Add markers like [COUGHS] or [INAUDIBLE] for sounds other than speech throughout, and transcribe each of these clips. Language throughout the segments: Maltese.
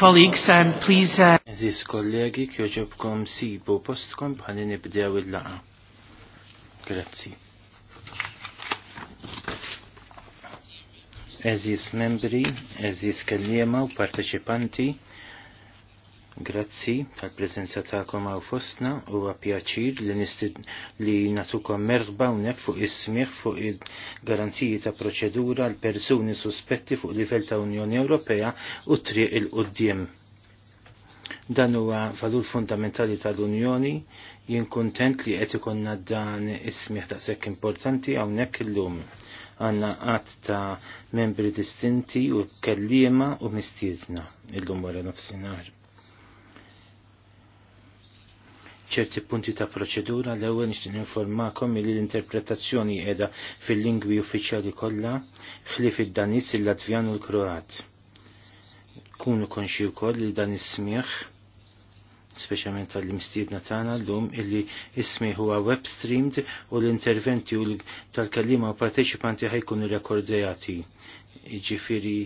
colleagues, um, please... Uh, aziz kollegi, kjoġobkom sibu postkom bħani nibdew il-laqa. Grazzi. Aziz membri, aziz kalliema u partecipanti, Grazzi tal-prezenza ta'kom għaw fostna u għapjaċir li, li natukom merħba unek fuq ismiħ fuq il-garanziji ta' proċedura l persuni suspetti fuq livell ta' Unjoni Ewropea u triq il-qoddim. Dan huwa valur fundamentali tal-Unjoni, jien kontent li qed ikonna dan ismiħ ta' sekk importanti hawnhekk illum għanna għat ta' membri distinti u kellima u mistiedna il-lum wara nofsinhar. ċerti punti ta' proċedura l ewwel nixtin informakom li l-interpretazzjoni edha fil-lingwi uffiċjali kollha ħlif id-Danis il-Latvjan u l-Kroat. Kunu konxi wkoll li dan is-smieħ speċjalment tal-imstiedna tagħna llum illi ismi huwa web streamed u l-interventi u tal-kalima u parteċipanti ħajkunu rekordejati. Ġifiri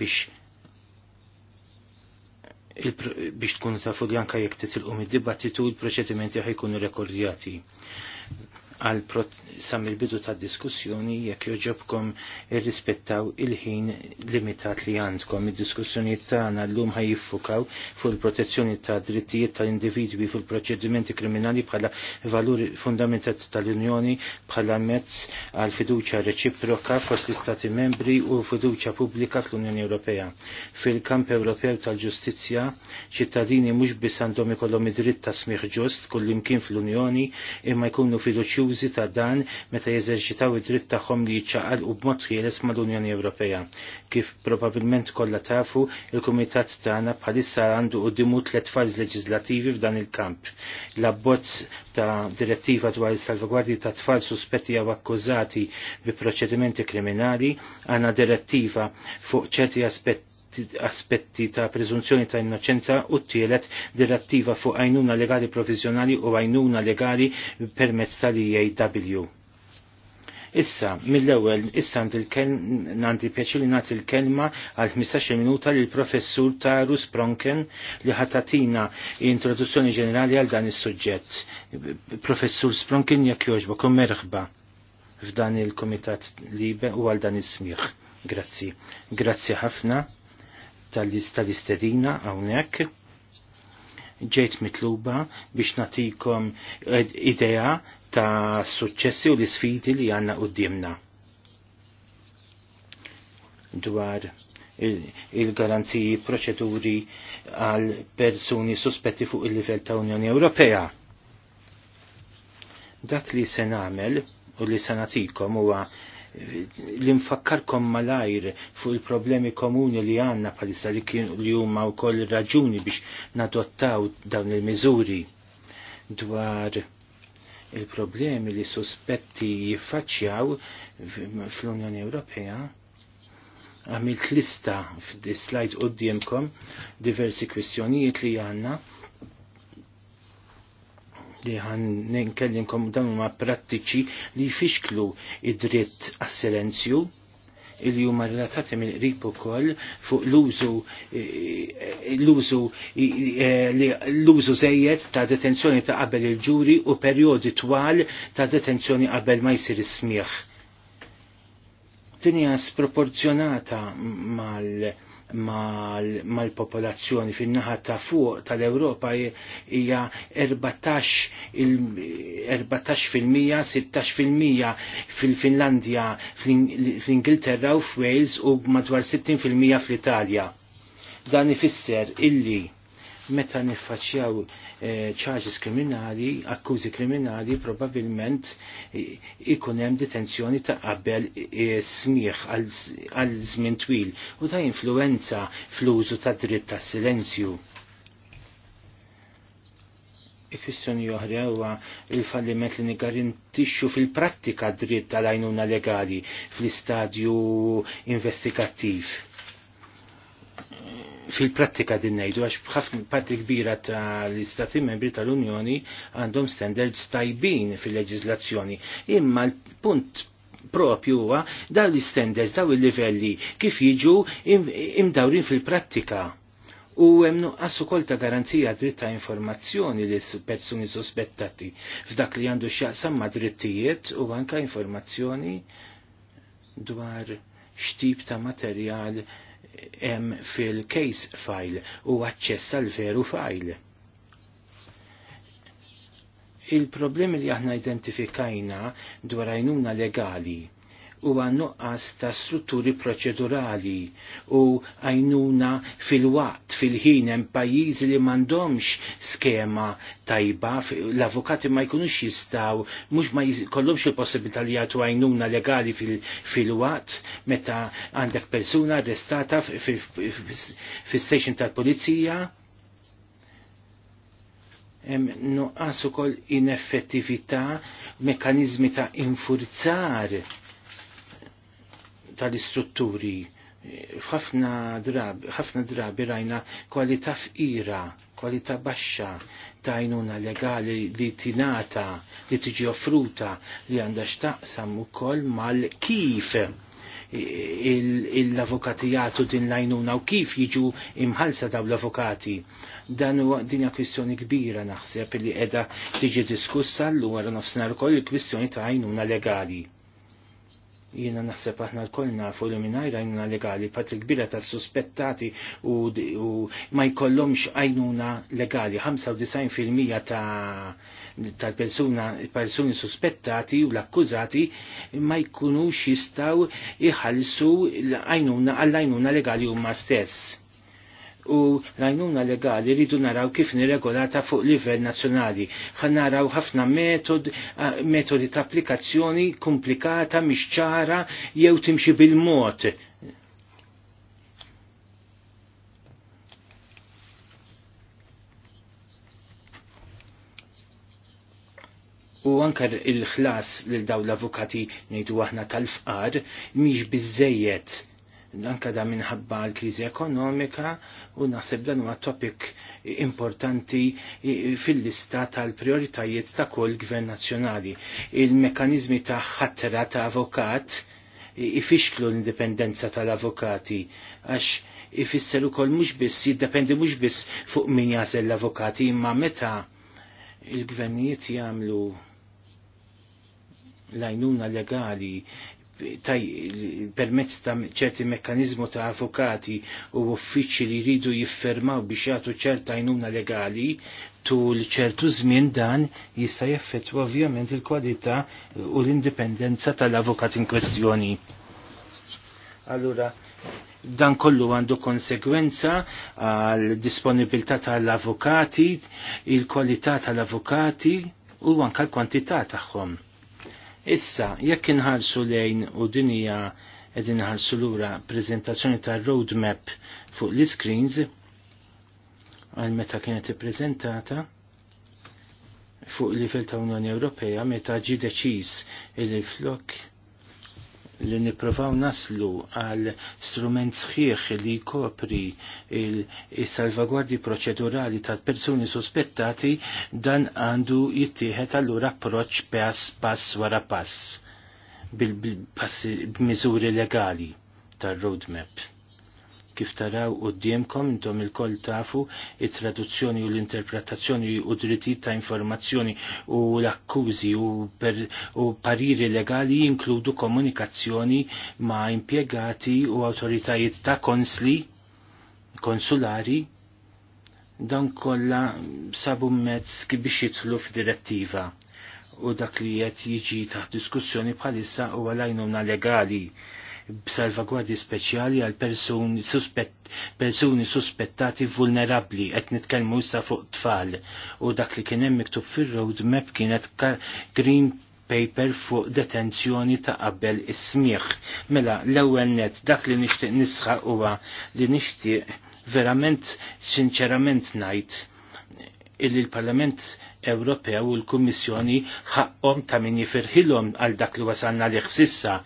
biex biex tkun tafu li anka jekk titilqu mid-dibattitu l-proċedimenti ħajkunu rekordjati għal sam il-bidu ta' diskussjoni jekk joġobkom irrispettaw il-ħin limitat li għandkom. Id-diskussjoni tagħna llum ħajjiffukaw fuq il-protezzjoni ta' drittijiet tal-individwi fuq il-proċedimenti kriminali bħala valuri fundamentat tal-Unjoni bħala mezz għal fiduċa reċiproka fost l-Istati membri u fiduċa pubblika fl-Unjoni Ewropea. Fil-kamp Ewropew tal-ġustizzja, ċittadini mhux biss għandhom ikollhom id-dritt ta' smigħ ġust kullimkien fl-Unjoni imma jkunu fiduċju abbużi ta' dan meta jeżerċitaw id-dritt tagħhom li jiċċaqalqu b'mod ħieles mal-Unjoni Ewropea. Kif probabbilment kollha tafu, il-Kumitat tagħna bħalissa għandu qudiemu tliet farz leġislativi f'dan il-kamp. L-abbozz ta' direttiva dwar il-salvagwardji ta' tfal suspetti jew akkużati bi proċedimenti kriminali għandna direttiva fuq ċerti aspetti aspetti ta' prezunzjoni ta' innoċenza u t-tielet direttiva fuq għajnuna legali provizjonali u għajnuna legali permezz tal-EAW. Issa, mill-ewel, issa nandi pjaċili nati l-kelma għal 15 minuta l professur Tarus Pronken li ħatatina introduzzjoni ġenerali għal dan is-suġġett. Professur Spronken jekk joġbok u merħba f'dan il-Komitat Libe u għal dan is smiħ Grazzi. Grazzi ħafna tal-istedina hawnhekk ġejt mitluba biex natikom idea ta' suċċessi u l-sfidi li għanna qoddimna dwar il-garanziji proċeduri għal persuni sospetti fuq il-livell ta' Unjoni Ewropea. Dak li se nagħmel u li se nagħtikom huwa li nfakkarkom malajr fuq il-problemi komuni li għanna palissa li kienu li huma wkoll raġuni biex nadottaw dawn il-miżuri dwar il-problemi li sospetti jiffaċċjaw fl-Unjoni Ewropea għamilt lista f'di slide diversi kwistjonijiet li għanna li għan ninkellinkom dan huma prattiċi li jfixklu id-dritt għas-silenzju il huma relatati mill qrib ukoll fuq l-użu eh, l-użu eh, l-użu żejjed ta' detenzjoni ta' qabel il-ġuri u perjodi twal ta' detenzjoni qabel ma jsir is-smieħ. Dinja sproporzjonata mal- mal-popolazzjoni fin-naħa ta' fuq tal-Ewropa hija 14% 16% fil-Finlandja, fl-Ingilterra u f'Wales u madwar 60% fl-Italja. Dan ifisser illi meta niffaċċjaw ċarġis eh, kriminali, akkużi kriminali, probabilment ikun hemm detenzjoni ta' qabel eh, smieħ għal żmien twil u ta' influenza fl-użu ta' dritt ta' silenzju. Il-kwistjoni oħra huwa il-falliment li nigarantixxu fil-prattika dritt tal-għajnuna legali fl-istadju investigattiv fil-prattika din ngħidu għax b'ħafna parti kbira tal-Istati Membri tal-Unjoni għandhom standards tajbin fil-leġiżlazzjoni. Imma l-punt propju huwa daw l-standards, daw il-livelli kif jiġu imdawrin fil-prattika. U hemm nuqqas ukoll ta' garanzija dritt ta' informazzjoni li persuni sospettati f'dak li għandu x'jaqsam ma' drittijiet u anke informazzjoni dwar x'tip ta' materjal hemm fil-case file u aċċessa l veru file. Il-problemi li aħna identifikajna dwar għajnuna legali u għannuqqas ta' strutturi proċedurali u għajnuna fil-waqt, fil-ħin, hemm pajjiżi li m'għandhomx skema tajba, l-avukati ma jkunux jistaw, mhux ma jkollumx il-possibilità li jagħtu għajnuna legali fil-waqt meta għandek persuna arrestata fil-station tal-pulizija nuqqas ukoll ineffettività, mekkaniżmi ta' infurzar tal-istrutturi f'ħafna drabi, ħafna drabi rajna kwalità fqira, kwalità baxxa ta' għajnuna legali li tinata, li tiġi offruta li għandha x'taqsam ukoll mal-kif l-avokatijatu din lajnuna u kif jiġu imħalsa daw l-avokati. Dan huwa dinja kwistjoni kbira naħseb li qiegħda tiġi diskussa l-għara nofsinhar ukoll il-kwistjoni ta' għajnuna legali Jiena naħseb aħna l kolna fu li mingħajr għajnuna legali parti kbira ta' suspettati u, u ma jkollhomx għajnuna legali. 95% ta' tal-persuna persuni suspettati u l-akkużati ma jkunux jistaw l għajnuna għall-għajnuna legali huma stess u rajnuna legali rridu naraw kif niregolata fuq livell nazzjonali. Ħan naraw ħafna metod, metodi ta' applikazzjoni komplikata, misċara, jew timxi bil-mod. U anka il-ħlas lil daw l-avukati ngħidu aħna tal-fqar mhix biżejjed anka da minħabba l-kriżi ekonomika u naħseb dan huwa topik importanti fil-lista tal-prioritajiet ta' kull gvern nazzjonali. Il-mekanizmi ta' ħatra ta' avokat ifixklu l-indipendenza tal-avokati għax ifisser ukoll mhux biss jiddependi mhux biss fuq min jażel l-avokati imma meta il-gvernijiet jagħmlu l-għajnuna legali permezz ta' ċerti mekkanizmu ta' avukati u uffiċċji li jridu jiffermaw biex jagħtu ċerta jnuna legali tul ċertu żmien dan jista' jaffettwa ovvjament il-kwalità u l-indipendenza tal-avukat in kwestjoni. Allura, dan kollu għandu konsekwenza għal disponibilità tal-avukati, il-kwalità tal-avukati u anka l-kwantità tagħhom Issa, jekk inħarsu lejn u dinija inħarsu l lura prezentazzjoni ta' roadmap fuq l-screens għal meta kienet ippreżentata fuq livell ta' Unjoni Ewropea meta ġi deċiż il flok li niprofaw naslu għal strument sħiħ li jkopri il salvaguardi proċedurali tal-persuni suspettati dan għandu jittieħed allura approċ pass pass wara pass bil-miżuri legali tal-roadmap Kif taraw u d-diemkom intom il-koll tafu il traduzzjoni u l-interpretazzjoni u drittijiet ta' informazzjoni u l-akkużi u, u pariri legali jinkludu komunikazzjoni ma' impiegati u autoritajiet ta' konsli, konsulari, dan kollha sabu mezz kif biex jidħlu f'direttiva u dak li qed jiġi taħt diskussjoni bħalissa u għalajnuna legali b'salvagwardji speċjali għal persuni suspet, persuni suspettati vulnerabli qed nitkellmu issa fuq tfal u dak li kien hemm miktub fir road map kienet green paper fuq detenzjoni ta' qabel is smigħ Mela l-ewwel net dak li nixtieq nisħaq huwa li nixtieq verament sinċerament ngħid illi l-Parlament il Ewropew u l-Kummissjoni ħaqhom ta' min jifirħilhom għal dak li wasalna li ħsissa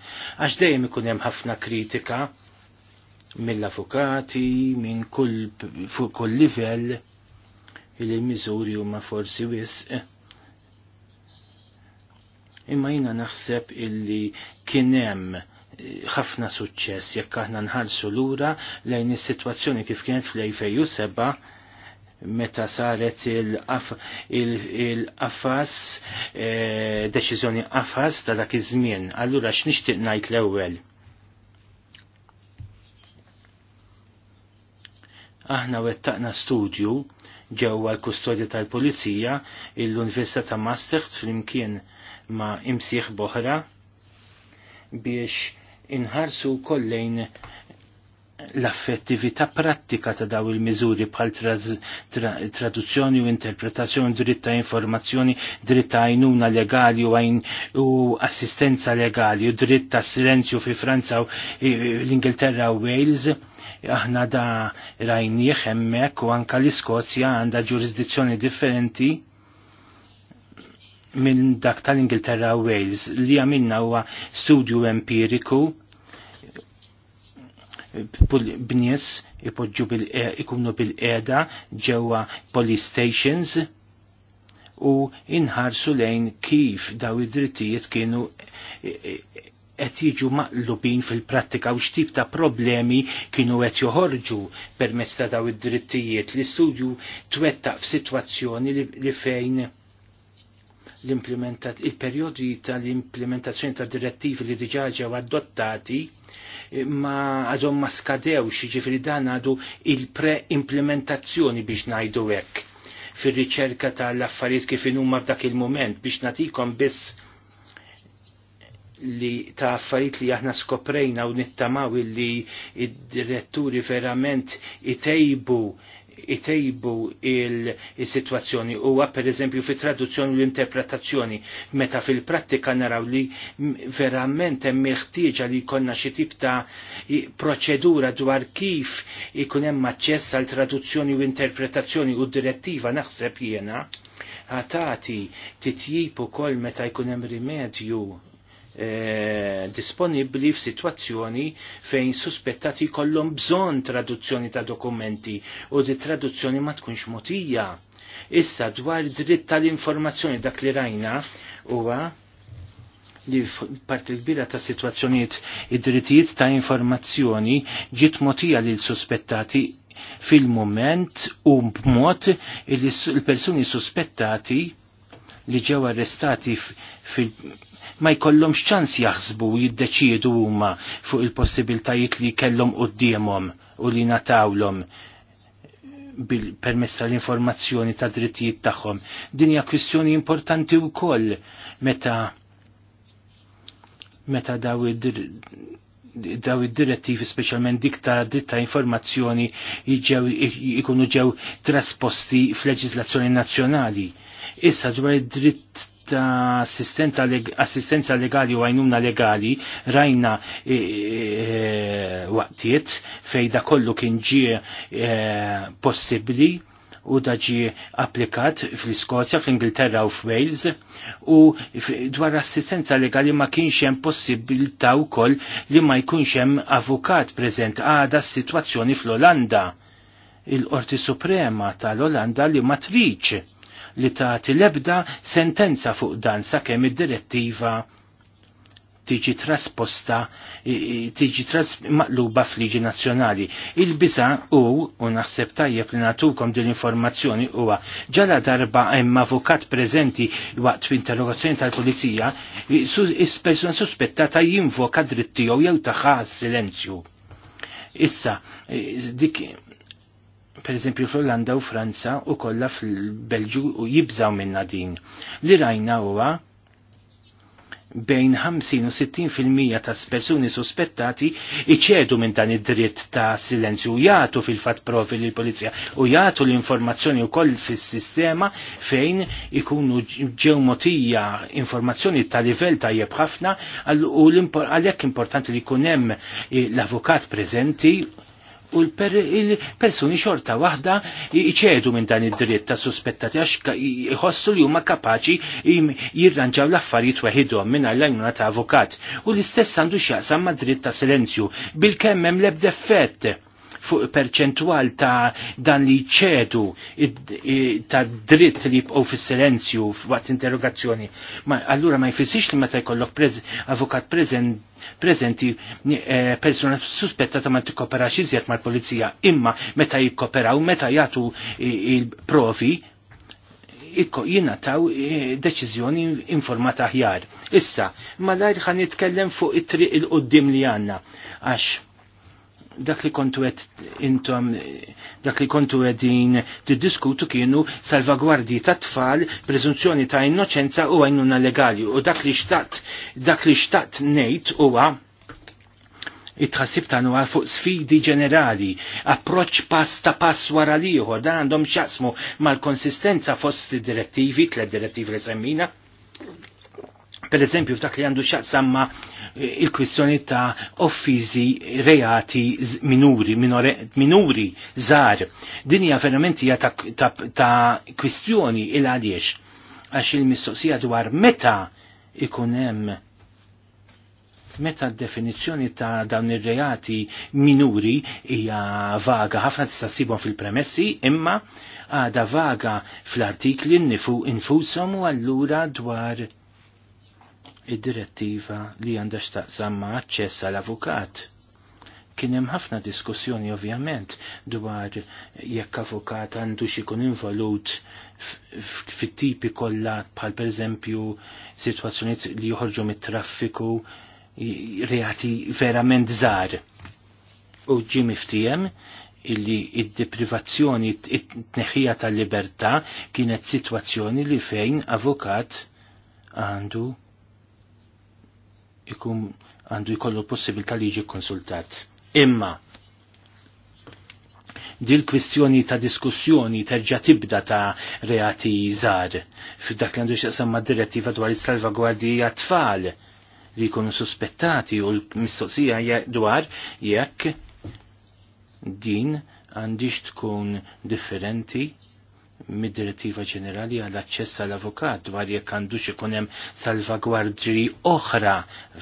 għax dejjem ikun hemm ħafna kritika mill-avukati, minn kull fuq kull livell li miżuri huma forsi wisq. Imma jina naħseb illi kien hemm ħafna suċċess jekk aħna nħarsu lura lejn is-sitwazzjoni kif kienet fl-2007 meta saret il-qafas, eh, deċiżjoni qafas ta' dak iż-żmien. Allura x'nixtieq ngħid l-ewwel? Aħna wettaqna studju ġewwa l-kustodja tal-Pulizija l-Università ta' Maastricht flimkien ma' imsieħ boħra biex inħarsu kollejn l-affettività prattika ta' daw il-miżuri bħal traduzzjoni u interpretazzjoni, dritt ta' informazzjoni, dritt ta' għajnuna legali u, għajn, u assistenza legali u dritt ta' silenzju fi Franza u l-Ingilterra u Wales aħna da rajni hemmhekk u anka l-Iskozja għandha ġurisdizzjoni differenti minn dak tal-Ingilterra u Wales li għamilna huwa studju empiriku b'nies ipoġġu e, ikunu bil-qeda ġewwa police stations u inħarsu lejn kif daw id-drittijiet kienu e, e, qed jiġu maqlubin fil-prattika u x'tip ta' problemi kienu qed joħorġu permezz ta' daw id-drittijiet. L-istudju twettaq f'sitwazzjoni li fejn l-implementat il-perjodi tal-implementazzjoni tad direttivi li diġa ġew adottati ma għadhom ma skadewx, ġifri dan għadu il-pre-implementazzjoni biex najdu hekk fir-riċerka tal-affarijiet kif huma f'dak il-moment biex natikom biss li ta' affarijiet li aħna skoprejna u nittamaw li id-diretturi verament itejbu itejbu il-situazzjoni huwa per eżempju fi traduzzjoni u l-interpretazzjoni meta fil-prattika naraw li verament hemm il li jkollna xi tip ta' proċedura dwar kif ikun hemm aċċess għal traduzzjoni u interpretazzjoni u direttiva naħseb jiena ħatati titjib ukoll meta jkun hemm rimedju Eh, disponibli f'sitwazzjoni fejn suspettati kollhom bżonn traduzzjoni ta' dokumenti u di traduzzjoni ma tkunx motija. Issa dwar dritt tal-informazzjoni dak li rajna huwa li parti l-bira ta' situazzjoniet id-drittijiet ta' informazzjoni ġiet motija lil suspettati fil-moment u b'mod il-persuni suspettati li ġew arrestati fil- ma jkollhomx ċans jaħsbu jiddeċiedu huma fuq il-possibiltajiet li kellhom qudiemhom u li natawlhom permess tal-informazzjoni ta' drittijiet tagħhom. Din hija kwistjoni importanti wkoll meta meta daw id direttivi speċjalment dik ta' ditta informazzjoni ikunu ġew trasposti f'leġislazzjoni nazzjonali Issa dwar id-dritt ta' assistenza legali u għajnuna legali rajna e, e, waqtiet fej waqtiet kollu kien ġie e, possibli u daġi applikat fl-Iskozja, fl-Ingilterra u f'Wales u dwar assistenza legali ma kienx hemm possibilità wkoll li ma jkunx hemm avukat preżent għada s-sitwazzjoni fl-Olanda il-Qorti Suprema tal-Olanda li ma li tagħti lebda sentenza fuq dan sakemm id-direttiva tiġi trasposta, tiġi tras maqluba fliġi nazjonali. nazzjonali. Il-biza u, u naħseb tajjeb li natukom din informazzjoni huwa ġala darba hemm avukat preżenti waqt interrogazzjoni tal-pulizija, is suspetta suspettata jinvoka dritt jew taħħa silenzju. Issa, dik per eżempju fl-Olanda u Franza u kollha fil-Belġu u jibżaw minna din. Li rajna huwa bejn 50 u 60% ta' persuni suspettati iċedu minn dan id-dritt ta' silenzju u jagħtu fil-fatt profil il polizija u jagħtu l-informazzjoni wkoll fis-sistema fejn ikunu ġew motija informazzjoni ta' livell tajjeb ħafna għalhekk importanti li jkun hemm l-avukat preżenti u l-persuni xorta waħda iċedu minn dan id-dritt ta' suspettati għax jħossu li huma kapaċi jirranġaw l-affarijiet weħidhom minn għall ta' avukat u l-istess għandu x'jaqsam ma' dritt ta' silenzju bil-kemm hemm l-ebda effett fuq perċentwal ta' dan li ċedu ta' dritt li jibqgħu fis-silenzju waqt interrogazzjoni. allura ma jfissix li meta jkollok avukat preżent preżenti eh, persuna suspettata ma tikkoperax iżjed mal-pulizija imma meta jikkoperaw meta jagħtu il-provi taw eh, deċiżjoni informata ħjar. Issa, malajr ħan nitkellem fuq it-triq il-qoddim li għanna għax dak li kontu qed intom dak li kontu għedin tiddiskutu kienu salvagwardji ta' tfal, prezunzjoni ta' innoċenza u għajnuna legali u dak li xtat, dak li xtaqt ngħid huwa it-tħassib tagħna huwa fuq sfidi ġenerali, approċċ pass ta' pass wara liħor, dan għandhom xasmu mal-konsistenza fost id-direttivi, tliet direttivi li semmina. Per eżempju, f'dak li għandu xaqsamma il-kwistjoni ta' offizi reati minuri, minore, minuri, zar. Dinja verament hija ta', ta, ta kwistjoni il għaliex għax il-mistoqsija dwar meta ikun hemm meta d-definizzjoni ta' dawn ir-reati minuri hija vaga ħafna tista' ssibhom fil-premessi imma għada vaga fl-artikli nifu infushom u allura dwar id-direttiva li għandha x'taqsam ma' aċċess għal avukat. Kien hemm ħafna diskussjoni ovvjament dwar jekk avukat għandu xikun involut fit-tipi kollha bħal pereżempju sitwazzjonijiet li joħorġu mit-traffiku reati verament żgħar. U ġim miftijem illi id-deprivazzjoni it-tneħija tal-libertà kienet sitwazzjoni li fejn avukat għandu ikun għandu jkollu possibilità li jiġi konsultat. Imma dil kwistjoni ta' diskussjoni terġa' tibda ta' reati żgħar f'dak li għandu x'jaqsam direttiva dwar is-salvagwardija tfal li jkunu suspettati u l-mistoqsija dwar jekk din għandix tkun differenti mid-direttiva ġenerali għall aċċess għall avukat dwar jekk għandux ikun hemm salvagwardri oħra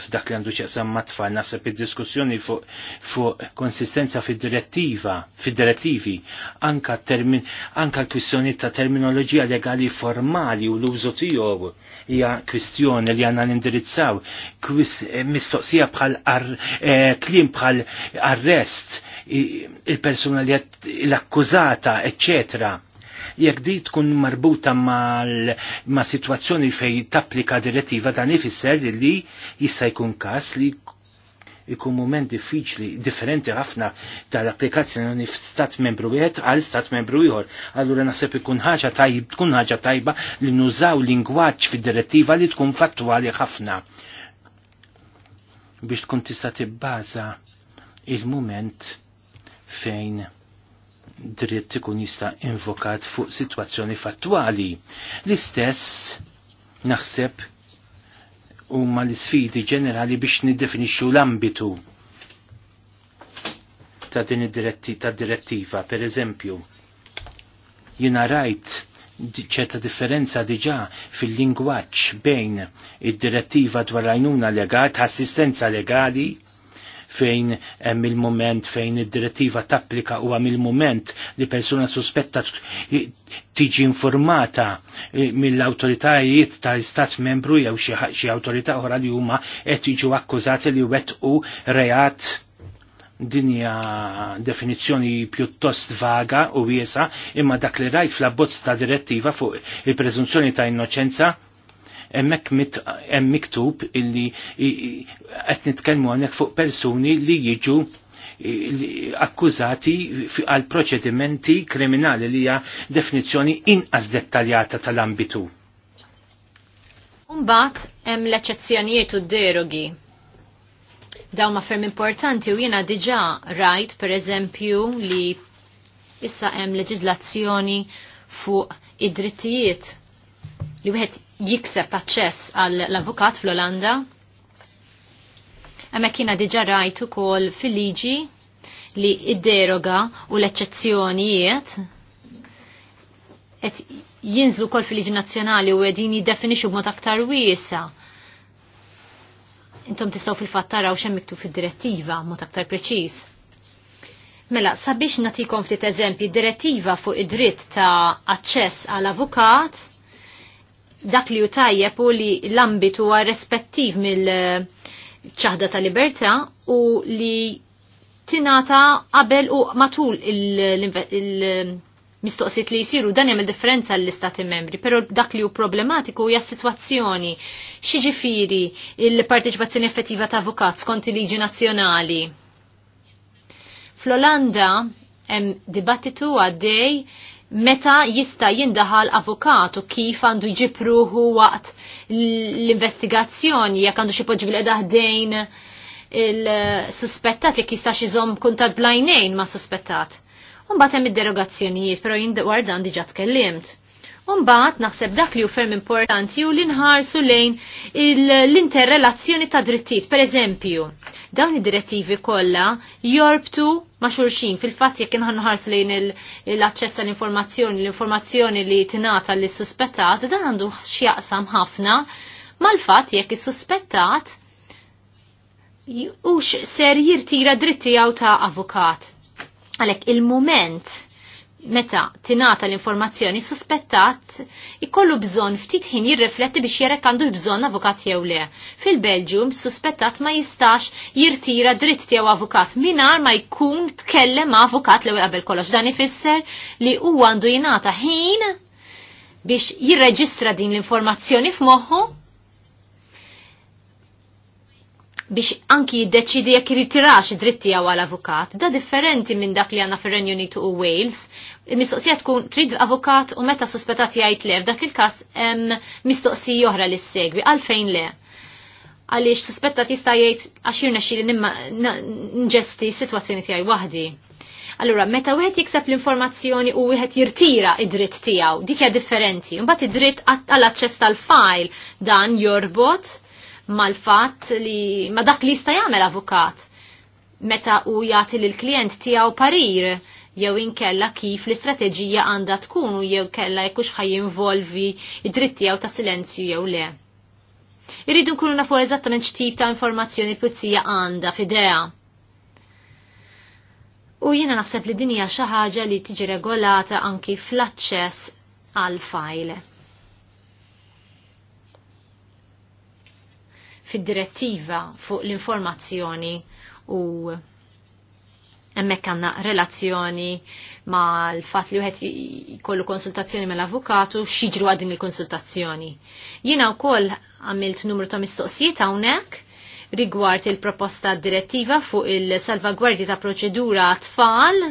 f'dak li għandu x'jaqsam mat-tfal naħseb id-diskussjoni fuq fu konsistenza fid-direttiva fid-direttivi anka termin anka kwistjoni ta' terminoloġija legali formali u l-użu tiegħu hija kwistjoni li għandna nindirizzaw eh, mistoqsija bħal eh, kliem bħal arrest il-persuna li l-akkużata, eccetera jekk di tkun marbuta mal ma' situazzjoni fej tapplika direttiva dan ifisser li jista' jkun każ li ikun moment diffiċli, differenti ħafna tal-applikazzjoni f'stat membru wieħed għal stat membru ieħor. Allura naħseb ikun ħaġa tajb, tkun ħaġa tajba li nużaw lingwaġġ fid-direttiva li tkun fattwali ħafna biex tkun tista' tibbaża il-mument fejn dritt ikun jista' invokat fuq sitwazzjoni fattwali. L-istess naħseb huma l-isfidi ġenerali biex niddefinixxu l-ambitu ta' din id-direttiva, per eżempju. Jina rajt ċerta differenza diġa fil-lingwaċ bejn id-direttiva dwar għajnuna legat, assistenza legali, fejn hemm il-moment fejn id-direttiva tapplika huwa mill-moment li persuna suspetta tiġi informata e, mill-awtoritajiet tal-istat membru jew xi awtorità oħra li huma qed jiġu akkużati li wettqu reat dinja definizzjoni pjuttost vaga u wiesa imma dak li rajt fl-abbozz ta' direttiva fuq il-prezunzjoni ta' innoċenza hemmhekk hemm miktub illi qed nitkellmu hawnhekk fuq persuni li jiġu akkużati għal proċedimenti kriminali li hija definizzjoni inqas dettaljata tal-ambitu. Umbat hemm l-eċezzjonijiet u d-derogi. Daw ma ferm importanti u jiena diġà rajt pereżempju li issa hemm leġiżlazzjoni fuq id-drittijiet li wieħed jikseb aċċess għall-avukat fl-Olanda. Għamek kiena diġa rajt ukoll fil-liġi li id-deroga u l-eċċezzjonijiet qed jinżlu kol fil-liġi nazzjonali u qegħdin jiddefinixxu b'mod aktar wiesa. Intom tistgħu fil-fatt taraw x'hemm miktub fid-direttiva b'mod aktar preċiż. Mela, sabiex natikom ftit eżempji direttiva fuq id-dritt ta' aċċess għal avukat dak li tajjeb u li l ambit huwa respettiv mill-ċaħda ta' libertà u li tinata qabel u matul il-mistoqsit li jisiru dan jagħmel differenza l-istati membri, però dak li hu problematiku hija situazzjoni sitwazzjoni xiġifieri il-parteċipazzjoni effettiva ta' avukat skont il-liġi nazzjonali. Fl-Olanda hemm dibattitu għaddej meta jista jindaħal avokatu kif għandu jġib waqt l-investigazzjoni, jekk għandu xi bil-edaħdejn il-suspettat jekk jista' xizom kuntat blajnejn ma' suspettat. Unbat hemm id-derogazzjonijiet, però jien għardan dan kellimt. tkellimt. Umbat naħseb dak li u ferm importanti u li nħarsu lejn l-interrelazzjoni ta' drittijiet. Per eżempju, dawn id-direttivi kollha jorbtu ma' fil fil-fatt jekk nħarsu lejn l-aċċess tal-informazzjoni, l-informazzjoni li tingħata lis suspettat dan għandu x'jaqsam ħafna mal-fatt jekk is-suspettat ux ser jirtira dritti ta' avukat. Għalek il-moment meta tinata l-informazzjoni suspettat ikollu bżon ftit ħin jirrifletti biex jerek għandu bżon avukat jew le. Fil-Belġium suspettat ma jistax jirtira dritt jew avukat minar ma jkun tkellem ma' avukat l qabel kollox. Dan ifisser li u għandu jinata ħin biex jirreġistra din l-informazzjoni f'moħħu biex anki jiddeċidi jekk jiritirax dritti għaw għal avukat. Da differenti minn dak li għanna fir renju Unitu u Wales. Mistoqsija tkun trid avukat u meta suspettat jgħid le, f'dak il-każ hemm mistoqsija oħra li segwi għalfejn le. Għaliex suspettat jista' jgħid għax xili xi nġesti sitwazzjoni tiegħi waħdi. Allura, meta wieħed jikseb l-informazzjoni u wieħed jirtira id-dritt tiegħu, dik hija differenti. Imbagħad id-dritt għall-aċċess tal-file dan jorbot mal-fatt li ma dak li jista' jagħmel avukat meta u jagħti lil klient tiegħu parir jew inkella kif l-istrateġija għandha tkun u jew kella jekux involvi id-dritt tiegħu ta' silenzju jew le. Irridu nkunu nafu eżattament x'tip ta' informazzjoni pulizija għandha f'idea. U jiena naħseb li dinija xi ħaġa li tiġi regolata anki fl-aċċess għal file. fid-direttiva fuq l-informazzjoni u emmek għanna relazzjoni ma l-fat li uħet kollu konsultazzjoni ma l-avukatu, xieġru għadin il-konsultazzjoni. Jina u koll għamilt numru ta' mistoqsijiet għawnek rigward il-proposta direttiva fuq il-salvagwardi ta' proċedura tfal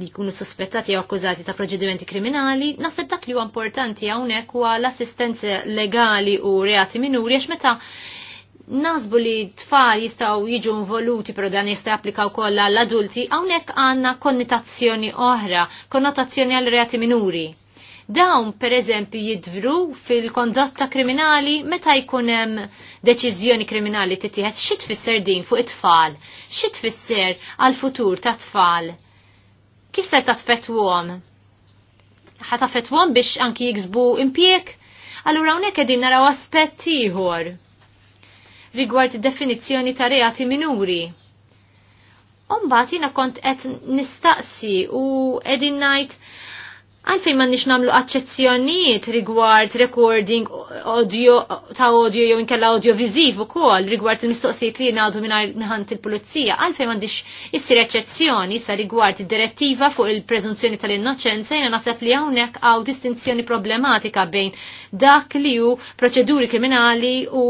li jkunu sospettati jew akkużati ta' proċedimenti kriminali, naħseb dak li huwa importanti hawnhekk huwa l-assistenza legali u reati minuri għax meta nasbu li tfal jistaw jiġu involuti pero dan jista' applikaw wkoll l-adulti, hawnhekk għandna konnotazzjoni oħra, konnotazzjoni għal reati minuri. Dawn per eżempju jidvru fil-kondotta kriminali meta jkun hemm deċiżjoni kriminali titieħed xi tfisser din fuq it-tfal, xi tfisser għal futur ta' tfal Kif se tatfetwom? Ħatafetwom biex anki jiksbu impjek? Allura hawnhekk qegħdin naraw aspett ieħor rigward definizzjoni ta' reati minuri. Umbat jina kont qed nistaqsi u qegħdin ngħid Għalfejn ma nix namlu accezzjonijiet rigward recording audio, ta' audio jew inkella audio viziv u kol rigward il-mistoqsijiet li jnadu minħant il-pulizija. Għalfejn ma nix issir eccezzjoni sa' rigward direttiva fuq il-prezunzjoni tal-innoċenza jena nasab li għawnek għaw distinzjoni problematika bejn dak li ju proċeduri kriminali u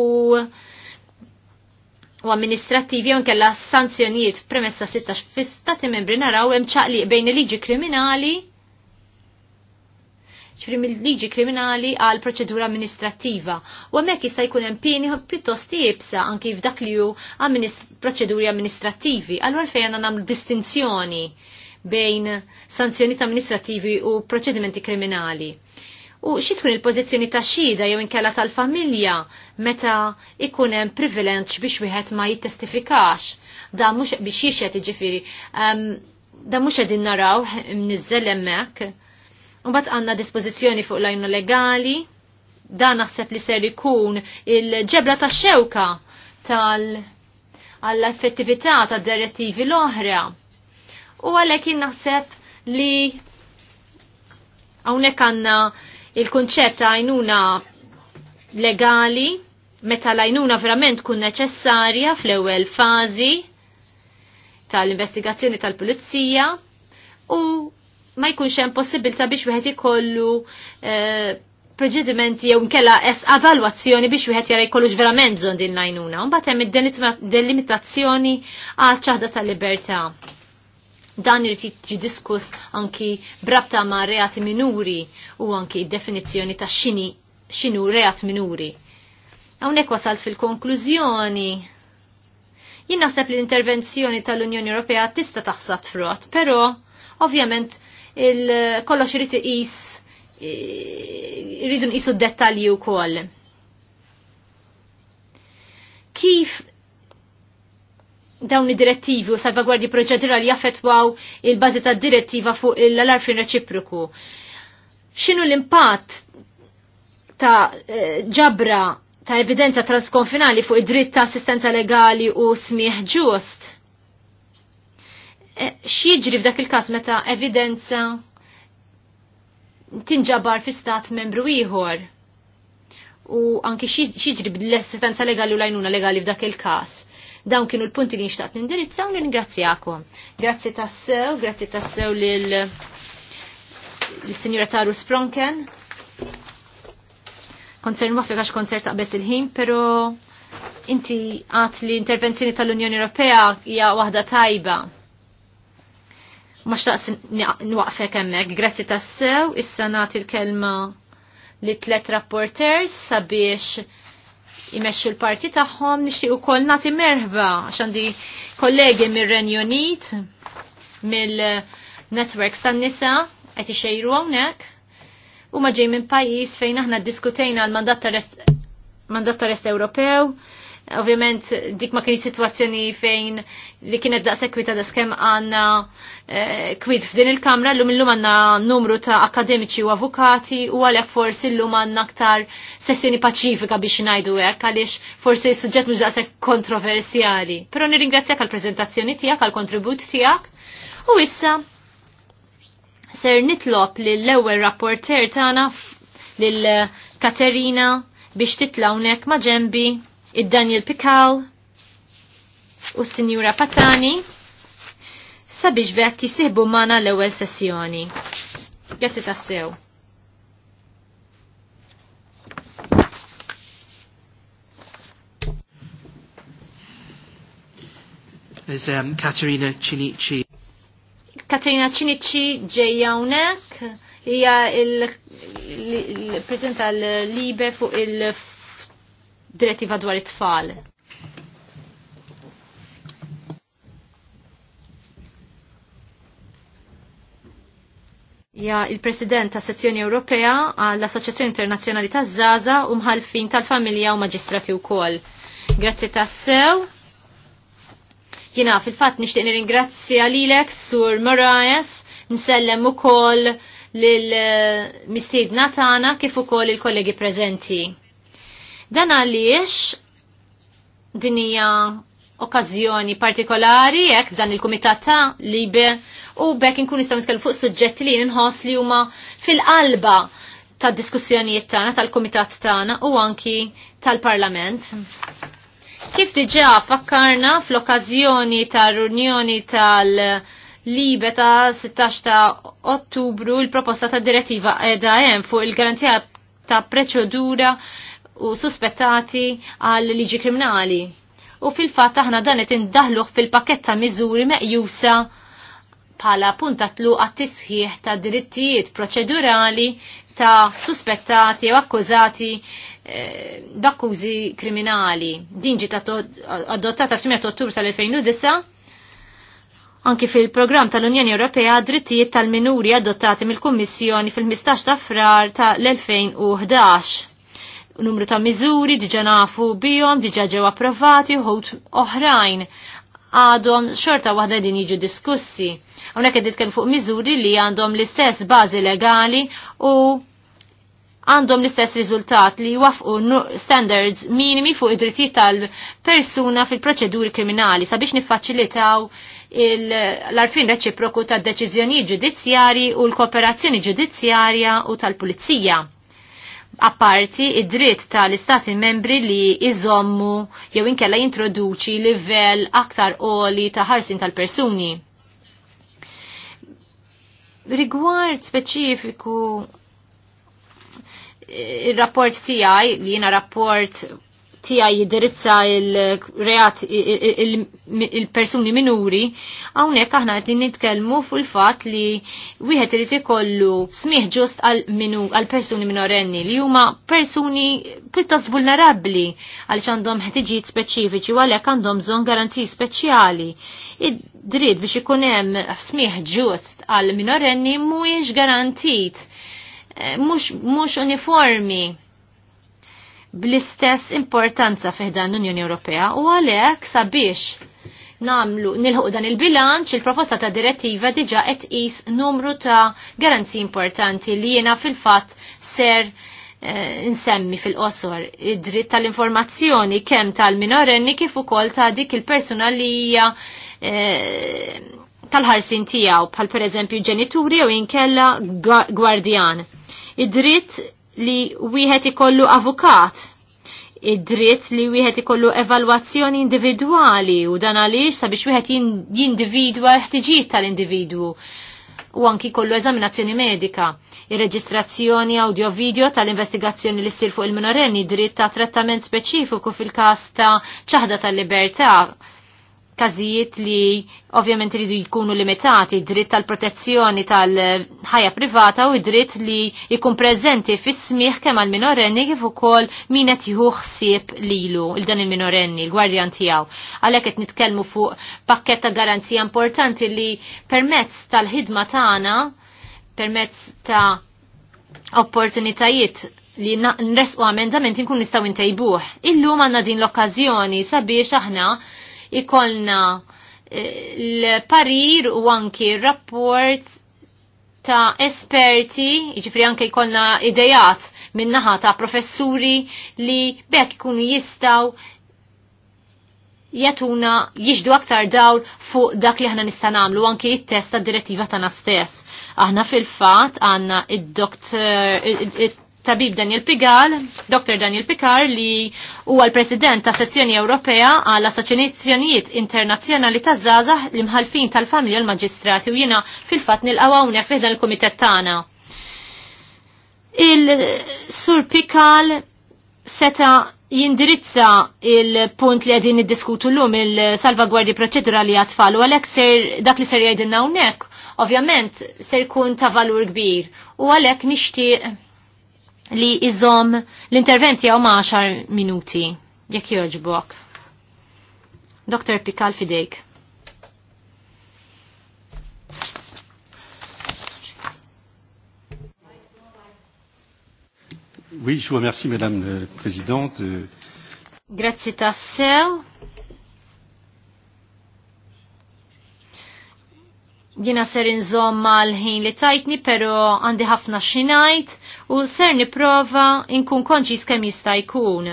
u amministrativi u nkella sanzjonijiet premessa 16 fistati membri naraw hemm ċaqliq bejn il-liġi kriminali liġi kriminali għal proċedura amministrattiva. U għamek jista' jkun hemm pieni pjuttost jibsa anki f'dak li hu proċeduri amministrattivi. Allura fejn għandna nagħmlu distinzjoni bejn sanzjonijiet amministrattivi u proċedimenti kriminali. U xi tkun il-pożizzjoni ta' xhieda jew inkella tal-familja meta ikun hemm privileġġ biex wieħed ma jittestifikax. Da mhux biex jixed jiġifieri. Um, da mhux qegħdin naraw niżel hemmhekk Mbagħad għandna dispożizzjoni fuq lajnu legali, dan naħseb li ser ikun il-ġebla ta' xewka tal għall-effettività ta' direttivi l-oħra. U għalhekk naħseb li hawnhekk għandna il-kunċett ta' għajnuna legali meta l-għajnuna verament kun neċessarja fl-ewwel fażi tal-investigazzjoni tal-pulizija u ma jkunx hemm possibilità biex wieħed ikollu eh, proġedimenti jew nkella es avalwazzjoni biex wieħed jara jkollux verament bżonn din l-għajnuna. Mbagħad hemm id-delimitazzjoni għal ċaħda tal-libertà. Dan irid jiġi diskuss anki brabta ma' reati minuri u anki definizzjoni ta' xini xinu reat minuri. Hawnhekk wasalt fil-konklużjoni jien naħseb li l-intervenzjoni tal-Unjoni Ewropea tista' taħsab frott, però ovvjament il-kollox irid iqis irridu nqisu d-dettalji wkoll. Kif dawn id-direttivi u salvagwardji proċedurali jaffetwaw il-bażi tad-direttiva fuq l-alarfin reċipruku? X'inhu l-impatt ta' ġabra ta' evidenza transkonfinali fuq id-dritt ta' assistenza legali u smieħ ġust? Eh, xieġri f'dak il-kas meta evidenza tinġabar fi stat membru ieħor u anki xieġri bl-assistenza legali u lajnuna legali f'dak il-kas. Dawn kienu l-punti li nxtaqt nindirizzaw u ningrazzjakom. Grazzi tassew, grazzi tassew lil l-Sinjura Taru Spronken. Konzern mafi għax konzert taqbess il-ħin, pero inti għat li intervenzjoni tal-Unjoni Ewropea hija waħda tajba ma xtaqs nwaqfek hemmhekk. Grazzi tassew, issa nagħti l-kelma li tlet rapporters sabiex imesċu l-parti tagħhom nixtieq ukoll nagħti merħba xandi kollegi mir-Renju Unit mill-networks tan-nisa qed ixejru hawnhekk u ma ġej minn pajjiż fejn aħna ddiskutejna l-mandat ta' Rest Ewropew Ovvjament dik ma kien situazzjoni fejn li kienet daqs ekwita da skem għanna eh, kwit f'din il-kamra l-lum l-lum għanna numru ta' akademiċi u avukati u għalek forsi l-lum għanna aktar sessjoni paċifika biex najdu għek għalix forsi s-sujġet mux daqs kontroversjali. Pero nirringrazzjak għal-prezentazzjoni tijak, għal-kontribut tijak u issa ser nitlop lill-ewwel rapporter tagħna lil Katerina biex titlawnek ma' ġembi id-Daniel Pikal u s-Sinjura Patani sabiex bekk jisihbu mana l ewel sessjoni. Grazzi tassew. Is um, Katerina Cinici. Katerina Cinici ġejja hija il prezenta l-libe fuq il-, il direttiva dwar it-tfal. Ja, il-President ta' Sezzjoni Ewropea għall-Assoċjazzjoni Internazzjonali ta' Zaza u mħalfin tal-familja u maġistrati wkoll. Grazzi tassew. Jina, fil-fat nishtiq l lilek sur Marajas, nsellem ukoll lil mistiedna tagħna kif ukoll il-kollegi prezenti. Dan għaliex dinija okkażjoni partikolari jekk f'dan il-kumitat ta' libe u bekk inkun nistgħu nitkellmu fuq suġġetti li nħoss li huma fil-qalba tad diskussjonijiet tagħna tal-kumitat tagħna u anki tal-Parlament. Kif diġà fakkarna fl-okkażjoni tar-Unjoni tal- Libe ta' 16 ta' Ottubru il-proposta ta' direttiva edha hemm fuq il-garanzija ta' preċedura u suspettati għal liġi kriminali. U fil-fatt aħna dan qed indaħluh fil-pakett ta' miżuri meqjusa bħala puntatlu għat-tisħiħ ta' drittijiet proċedurali ta' suspettati u akkużati eh, b'akkużi kriminali. Din ġiet adottata f'tmija ottubru tal-2009 Anki fil-programm tal-Unjoni Ewropea drittijiet tal-minuri adottati mill-Kummissjoni fil-15 ta' frar tal-2011 numru ta' miżuri diġa nafu bihom, diġa ġew approvati, uħut oħrajn għadhom xorta waħda din jiġu diskussi. Hawnhekk qed nitkellem fuq miżuri li għandhom l-istess bażi legali u għandhom l-istess riżultat li wafqu standards minimi fuq id-drittijiet tal-persuna fil-proċeduri kriminali sabiex niffaċilitaw l-arfin reċiproku tad-deċiżjoni ġudizzjari u l-kooperazzjoni ġudizzjarja u tal-pulizija apparti id-dritt tal-istati membri li iżommu jew inkella jintroduċi livell aktar oli ta' ħarsin tal-persuni. Rigward speċifiku eh, il-rapport tijaj li jina rapport tiegħi jiddirizza il-reat il-persuni minuri, hawnhekk aħna qed nitkellmu fuq il-fatt li wieħed irid ikollu smih ġust għal persuni minorenni li huma persuni pjuttost vulnerabbli għaliex għandhom ħtiġijiet speċifiċi u għalhekk għandhom bżonn garanziji speċjali. Id-dritt biex ikun hemm smih ġust għal minorenni mhuwiex garantit eh, mhux uniformi bl-istess importanza fiħdan l-Unjoni Ewropea u għalhekk sabiex namlu nilħu dan il-bilanċ il-proposta ta' direttiva diġa qed qis numru ta' garanzi importanti li jiena fil-fatt ser eh, nsemmi fil-qosor id-dritt tal-informazzjoni kemm tal-minorenni kif ukoll ta' dik il-persuna li hija eh, tal-ħarsin tiegħu bħal pereżempju ġenituri jew inkella gwardjan. Id-dritt li wieħed ikollu avukat id-dritt li wieħed ikollu evalwazzjoni individwali u dan għaliex sabiex wieħed jindividwa l-ħtiġijiet tal-individwu u anki kollu eżaminazzjoni medika, ir-reġistrazzjoni audio-video tal-investigazzjoni li ssir fuq il-minorenni dritt ta' trattament speċifiku fil-kas ta' ċaħda tal-libertà każijiet li ovvjament iridu jkunu limitati, dritt tal-protezzjoni tal-ħajja privata u dritt li jkun preżenti fis smih kemm għal minorenni kif ukoll min qed jieħu ħsieb lilu il dan il-minorenni, l-gwardjan tiegħu. Għalhekk qed nitkellmu fuq pakkett ta' garanzija importanti li permezz tal-ħidma tagħna, permezz ta' opportunitajiet li nresqu amendament nkun nistgħu intejbuh. Illum għandna din l okkażjoni sabiex aħna ikolna eh, l-parir u anki rapport ta' esperti, iġifri anke jkollna idejat minnaħa ta' professuri li bekk ikunu jistaw jatuna jiġdu aktar dawl fuq dak li ħna nista' nagħmlu anki it-test tad direttiva tagħna stess. Aħna fil-fatt għandna id-doktor eh, tabib Daniel Pigal, Dr. Daniel Picard li huwa l-President ta' Sezzjoni Ewropea għall assoċjazzjonijiet Internazzjonali ta' Zazah li mħalfin tal-familja l-Maġistrati u jiena fil-fatt nilqgħu hawnhekk fiħdan il-Kumitet tagħna. Il-Sur Pikal seta jindirizza il-punt li għedin id-diskutu l-lum il-salvagwardi proċedurali għatfall u għalek ser dak li ser jgħidinna unnek, ovvjament ser kun ta' valur kbir u għalek nishti li iżom l-interventi għaw ma' 10 minuti, jekk joġbok. Dr. Pikal fidejk. Oui, je vous remercie, Madame la Présidente. Grazie Tassel. jina ser inżomm mal-ħin li tajtni, pero għandi ħafna xinajt u ser niprofa inkun konċi kemm jista' jkun.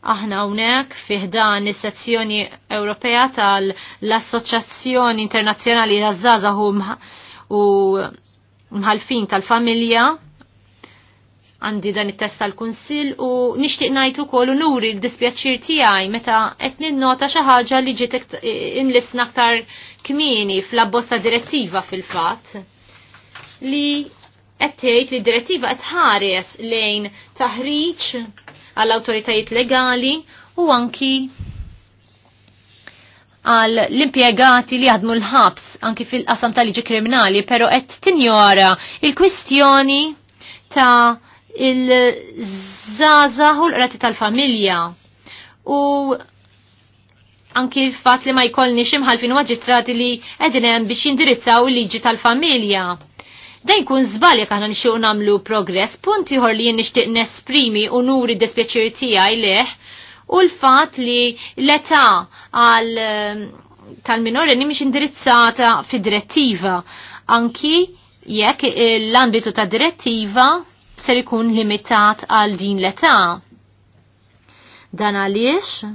Aħna hawnhekk fih dan is-sezzjoni Ewropea tal-Assoċjazzjoni Internazzjonali taż-Żgħażagħ u mħalfin tal-familja għandi dan it-test tal-Kunsill u nixtieq ngħid ukoll u nuri l-dispjaċir tiegħi meta qed ninnota xi ħaġa li ġiet imlisna aktar kmieni fl-abbozza direttiva fil-fatt li qed tgħid li direttiva qed ħares lejn taħriġ għall awtoritajiet legali u anki għal l-impiegati li għadmu l-ħabs anki fil-qasam tal-liġi kriminali, pero qed tinjora il-kwistjoni ta' il-żaza u l-qrati tal-familja. U anki l-fat li ma jkollni ximħalfin maġistrati li edinem biex jindirizzaw il-liġi tal-familja. Dejn kun zbalja kħana aħna namlu nagħmlu progress, punti ħor li jien nixtieq nesprimi u nuri dispjaċir tiegħi leħ u l-fatt li l-età għal ehm, tal-minorenni mhix indirizzata fid-direttiva anki jekk l-ambitu ta' direttiva ser ikun limitat għal din l-età. Dan għaliex?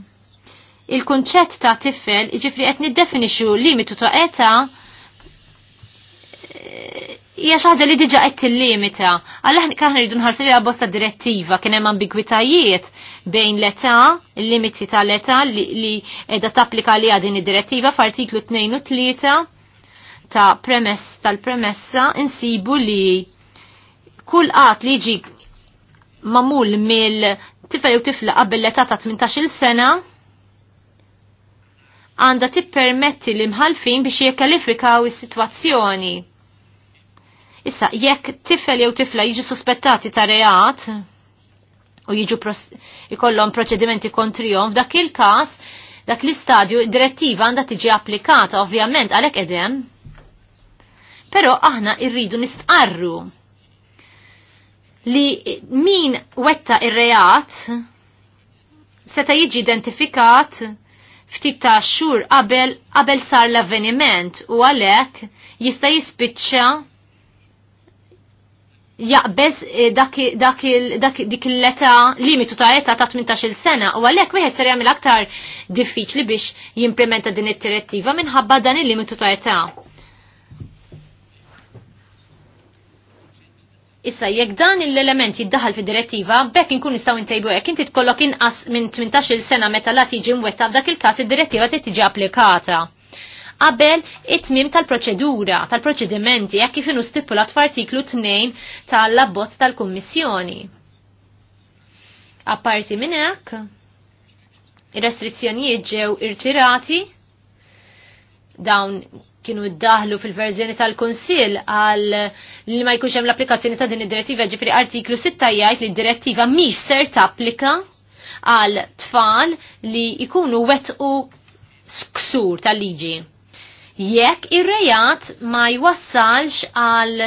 Il-konċett ta' tifel, ġifri qed niddefinixxu limitu ta' età hija xi ħaġa li diġà qed tillimita. Alla kan rridu nħarsu li bosta direttiva kien hemm ambigwitajiet bejn l-età, il-limiti tal-età li qiegħda tapplika li din id-direttiva f'artiklu 2 u 3 ta' premess tal-premessa insibu li Kull qat li jiġi mamul mill tifel u tifla qabel l-età ta' 18 sena għanda tippermetti l-imħalfin biex jekkalifrikaw is-sitwazzjoni. Issa, jekk tifel jew tifla jiġu suspettati ta' reat u jiġu ikollhom proċedimenti kontrihom, f'dak il-każ dak l-istadju direttiva għandha tiġi applikata ovvjament għalhekk edem. Però aħna rridu nistqarru li min wetta ir-reat seta jiġi identifikat ftit ta' xhur qabel qabel sar l-avveniment u għalhekk jista' jispiċċa jaqbeż eh, dik l-età limitu ta' età ta' 18-il sena u għalhekk wieħed ser jagħmel aktar diffiċli biex jimplementa din id-direttiva minħabba dan il-limitu ta' età. Issa, jekk dan l-element jiddaħal fi direttiva, bekk inkun nistaw intejbu hekk inti tkollok inqas minn 18 sena meta la tiġi mwetta f'dak il-każ id-direttiva trid tiġi applikata. Qabel it-tmim tal-proċedura, tal-proċedimenti, jekk kif stipulat f'artiklu 2 tal-abbozz tal-Kummissjoni. Apparti minn hekk, ir-restrizzjonijiet ġew irtirati dawn kienu iddaħlu fil-verżjoni tal-Konsil għal li ma jkunx hemm l-applikazzjoni ta' din id-direttiva ġifri artiklu 6 jgħid li d-direttiva mhix ser tapplika għal tfal li jkunu wetqu sksur tal-liġi. Jekk ir-rejat ma jwassalx għal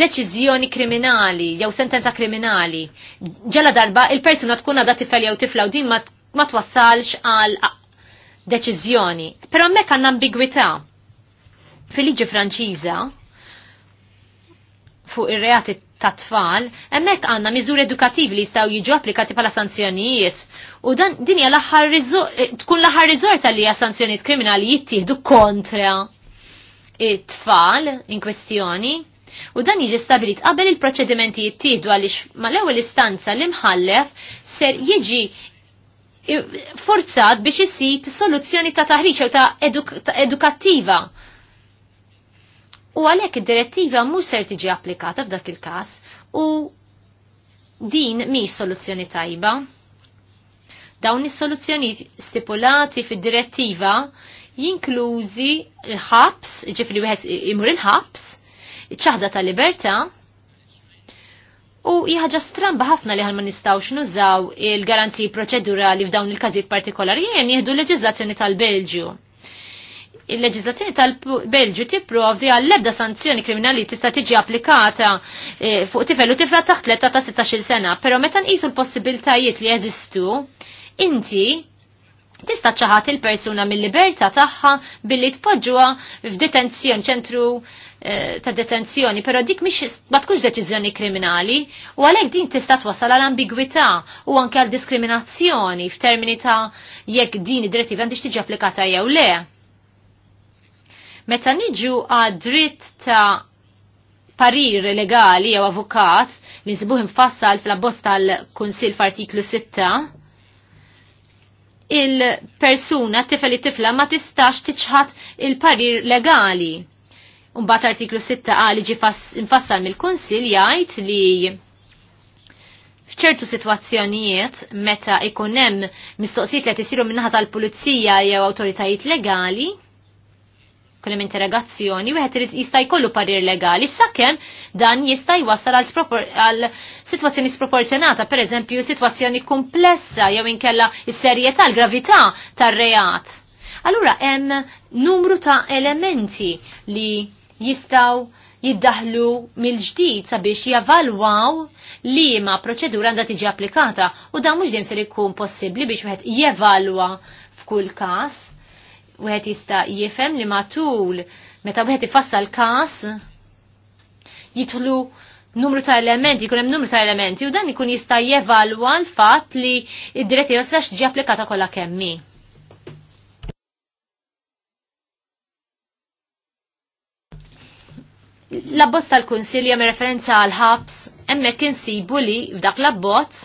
deċiżjoni kriminali jew sentenza kriminali. Ġala darba il-persuna tkun għadha tifel jew tifla u din ma twassalx għal deċiżjoni. Però hemmhekk għandna ambigwità Fil-liġi Franċiża fuq ir-reati ta' tfal, emmek għanna miżuri edukativi li jistaw jiġu applikati pala sanzjonijiet. U dan din hija eh, tkun l-aħħar riżorsa li hija sanzjonijiet kriminali jittieħdu kontra it-tfal in kwestjoni. U dan jiġi stabilit qabel il-proċedimenti jittieħdu għaliex mal-ewwel istanza li mħallef ser jiġi forzat biex isib soluzzjoni ta' taħriġ u ta', eduk ta edukattiva u għalhekk id-direttiva mhux ser tiġi applikata f'dak il-każ u din mi soluzzjoni tajba. Dawn is-soluzzjonijiet stipulati fid-direttiva jinklużi l-ħabs, ġifri wieħed imur il-ħabs, ċaħda ta' libertà, u jħagġa stramba ħafna li ħalma nistaw nużaw il garanti proċedurali f'dawn il-każijiet partikolari jien jieħdu l leġizlazzjoni tal-Belġju il-leġizlazzjoni tal-Belġu tipprovdi għall-ebda sanzjoni kriminali tista' tiġi applikata eh, fuq tifel u tifla taħt tletta ta' 16 sena, però meta nqisu l-possibiltajiet li jeżistu, inti tista' ċaħat il-persuna mill-libertà tagħha billi tpoġġuha f'detenzjoni ċentru eh, ta' detenzjoni, pero dik mhix ma tkunx deċiżjoni kriminali u għalhekk din tista' twassal għal ambigwità u anke għal diskriminazzjoni f'termini ta' jekk din id-direttiva għandix tiġi applikata jew le. Meta niġu għad dritt ta' parir legali jew avukat li nsibuħ infassal fl-abbozz tal-Kunsil f'artiklu 6, il-persuna tifel tifla ma tistax tiċħat il-parir legali. Umbat artiklu 6 għali ġi infassal mill kunsill jgħid li f'ċertu situazzjonijiet meta ikun hemm mistoqsijiet li qed isiru minnaħa tal-pulizija jew awtoritajiet legali, kunem interrogazzjoni, wieħed irid jista' jkollu parir legali, sakemm dan jista' jwassal għal sitwazzjoni sproporzjonata, pereżempju sitwazzjoni komplessa jew inkella s-serjetà, l-gravità tar-reat. Allura hemm numru ta' elementi li jistaw jiddaħlu mill-ġdid sabiex javalwaw li ma proċedura għandha tiġi applikata u dan mhux dejjem se jkun possibbli biex wieħed jevalwa f'kull każ wieħed jista' jifhem li matul meta wieħed ifassal każ jidħlu numru ta' elementi, jkun hemm numru ta' elementi u dan ikun jista' jevalwa l-fatt li id-direttiva se ġi applikata kollha kemmi. L-abbozz tal-Kunsilja me referenza għal ħabs hemmhekk insibu li f'dak l-abbozz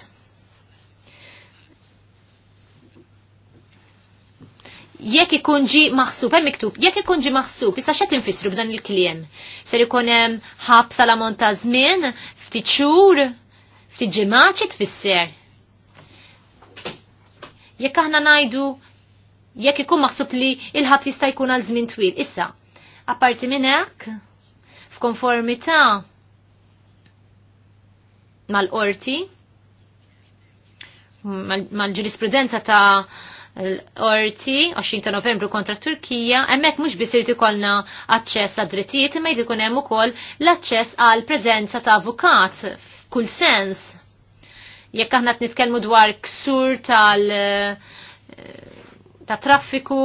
jekk ikun maħsub, hemm miktub, jekk ikunġi maħsub, issa xed infissru b'dan il-kliem. Ser ikun hemm ħabsa la monta ta' żmien, ftit xhur, ftit ġimgħat xi tfisser. Jekk aħna ngħidu jekk ikun maħsub li il-ħabs jista' jkun għal żmien twil. Issa, apparti minn hekk, f'konformità mal-qorti, mal-ġurisprudenza ta' l-orti 20 ta' novembru kontra Turkija, emmek mux bisir tikolna aċċess għad drittijiet ma jkun hemm ukoll l-aċċess għal preżenza ta' avukat f'kull sens. Jekk aħna nitkellmu dwar ksur tal ta' traffiku,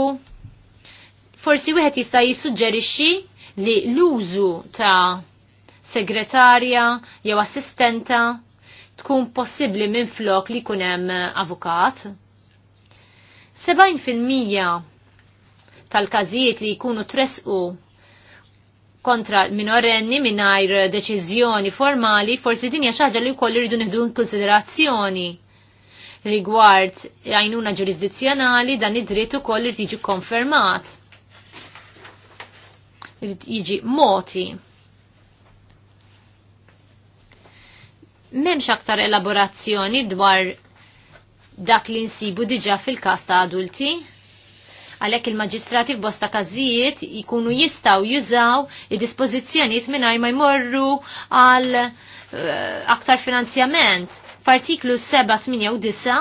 forsi wieħed jista' jissuġġerixxi li l-użu ta' segretarja jew assistenta tkun possibbli minn flok li kunem avukat. 70% tal-każijiet li jkunu tresqu kontra minorenni mingħajr deċiżjoni formali forsi din hija xi ħaġa li wkoll irridu nieħdu konsiderazzjoni rigward għajnuna ġurisdizzjonali dan id-dritt ukoll irid jiġi konfermat. Irid jiġi moti. M'hemmx aktar elaborazzjoni dwar dak li nsibu diġa fil-kas ta' adulti. Għalek il-magistrati f'bosta kazijiet jikunu jistaw jużaw id-dispozizjoniet minnaj ma jmorru għal uh, aktar finanzjament. F'artiklu 7-8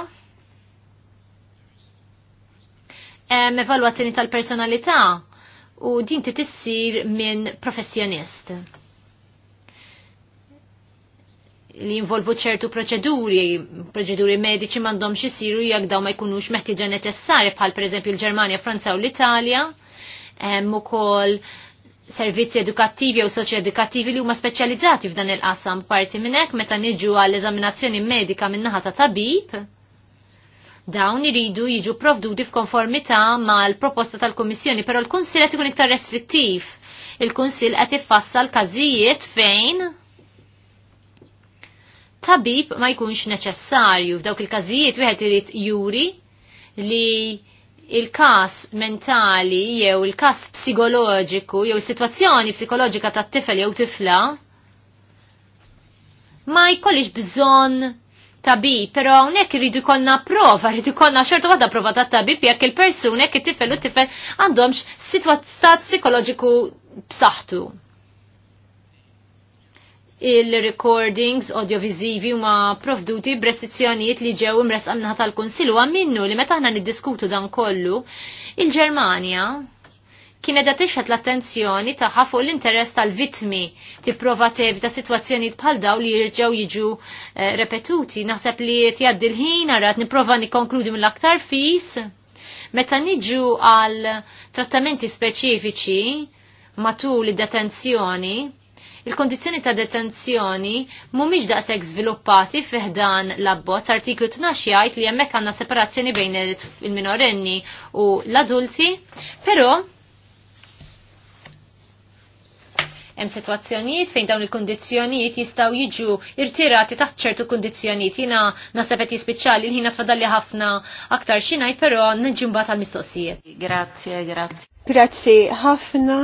hemm evalwazzjoni tal-personalità u din titissir minn professjonist li jinvolvu ċertu proċeduri, proċeduri mediċi mandom xisiru jekk daw ma jkunux meħtieġa neċessari bħal per eżempju l-Ġermanja, Franza u l-Italja, hemm ukoll servizzi edukattivi u edukattivi li huma speċjalizzati f'dan il-qasam parti minn hekk meta niġu għall eżaminazzjoni medika min-naħa ta' tabib. Dawn iridu jiġu provdudi f'konformità mal-proposta tal-Kummissjoni, però l-Kunsill qed ikun iktar restrittiv. Il-Kunsill qed ifassal każijiet fejn tabib ma jkunx neċessarju f'dawk il-każijiet wieħed irid juri li il-kas mentali jew il-kas psikoloġiku jew situazzjoni psikoloġika ta' tifel jew tifla ma jkollix bżonn tabib, però hawnhekk iridu jkollna prova, rridu jkollna xorta waħda prova ta' tabib jekk il-persuna jekk it-tifel u t-tifel għandhomx sitwazz psikoloġiku b'saħħtu il-recordings audiovisivi huma provduti brestizjoniet li ġew imres għamna tal-Kunsilu minnu li meta aħna niddiskutu dan kollu, il-Ġermanja kienet da tixħet l-attenzjoni tagħha fuq l-interess tal-vitmi tipprova ta' sitwazzjonijiet bħal daw li jirġgħu jiġu eh, repetuti. Naħseb li qed jgħaddi l-ħin arat nipprova nikkonkludi mill-aktar fis. Meta niġu għal trattamenti speċifiċi matul id-detenzjoni, Il-kondizjoni ta' detenzjoni mhumiex daqshekk żviluppati fiħdan l-abbozz artiklu 12 jgħid li hemmhekk għandna separazzjoni bejn il-minorenni u l-adulti, però hemm sitwazzjonijiet fejn dawn il-kundizzjonijiet jistgħu jiġu irtirati taħt ċertu kundizzjonijiet. Jiena naħseb qed jispiċċali ħina tfadalli ħafna aktar xi ngħid, però niġi mbagħad għall-mistoqsijiet. Grazzi, grazzi. Grazzi ħafna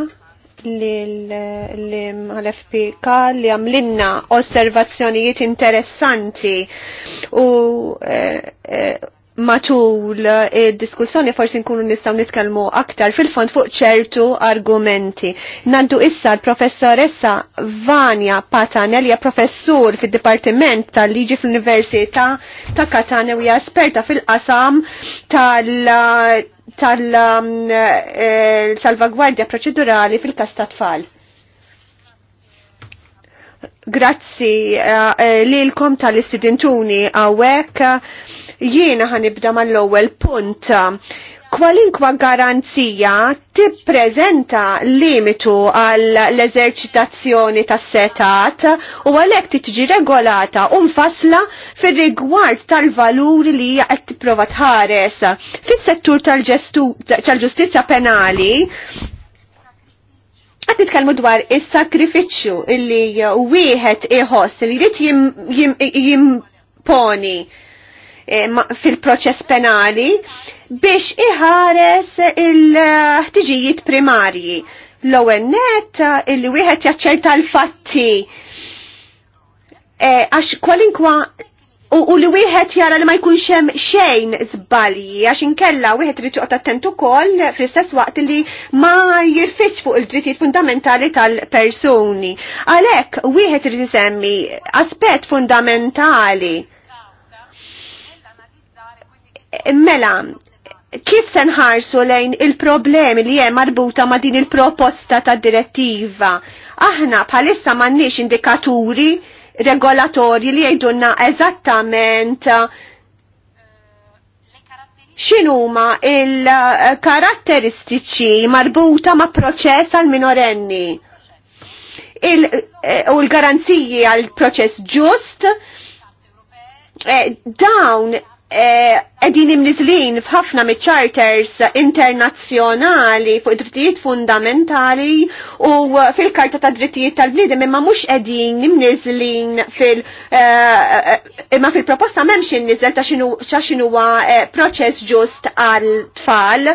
l-FPK li għamlinna osservazzjonijiet interessanti u eh, eh, matul id-diskussjoni forsi nkunu nistgħu nitkellmu aktar fil-fond fuq ċertu argumenti. Nandu issa l-professoressa Vania Patanel hija professur fil dipartiment tal-Liġi fl-Università ta' Katane u hija esperta fil-qasam tal tal-salvagwardja proċedurali fil-kas ta' tfal. Grazzi eh, eh, lilkom tal istidintuni għawek. Jiena ħanibda mal-ewwel punt kwalinkwa garanzija tippreżenta limitu għall eżerċitazzjoni tas setat u għalhekk tiġi regolata u mfassla fir-rigward tal-valuri li hija qed tipprova tħares. Fis-settur tal-ġustizzja penali Għad nitkellmu dwar is-sakrifiċċju illi wieħed iħoss li jrid jimponi jim, jim, jim Eh, fil-proċess penali biex iħares il-ħtiġijiet primarji. L-ewwel net eh, illi wieħed jaċċerta l-fatti eh, għax kwalinkwa u li wieħed jara li ma jkunx hemm xejn żbalji għax inkella wieħed irid joqgħod attent ukoll fl-istess waqt li ma jirfis fuq il-drittijiet fundamentali tal-persuni. Għalhekk wieħed irid isemmi aspett fundamentali Mela, kif se nħarsu lejn il-problemi li hemm marbuta ma' din il-proposta ta' direttiva? Aħna bħalissa m'għandniex indikaturi regolatorji li jgħidulna eżattament x'inhuma il-karatteristiċi marbuta ma' proċess għal minorenni eh, u l-garanziji għal proċess ġust eh, dawn Eh, edin imnizlin f'ħafna mit-charters internazzjonali fuq drittijiet fundamentali u fil-karta ta' drittijiet tal-bniedem imma mhux qegħdin imnizlin fil- eh, imma fil-proposta m'hemmx inniżel ta' xinu x'inhuwa eh, proċess ġust għal tfal.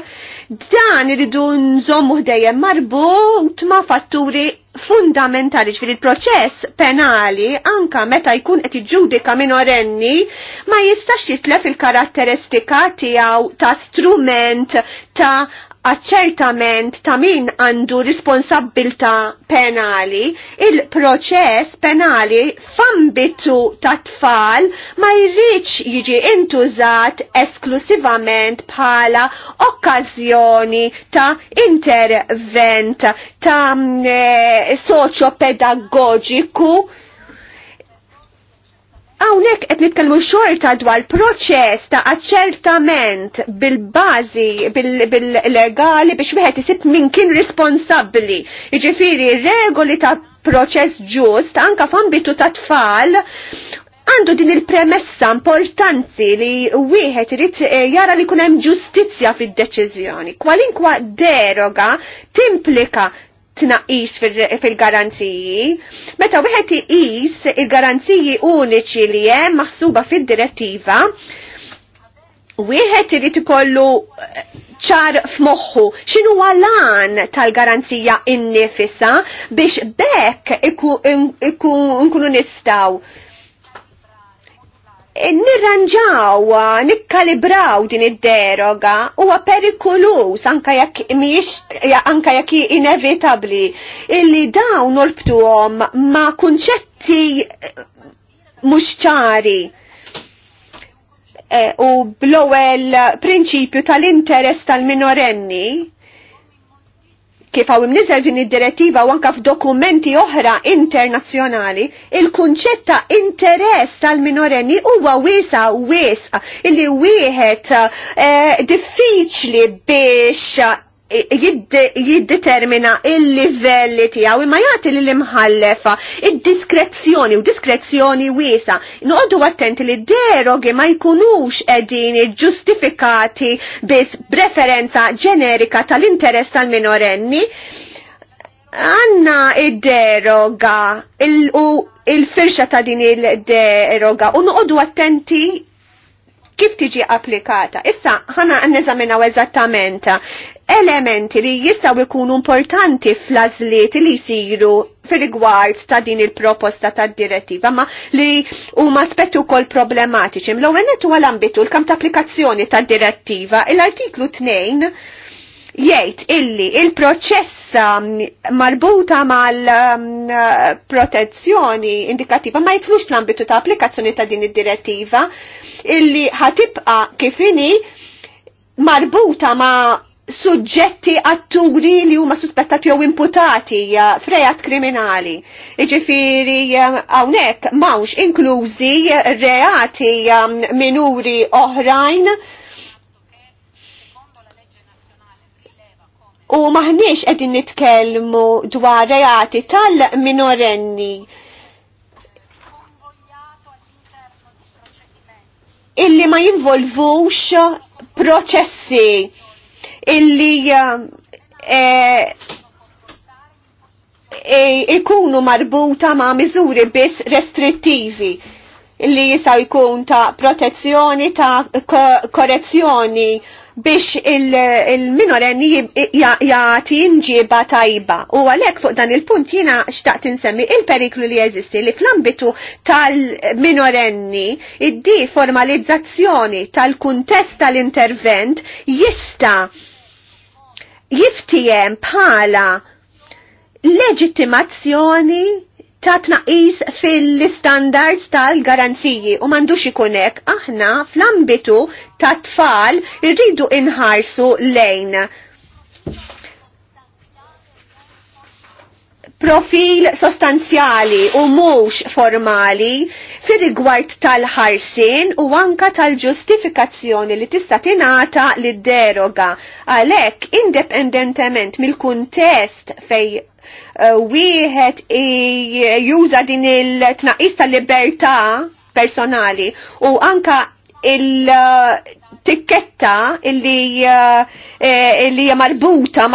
Dan iridu nżommu dejjem marbut ma' fatturi fundamentali ġifiri il-proċess penali anka meta jkun qed iġġudika minorenni ma jistax jitlef il-karatteristika tiegħu ta' strument ta' aċċertament ta' min għandu responsabilta penali, il-proċess penali fambitu ta' tfal ma jirriċ jiġi intużat esklusivament bħala okkazjoni ta' intervent ta' mm, eh, soċopedagogiku. pedagogiku Hawnhekk qed nitkellmu xorta dwar proċess ta' aċċertament bil-bażi bil-legali biex wieħed isib min kien responsabbli. Jiġifieri regoli ta' proċess ġust anka f'ambitu ta' tfal għandu din il-premessa importanti li wieħed irid eh, jara li kunem ġustizzja fid-deċiżjoni. Kwalinkwa deroga timplika tnaqis fil-garanziji. Meta wieħed iqis il-garanziji uniċi li hemm maħsuba fid-direttiva, wieħed irid ikollu eh, ċar f'moħħu x'inhu lan tal-garanzija innifisa biex bekk ikunu nistgħu nirranġaw, nikkalibraw din id-deroga huwa perikolus anka jekk miex anka jekk inevitabbli illi dawn urbtuhom ma' kunċetti eh, mhux ċari e, u bl-ewwel prinċipju tal-interess tal-minorenni kif għaw imniżel din id-direttiva u anka f'dokumenti oħra internazzjonali, il-kunċett ta' interess tal-minorenni huwa wiesa u wiesq illi wieħed eh, diffiċli biex jiddetermina il-livelli tijaw imma jagħti l imħallefa id-diskrezzjoni u diskrezzjoni wiesa. Noqogħdu attenti li derogi ma jkunux qegħdin ġustifikati biss preferenza ġenerika tal-interess tal-minorenni. Għanna id-deroga il il-firxa ta' din il-deroga u nuqdu attenti kif tiġi applikata. Issa ħana neżaminaw eżattament elementi li jistaw ikunu importanti fl-azliet li jisiru fil gwart ta' din il-proposta ta' direttiva, ma li huma spettu kol problematiċi. Ml-ewwel u għal-ambitu l-kam ta' applikazzjoni ta' direttiva, l-artiklu 2 jgħid illi il proċessa um, marbuta mal-protezzjoni um, indikattiva ma jitlux l-ambitu ta' applikazzjoni ta' din id-direttiva illi ħatibqa' kifini marbuta ma' suġġetti atturi li huma suspettati jew imputati frejat kriminali. Iġifieri hawnhekk mawx inklużi reati minuri oħrajn U maħniex qegħdin nitkellmu dwar reati tal-minorenni. Illi ma jinvolvux proċessi illi e, e, ikunu marbuta ma' miżuri biss restrittivi illi jisa jkun ta' protezzjoni, ta' korrezzjoni biex il-minorenni jagħti imġiba tajba. U għalhekk fuq dan il-punt jiena xtaqt insemmi il-periklu li jeżisti li fl-ambitu tal-minorenni id-di formalizzazzjoni tal-kuntest tal-intervent jista' jiftijem bħala leġittimazzjoni ta' tnaqis fil-standards tal-garanziji u mandux ikunek aħna fl-ambitu ta' tfal irridu inħarsu lejn profil sostanzjali u mhux formali fir rigward tal-ħarsin u anka tal-ġustifikazzjoni li tista' tingħata lid-deroga. Għalhekk indipendentement mill-kuntest fej uh, wieħed juża din il tnaqqis tal-libertà personali u anka il tikketta eh, eh, illi hija marbuta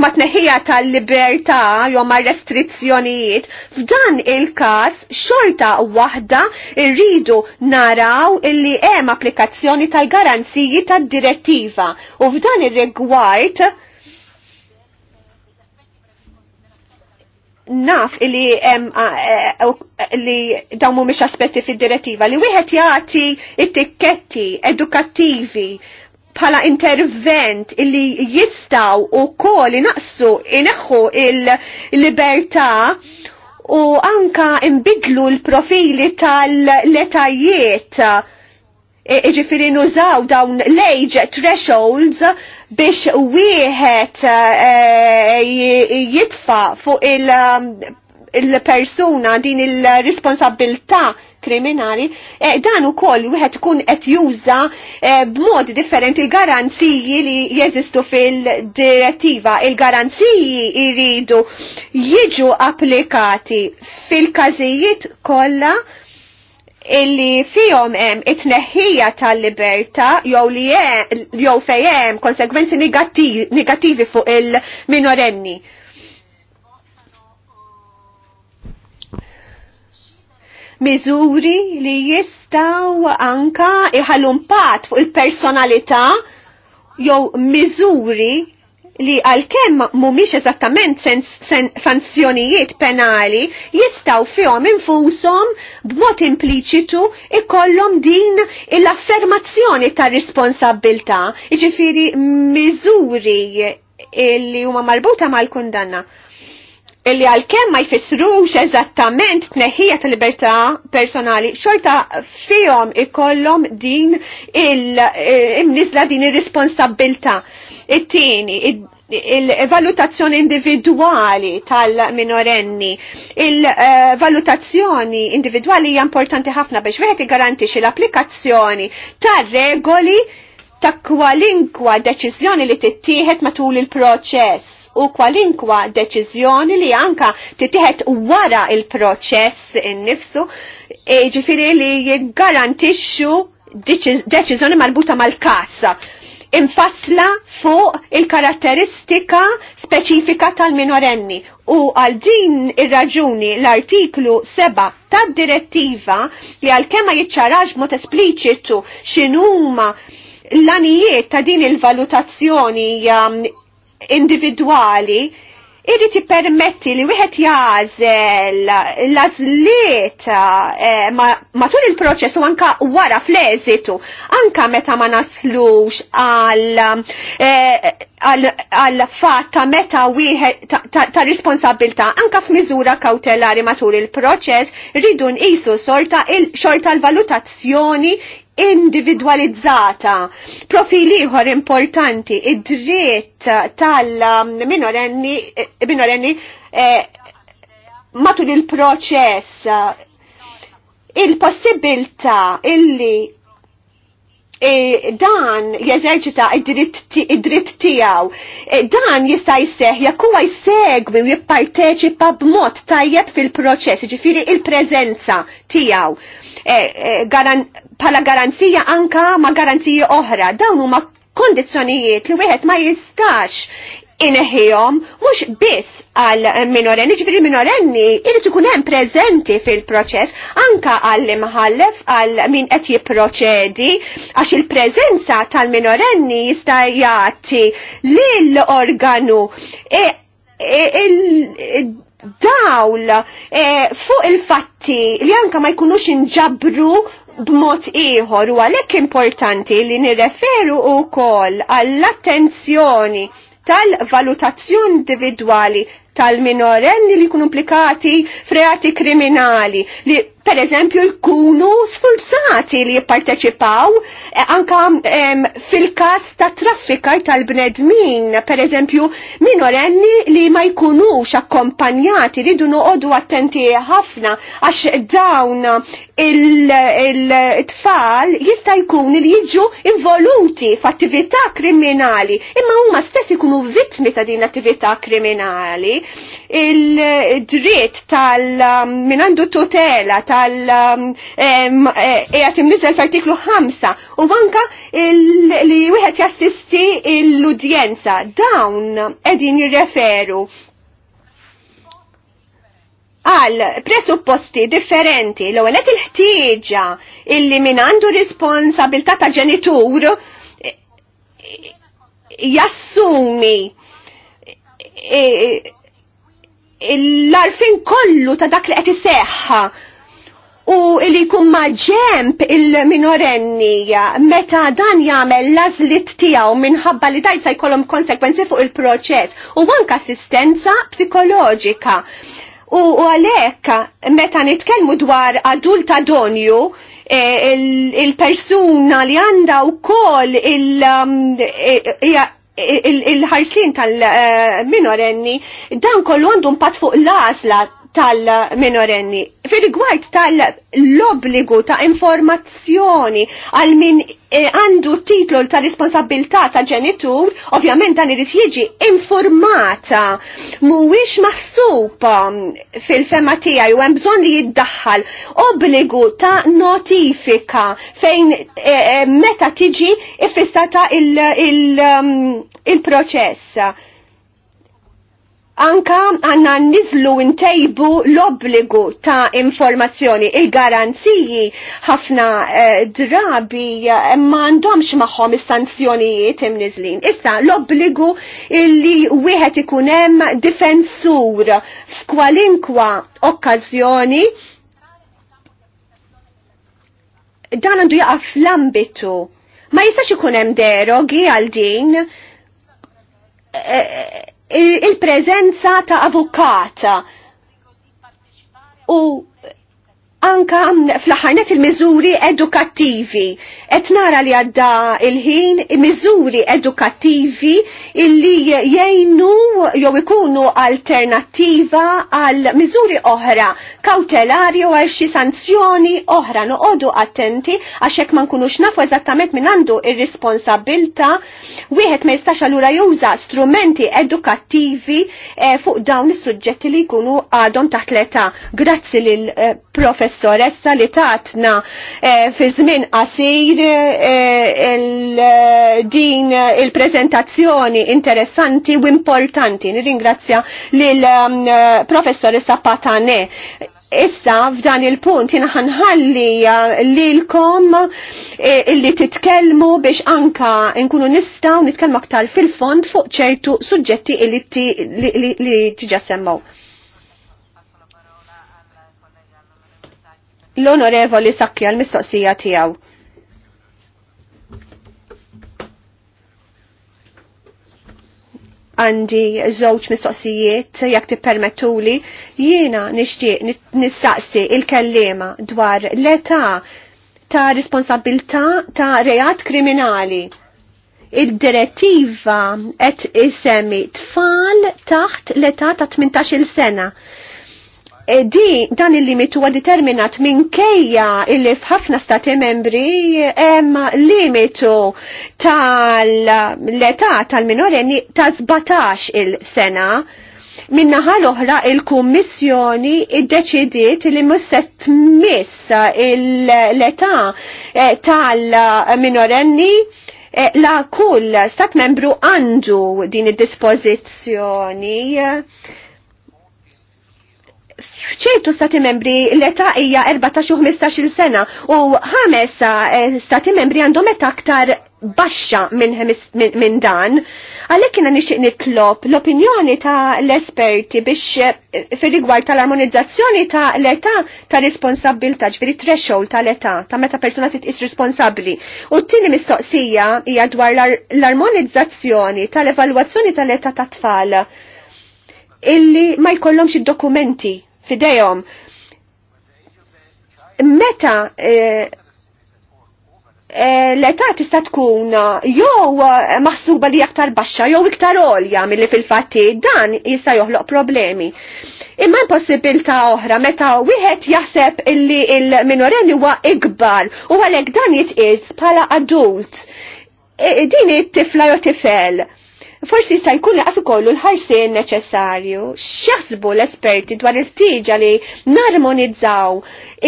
ma tneħħija tal-libertà jew ma' restrizzjonijiet. F'dan il-każ xorta waħda rridu naraw illi hemm applikazzjoni tal-garanziji tad-direttiva u f'dan ir-rigward naf li em, e, e, li dawmu mux aspetti fi direttiva li wieħed jagħti it-tikketti edukattivi bħala intervent illi jistaw u kol inaqsu ineħħu il-libertà u anka imbidlu l-profili tal-letajiet E, iġifiri nużaw dawn l-age thresholds biex wieħed e, e, jitfa fuq um, il-persuna din il-responsabilta kriminali, dan ukoll wieħed ikun qed juża b'mod differenti l-garanziji li jeżistu fil-direttiva. Il-garanziji jridu jiġu applikati fil-każijiet kollha illi fihom hemm it-tneħħija tal-libertà jew li jew fejn hemm konsegwenzi negattivi fuq il-minorenni. Miżuri li jistaw anka iħallumpat fuq il-personalità jew miżuri li għal-kem mumiex eżattament sanzjonijiet penali jistaw fjom infusom b'mod impliċitu ikollom din l-affermazzjoni ta' responsabilta, iġifiri miżuri li huma marbuta mal-kundanna illi għal-kem ma jfissrux eżattament tneħħija tal-libertà personali, xorta fihom ikollhom din il-imnizla eh, din ir-responsabilta. It-tieni, il-valutazzjoni individuali tal-minorenni. Il-valutazzjoni eh, individuali hija importanti ħafna biex wieħed igarantixxi l-applikazzjoni tar-regoli ta' kwalinkwa deċiżjoni li tittieħed matul il-proċess u kwalinkwa deċiżjoni li anka tittieħed wara il-proċess innifsu e ġifiri li jgarantixxu deċiżjoni marbuta mal-kassa infasla fuq il-karatteristika speċifika tal-minorenni u għal din ir-raġuni l-artiklu 7 tad-direttiva li għal kema jitċaraġ mod espliċitu x'inhuma l-anijiet ta' din il-valutazzjoni um, individuali ti permetti li wieħed jażel l-għażliet eh, matul il-proċess u anka wara fl-eżitu, anka meta ma naslux għal eh, għal fatt ta' meta wieħed ta' responsabilta' anka f'miżura kautelari matul il-proċess ridun nqisu sorta il-xorta l-valutazzjoni individualizzata. Profil ieħor importanti, id-dritt tal-minorenni minorenni eh, matul il-proċess il-possibilta illi eh, dan jeżerċita id-dritt tijaw. Eh, dan jista' jseħ jekk huwa jsegwi u jipparteċipa b'mod tajjeb fil-proċess, ġifiri il prezenza tijaw. Eh, eh, pala garanzija anka ma garanzija oħra. Dawn huma kondizjonijiet li wieħed ma jistax inħijom mux biss għal minorenni, ġifiri minorenni irrit ikun hemm prezenti fil-proċess anka għall imħallef għal min qed jipproċedi għax il-preżenza tal-minorenni jista' jagħti lill organu e, e, dawl eh, fuq il-fatti li anka ma jkunux inġabru b'mod ieħor u għalhekk importanti li nirreferu wkoll għall-attenzjoni tal-valutazzjoni individwali tal-minorenni li jkunu implikati f'reati kriminali li per eżempju jkunu sfulzati li jipparteċipaw eh, anka fil-kas ta' traffikar tal-bnedmin, per eżempju minorenni li ma jkunux akkompanjati li dunu odu attenti ħafna għax dawn il-tfal jista' jkun li jiġu involuti f'attività kriminali imma huma stess ikunu vittmi ta' din attività kriminali il-dritt tal-minandu tutela tal-ejat um, eh, imnizel f'artiklu 5 u manka li wieħed jassisti l-udjenza. Dawn edin jirreferu għal presupposti differenti l għanet il-ħtieġa illi min għandu responsabilta ta' ġenitur jassumi eh, eh, l-arfin kollu ta' dak li qed iseħħa u li jkun maġemp il-minorenni meta dan jagħmel lażlit tiegħu minħabba li tajt jkollhom konsekwenzi fuq il-proċess u anke assistenza psikoloġika. U għalhekk meta nitkellmu dwar adult adonju e, il-persuna li għanda u koll um, e, e, il-ħarslin tal-minorenni dan kollu għandu mpat fuq l-asla tal-minorenni. Fil-rigward tal lobligu ta' informazzjoni għal min eh, għandu e, titlu ta' responsabilità ta' ġenitur, ovvjament dan irid jiġi informata, mhuwiex maħsub um, fil-fema tiegħi u hemm bżonn li jiddaħħal obbligu ta' notifika fejn eh, eh, meta tiġi ifissata il-proċess. Il, il, il, um, il proċess Anka għanna nizlu ntejbu l-obligu ta' informazzjoni, il-garanziji ħafna eh, drabi eh, ma għandhomx maħħom is-sanzjonijiet imnizlin. Issa l-obligu illi wieħed ikun hemm difensur f'kwalinkwa okkażjoni dan għandu jaqaf fl-ambitu. Ma jistax ikun hemm derogi għal din. Eh, eh il prezenza ta' avukata u anka fl-ħarnet il-mizuri edukattivi. Et nara li għadda il-ħin mizuri edukattivi illi jgħinu jew ikunu alternativa għal mizuri oħra, kautelari u għal xi sanzjoni oħra. Noqogħdu attenti għax hekk ma nkunux nafu eżattament minn għandu ir-responsabilta wieħed ma jistax allura juża strumenti edukattivi eh, fuq dawn is-suġġetti li jkunu għadhom taħt l-età. Grazzi lil eh, professor professoressa li tatna eh, fi żmien qasir eh, eh, din il-prezentazzjoni interessanti u importanti. Nirringrazzja lil mm, professoressa Patane. Issa f'dan il-punt jina ħanħalli lilkom illi titkellmu biex anka nkunu nistaw nitkellmu aktar fil-fond fuq ċertu suġġetti li tiġa semmaw. l-onorevoli sakja l-mistoqsija tijaw. Għandi żewġ mistoqsijiet jekk tippermettuli, jiena nixtieq nistaqsi il-kellima dwar l-età ta' responsabilta ta' reat kriminali. Id-direttiva qed isemmi tfal taħt l-età ta' 18-il sena E di dan il-limit huwa determinat minkejja illi f'ħafna stati membri hemm limitu tal-età tal-minorenni ta' 17 il-sena. Minnaħa l-oħra il-Kummissjoni iddeċidiet li musset tmiss l-età eh, tal-minorenni eh, la kull stat membru għandu din id-dispożizzjoni fċertu stati membri l-età hija 14-15 sena u ħames eh, stati membri għandhom età aktar baxxa minn dan. Għalhekk kiena nixtieq nitlob l-opinjoni ta' l-esperti biex eh, fir-rigward tal-armonizzazzjoni ta' l-età ta' responsabilità, ġifieri threshold ta' l-età ta' meta persuna titqis responsabbli. U t-tieni mistoqsija hija dwar l-armonizzazzjoni tal-evalwazzjoni tal-età ta' tfal illi ma jkollhomx id-dokumenti fidejhom. Meta e, e, l-età tista' tkun jew maħsuba li aktar baxxa jew iktar mill milli fil-fatti dan jista' joħloq problemi. Imma possibilità oħra meta wieħed jaħseb illi il-minorenni huwa ikbar u għalhekk dan jitqies bħala adult. E, din it-tifla jew tifel forsi sa jkun naqsu kollu l-ħarsien neċessarju. X'jaħsbu l-esperti dwar il-ħtieġa li narmonizzaw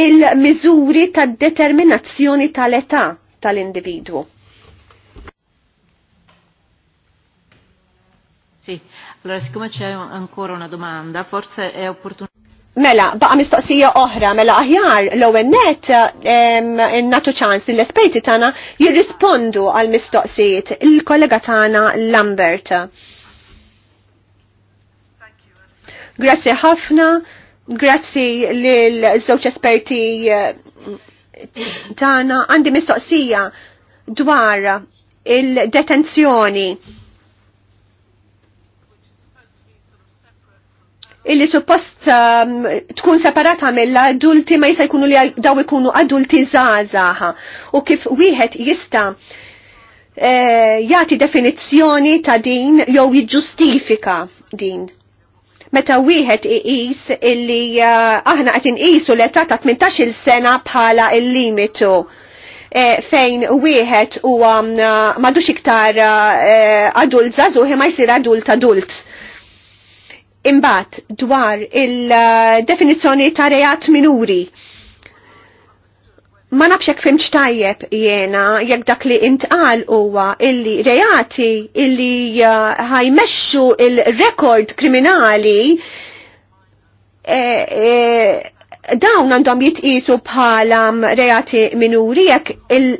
il-miżuri tad-determinazzjoni tal-età tal-individwu. Sì, allora siccome c'è ancora una domanda, forse è opportuno Mela, baqa mistoqsija oħra, mela aħjar l-ewwel net natu ċans li l-esperti tagħna jirrispondu għal mistoqsijiet il-kollega tagħna Lambert. Grazzi ħafna, grazzi lil żewġ esperti eh, tagħna għandi mistoqsija dwar il-detenzjoni illi suppost um, tkun separata mill-adulti ma jista' jkunu li daw ikunu adulti zazaha. u kif wieħed jista' eh, jagħti definizzjoni ta' din jew jiġġustifika din. Meta wieħed iqis illi eh, aħna qed inqisu l-età ta' 18-il sena bħala il-limitu eh, fejn wieħed huwa mm, m'għadux iktar adult zazuħi ma jsir adult adult Imbat dwar il-definizzjoni ta' reat minuri. Ma nafx fimx tajjeb jiena jekk dak li intqal huwa illi reati illi uh, ħajmexxu il-rekord kriminali eh, eh, dawn għandhom jitqisu bħala reati minuri jekk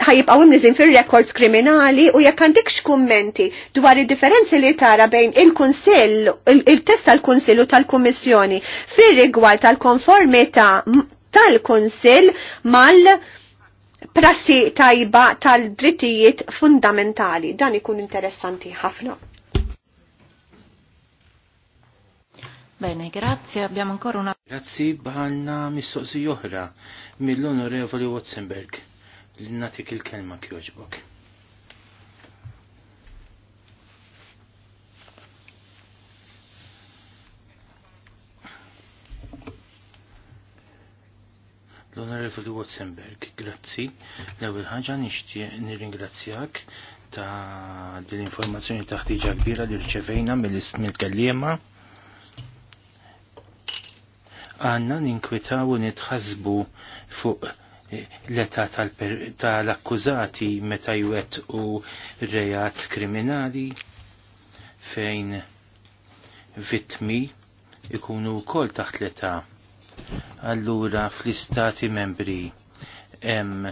ħajibqaw imniżin fir rekords kriminali u jekk għandekx kummenti dwar id-differenzi li tara bejn il-Kunsill, il-test tal-Kunsill u tal-Kummissjoni fir-rigward tal-konformità tal-Kunsill mal-prassi tajba tal-drittijiet fundamentali. Dan ikun interessanti ħafna. Bene, grazie, abbiamo ancora una... Grazzi bħalna mistoqsi oħra mill-Onorevoli Watzenberg l natik il-kelma kjoġbok. L-Onorevoli Watzenberg, grazzi. L-ewwel ħaġa nixtieq nirringrazzjak ta' din informazzjoni taħtiġa kbira li rċevejna mill-kelliema. mill kellima għanna ninkwitaw u nitħasbu fuq eh, l-età tal-akkużati meta jwet u rejat kriminali fejn vitmi ikunu kol taħt l-età. Allura fl-istati membri hemm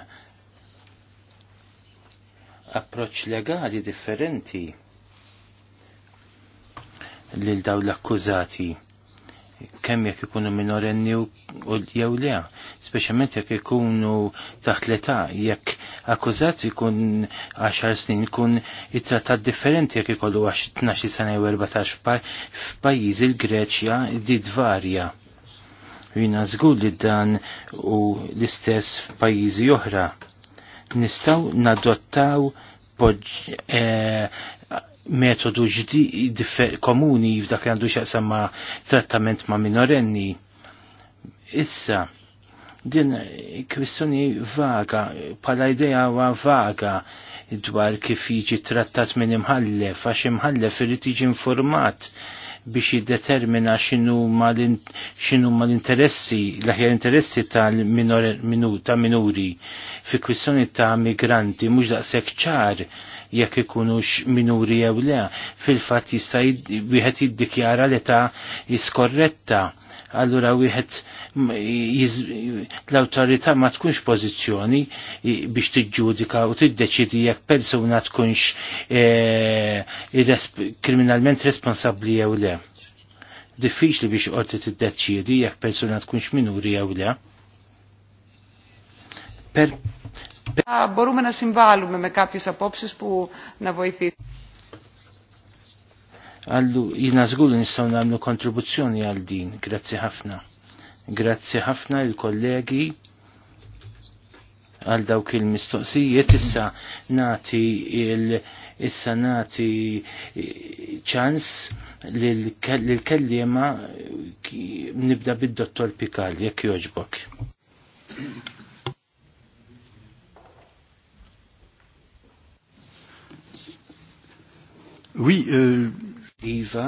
approċ legali differenti lil daw l-akkużati kemm jekk ikunu minorenni u jew le, speċjalment jekk ikunu taħt l-età, jekk akkużat ikun 10 snin ikun it-trattat differenti jekk ikollu 12 sena jew 14 f'pajjiż il-Greċja di dvarja. Jina żgur li dan u l-istess f'pajjiżi oħra. Nistgħu nadottaw eh, metodu komuni f'dak li għandu xaqsam ma' trattament ma' minorenni. Issa, din kwistjoni vaga, pala ideja wa vaga dwar kif jiġi trattat minn imħallef, għax imħallef irrid jiġi informat biex jiddetermina xinu ma l-interessi, l-ħjar interessi tal-minuri fi kwistjoni ta' migranti, mux daqsek ċar jekk ikunux minuri jew le. Fil-fatt jista' wieħed jiddikjara li ta' jiskorretta. Allura wieħed l-awtorità ma tkunx pożizzjoni biex tiġġudika u tiddeċidi jekk persuna tkunx e, kriminalment responsabbli jew le. Diffiċli biex qorti tiddeċidi jekk persuna tkunx minuri jew le per... Μπορούμε να συμβάλλουμε με κάποιες απόψεις που να βοηθήσουν. Għallu, jina zgullu nistaw namlu kontribuzzjoni għal din, grazzi ħafna. Grazzi ħafna il-kollegi għal dawk il-mistoqsijiet issa nati il- issa nati ċans lil-kellima nibda bid-dottor Pikal, jek joġbok. Wi, euh, Iva,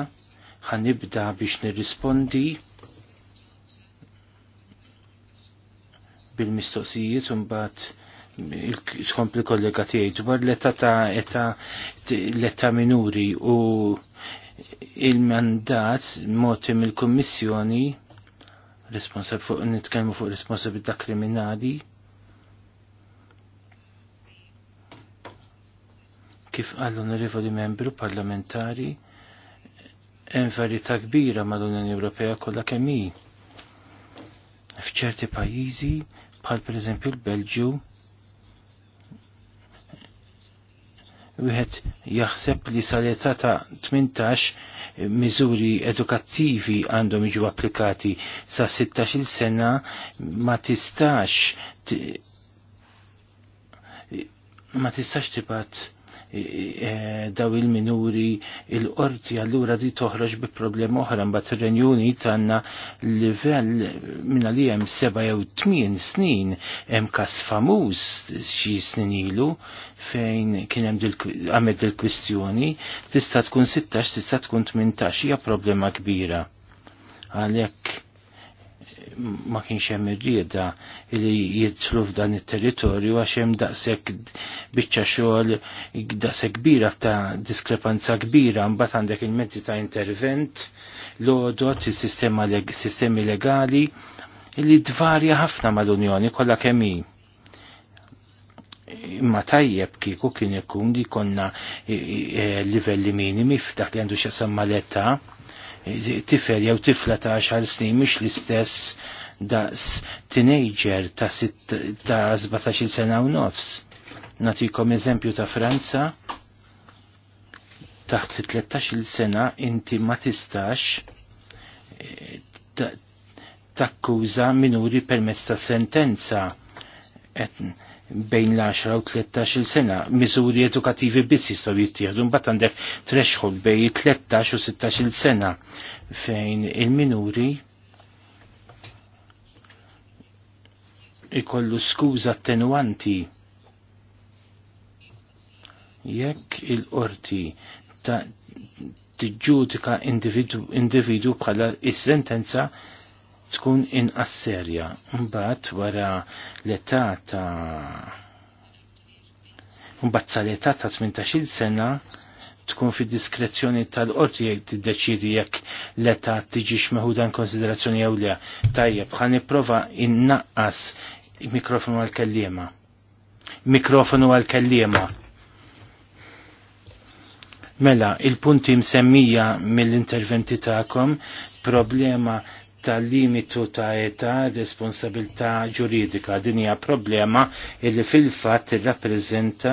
ħanibda biex nirrispondi bil-mistoqsijiet un bat kollega tiegħi dwar l-età ta' età l-età minuri u il-mandat moti mill-Kummissjoni responsab fuq nitkellmu fuq responsabilità kriminali kif għall onorevoli membru parlamentari hemm varjetà kbira mal-Unjoni Ewropea kollha kemm hi. F'ċerti pajjiżi bħal pereżempju l-Belġju wieħed jaħseb li sal-età ta' 18 miżuri edukattivi għandhom jiġu applikati sa' 16 sena ma tistax ma tistax tibat E, daw il-minuri il-qorti allura di toħroġ bi problema oħra mbagħad ir-Renjuni tanna livell minna li hemm seba' jew tmien snin hemm kas famuż xi snin ilu fejn kien hemm għamed il-kwistjoni tista' tkun 16 tista' tkun 18 hija problema kbira għalhekk ma kienx hemm ir-rieda li jidħlu f'dan it-territorju għax hemm daqshekk biċċa xogħol daqshekk kbira ta' diskrepanza kbira mbagħad għandek il-mezzi ta' intervent l-odot, il-sistemi leg legali li dvarja ħafna mal-Unjoni kollha kemm hi. Imma tajjeb kieku kien ikun li konna eh, eh, livelli minimi f'dak li għandu x'jasam mal-età tifel jew tifla ta' 10 snin mhux l-istess daqs teenager ta' 17 sena u nofs. Natikom eżempju ta' Franza taħt 13 sena inti ma tistax eh, takkuża minuri permezz ta' sentenza bejn l-10 u 13 sena. Miżuri edukattivi biss jistgħu jittieħdu mbagħad għandek threshold bejn 13 u 16 sena fejn il-minuri ikollu skuża attenuanti jekk il-qorti ta' tiġġudika individu bħala is-sentenza tkun inqas serja. Mbagħad wara l-età ta' mbagħad l età ta' 18-il sena tkun fid diskrezzjoni tal-qorti jekk tiddeċidi jekk l-età tiġix meħuda konsiderazzjoni jew le. Tajjeb, ħan nipprova innaqqas mikrofonu għal-kellima. Mikrofonu għal-kellima. Mela, il-punti msemmija mill-interventi ta'kom problema tal-limitu ta' età responsabilità ġuridika. Din hija problema illi fil-fatt irrappreżenta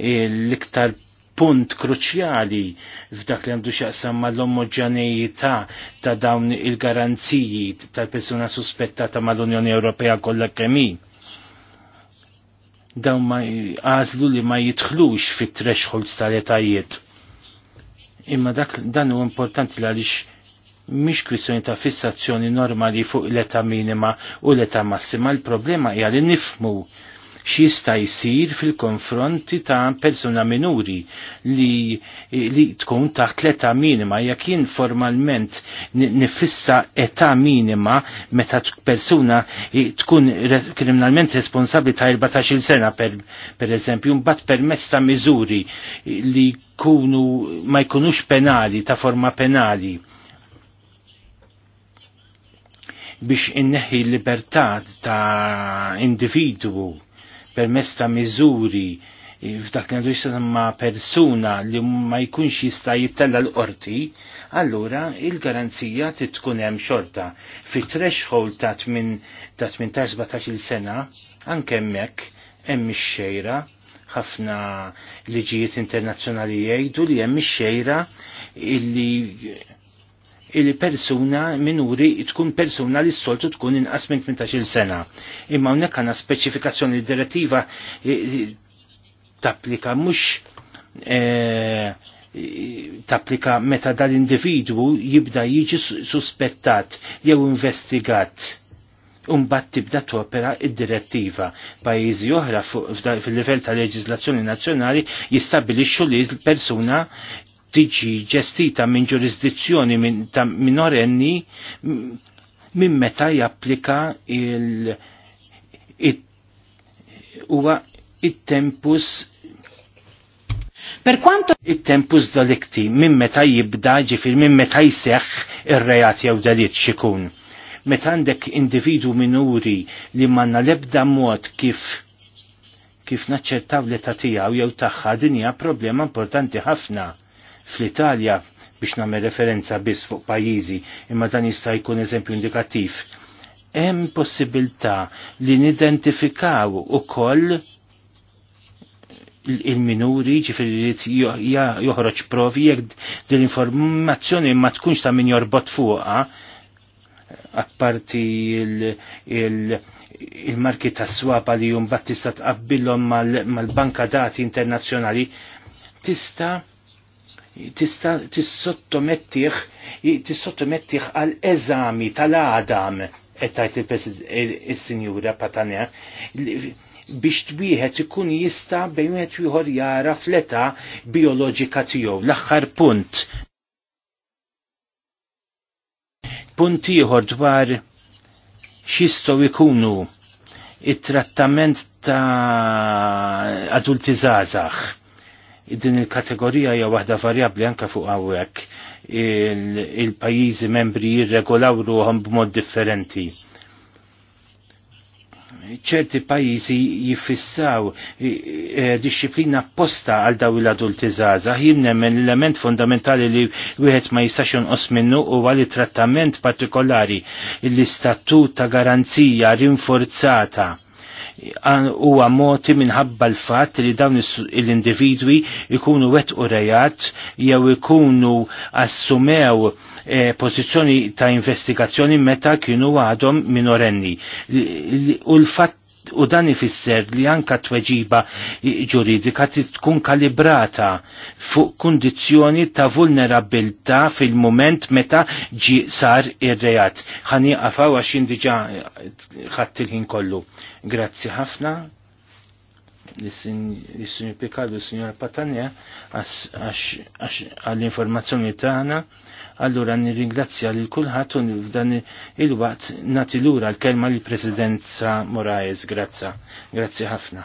l-iktar punt kruċjali f'dak li għandu xaqsam ma l-omoġaneità ta' dawn il-garanziji tal-persuna suspettata mal-Unjoni Ewropea kollha kemm dawn ma għażlu li ma jidħlux fit-thresholds tal-etajiet. Imma dak dan huwa importanti għaliex mhix kwistjoni ta' fissazzjoni normali fuq l-età minima u l-età massima, l-problema hija li nifmu x'jista' jsir fil-konfronti ta' persuna minuri li, li tkun taħt l-età minima jekk jien formalment nifissa età minima meta persuna tkun kriminalment responsabbli ta' 14-il sena per, per eżempju mbagħad permezz ta' miżuri li kunu ma jkunux penali ta' forma penali biex inneħi libertà ta' individwu permezz ta' miżuri eh, f'dak li ma' persuna li ma jkunx jista' jittella l-qorti, allura il-garanzija tkun hemm xorta. Fi threshold ta' 18-17 sena, anke hemmhekk hemm ix-xejra ħafna liġijiet internazzjonali jgħidu li hemm ix-xejra illi il persuna minuri tkun persuna li s-soltu tkun inqas minn 18 sena. Imma unnek għandna speċifikazzjoni direttiva tapplika mhux e, tapplika meta dal-individwu jibda jiġi suspettat jew investigat. unbat tibda topera id-direttiva. Pajjiżi oħra fil-livell ta' leġizlazzjoni nazzjonali jistabilixxu li l-persuna tiġi ġestita minn ġurisdizzjoni minn minorenni minn meta japplika il huwa it-tempus Per quanto it-tempus delicti minn meta jibda ġifir minn meta jseħħ ir reati jew delitt xikun. Meta għandek individu minuri li manna lebda mod kif kif naċċertaw l-età tiegħu jew tagħha din hija problema importanti ħafna fl-Italja biex nagħmel referenza biss fuq pajjiżi, imma dan jista' jkun eżempju indikattiv. Hemm possibilità li nidentifikaw ukoll il-minuri ġifiri li joħroġ provi jekk din l-informazzjoni ma tkunx ta' min jorbot fuqha apparti il-marki ta' swapa li jumbat tista' tqabbilhom mal-banka dati internazzjonali tista' tista tissottomettih tissottomettih għal eżami tal-Adam qed il-Sinjura Patanja biex twieħed ikun jista' bejn wieħed ieħor jara fleta bioloġika tiegħu. L-aħħar punt. Punt ieħor dwar x'jistgħu jkunu it-trattament ta' adulti żgħażagħ din il-kategorija hija waħda varjabbli anke fuq hawnhekk il-pajjiżi membri jirregolaw ruhom b'mod differenti. ċerti pajjiżi jifissaw eh, eh, disċiplina apposta għal daw il adulti żgħażagħ jien nemmen l-element fundamentali li wieħed ma jistax inqos minnu u għal trattament partikolari l-istatut ta' garanzija rinforzata huwa moti minħabba l-fatt li dawn l-individwi ikunu wet u rejat jew ikunu assumew pozizjoni eh, pożizzjoni ta' investigazzjoni meta kienu għadhom minorenni. U l fat u dan ifisser li anka tweġiba ġuridika tkun kalibrata fuq kundizzjoni ta' vulnerabilità fil-moment meta ġi sar ir-reat. Ħani għafaw għax indiġa ħatt il-ħin kollu. Grazzi ħafna l-Sinjor Picardo, l-Sinjor Patania, għall-informazzjoni tagħna. Allura nirringrazzja lil kulħadd u f'dan il-waqt nagħti lura l-kelma lill presidenza Moraes. Grazza. Grazzi ħafna.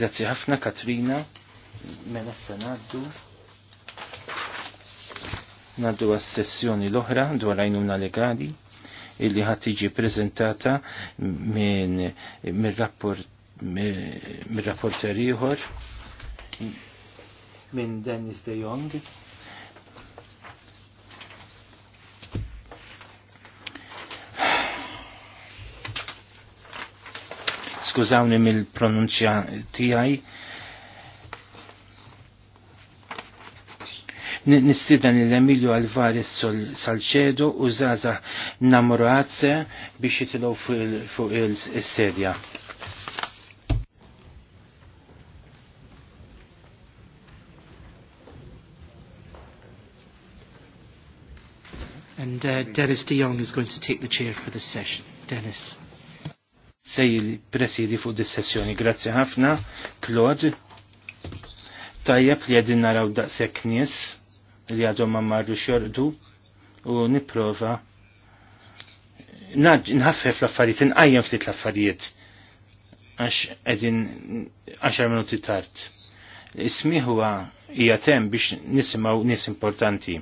Grazzi ħafna Katrina. Mela se ngħaddu. Ngħaddu għas-sessjoni l-oħra dwar għajnuna legali illi ħadd tiġi preżentata minn mir-rapport mir-rapporter ieħor minn Dennis de Jong. Skużawni mill-pronunċja tiegħi. nistidan l-Emilio Alvarez Salcedo u Zaza Namorazze biex jitilaw fuq il-sedja. il And uh, Dennis de Jong is going to take the chair for this session. Dennis. Sej presidi fuq dis-sessjoni. Grazzi ħafna, Claude. Tajjeb li għedin naraw daqshekk nies li għadhom ma marru xorqdu u nipprova nħaffef l-affarijiet, nqajjem ftit l-affarijiet għax għedin 10 minuti tard. Ismi huwa hija tem biex nisimaw nis importanti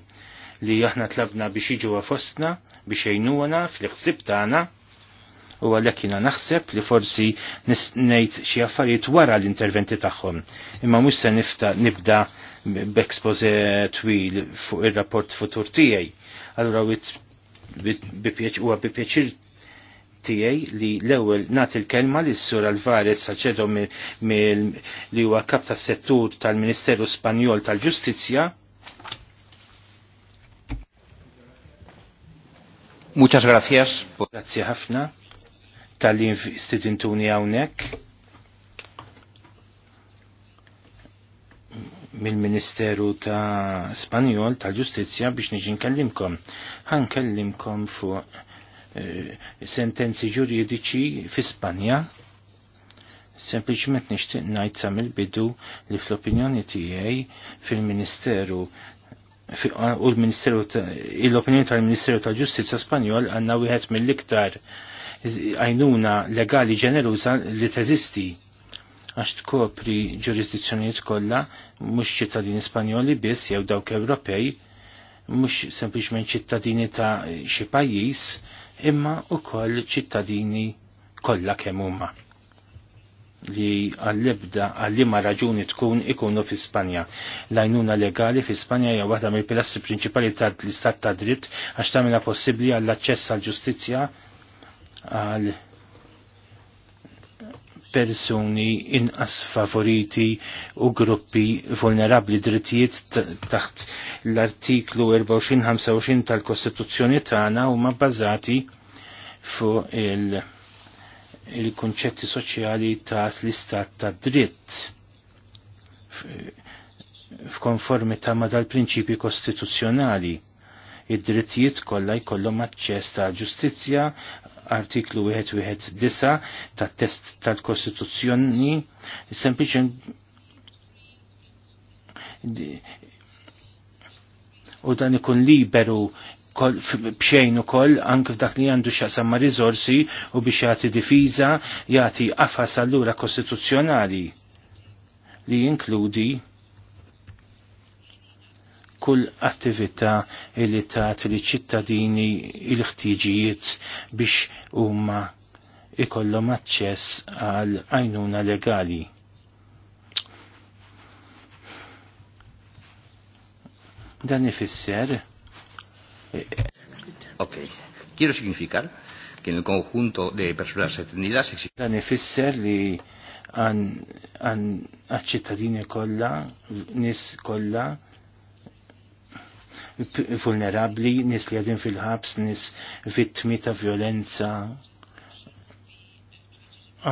li aħna tlabna biex jiġu fostna biex jgħinuna fl-ħsib tagħna u għalhekk jiena naħseb li forsi ngħid xi affarijiet wara l-interventi tagħhom. Imma mhux se nifta nibda b'expoze twil fuq ir-rapport futur tiegħi. Allura huwa bi pjaċir tiegħi li l-ewwel nagħti il kelma lis sur Alvarez saċedo li huwa kap tas-settur tal-Ministeru Spanjol tal-Ġustizzja Muchas gracias. Grazie ħafna tal-li istidintuni għawnek mill-Ministeru ta' Spanjol tal-Ġustizzja biex niġi nkellimkom. Għan kellimkom fuq eh, sentenzi ġuridiċi fi Spanja. Sempliċement nixtieq ngħid sa mill-bidu li fl-opinjoni tiegħi fil-Ministeru u l-Ministeru l-opinjoni tal-Ministeru tal ġustizja Spanjol għandna wieħed mill-iktar għajnuna legali ġeneruża li teżisti għax tkopri ġurisdizzjonijiet kollha mhux ċittadini Spanjoli biss jew dawk Ewropej mhux sempliċement ċittadini ta' xi pajjiż imma ukoll ċittadini kollha kemm huma li għall-ebda għall-ima raġuni tkun ikunu fi Spanja. Lajnuna legali fi Spanja hija waħda mill-pilastri prinċipali tal-istat ta' dritt għax tagħmilha possibbli għall-aċċess għall-ġustizzja għal persuni inqas favoriti u gruppi vulnerabli drittijiet taħt l-artiklu 24-25 tal-Kostituzzjoni tagħna huma bbażati fuq il- il-konċetti soċjali ta' l-istat ta' dritt f'konformità ma' dal-prinċipi kostituzzjonali. Id-drittijiet kollha jkollhom aċċess ta' ġustizzja artiklu 19 ta' test tal-Kostituzzjoni sempliċen u dan ikun liberu bxejn ukoll anke f'dak li għandu x'aqsam ma' riżorsi u biex jagħti difiża jagħti qafas allura kostituzzjonali li jinkludi kull attività li tagħti li ċittadini il-ħtiġijiet biex huma ikollhom aċċess għal għajnuna legali. Dan ifisser Ok, quiero significar que en el conjunto de personas atendidas existe. Dan ifisser li a ċittadini colla, nis colla, vulnerabli, nis li adin fil habs, nis vittmi ta' violenza,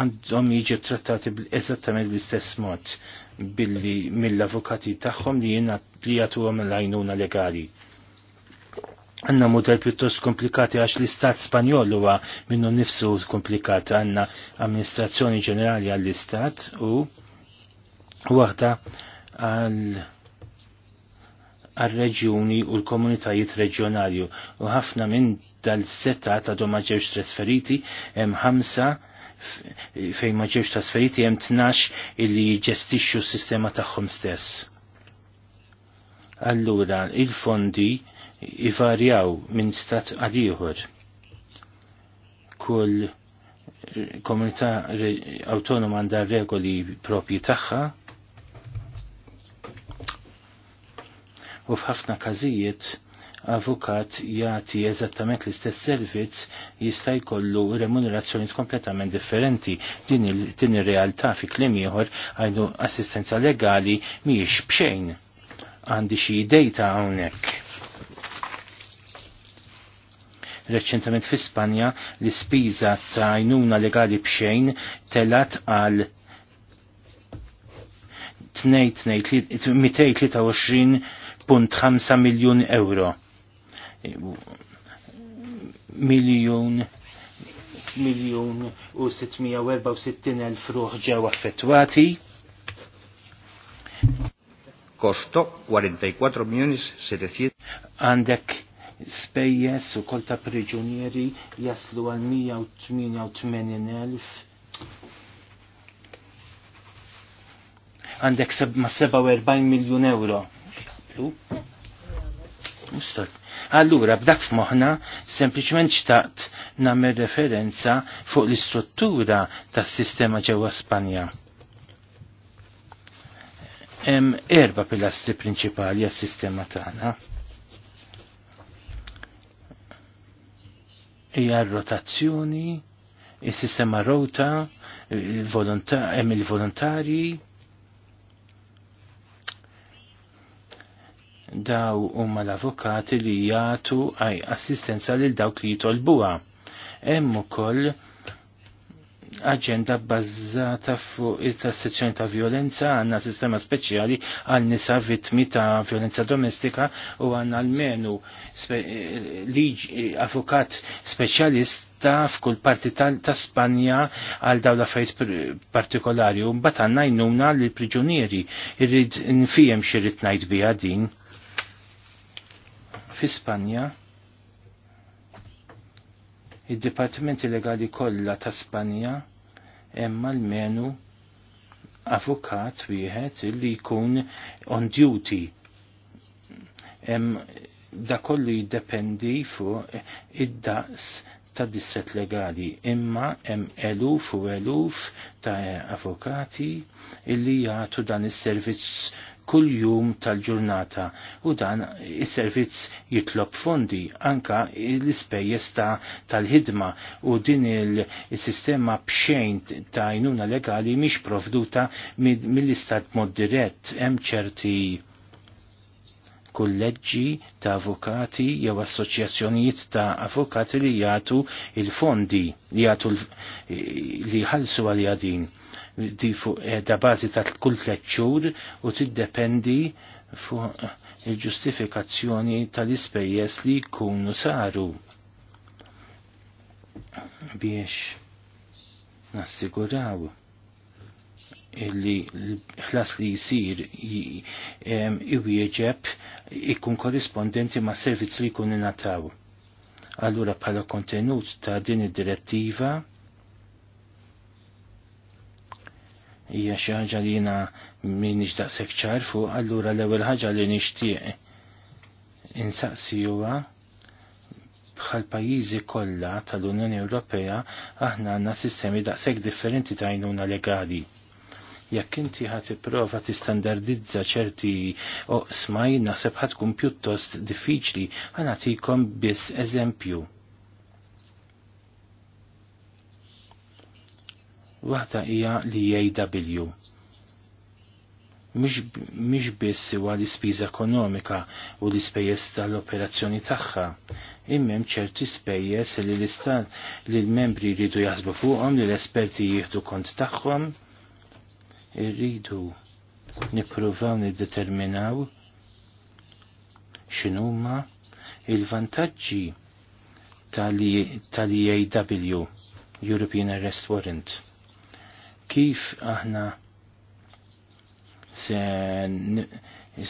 għandhom jiġu trattati eżattament bl-istess mod billi mill-avukati tagħhom li jiena li jagħtuhom l-għajnuna legali għanna model pjuttost komplikati għax l-istat spanjol huwa minnu nifsu komplikat għanna amministrazzjoni ġenerali għall-istat u waħda għal-reġjuni u l-komunitajiet reġjonali u ħafna minn dal-setta ta' do maġġewx trasferiti hemm ħamsa fejn maġġewx trasferiti hemm tnax illi jġestixxu s-sistema tagħhom stess. Allura, il-fondi jivarjaw minn stat għadijħor Kull komunità autonoma għandha regoli propji tagħha u f'ħafna każijiet avukat jagħti eżattament l-istess servizz jista' jkollu remunerazzjoni kompletament differenti din ir-realtà fi kliem ieħor assistenza legali mhijiex bxejn għandi xi dejta hawnhekk reċentament fi Spanja li spiża ta' għajnuna legali bxejn telat għal 223.5 miljon euro. Miljon miljon u 664 elf ruħ ġew affettwati. Kosto 44 miljoni 700. Għandek spejjes u kol ta' priġunieri jaslu għal 188.000 għandek ma 47 miljon euro. Allura, b'dak f'moħna, sempliċement xtaqt namel referenza fuq l-istruttura tas sistema ġewwa Spanja. Erba pilastri prinċipali għas sistema tagħna. hija rotazzjoni, il sistema rota, hemm il-volontarji. Daw huma l-avukati li jagħtu assistenza lil dawk li jitolbuha. Hemm ukoll aġenda bbażata fuq it tassizzjoni ta' violenza, għandna sistema speċjali għal nisa vittmi ta' violenza domestika u għandna almenu spe avukat speċjalista f'kull parti ta' Spanja għal dawn l-affarijiet partikolari u mbagħad għandna jnuna li priġunieri irrid nfijem xi rid ngħid biha din. Fi Spanja Id-Dipartimenti Legali kollha ta' Spanja hemm almenu avukat wieħed li jkun on duty. Hemm da kollu jiddependi fuq id-daqs ta' distret legali, imma hemm eluf u eluf ta' avukati illi jagħtu dan is-servizz kull jum tal-ġurnata u dan is-servizz jitlob fondi anka l-ispejjeż tal-ħidma u din il-sistema bxejn ta' jnuna legali mhix provduta mill-istat mod dirett hemm ċerti kulleġġi ta' avukati jew assoċjazzjonijiet ta' avukati li jagħtu il-fondi li jagħtu li jħallsu għal din tifu eh, da bazi bażi ta' kull tliet u tiddependi fuq il-ġustifikazzjoni tal-ispejjeż li jkunu saru biex nassiguraw illi l-ħlas li jisir iwieġeb ikun korrispondenti ma' servizz li jkun nataw. Allura pala kontenut ta' din id-direttiva hija xi ħaġa li jiena m'iniex daqshekk ċarfu, allura l-ewwel ħaġa li nixtieq insaqsi huwa bħal pajjiżi kollha tal-Unjoni Ewropea aħna għandna sistemi daqshekk differenti ta' għajnuna legali. Jekk inti ħad tipprova tistandardizza ċerti oqsma naħseb ħadd tkun pjuttost diffiċli ħa nagħtikom biss eżempju waħda hija li jgħidabilju. E mhix biss huwa l-ispiża ekonomika u l-ispejjeż tal-operazzjoni tagħha, imma ċerti spejjeż li l-istat li l-membri jridu jaħsbu fuqhom li l-esperti jieħdu kont tagħhom irridu nippruvaw niddeterminaw x'inhuma il-vantaġġi tal-EAW, European Arrest Warrant kif aħna se,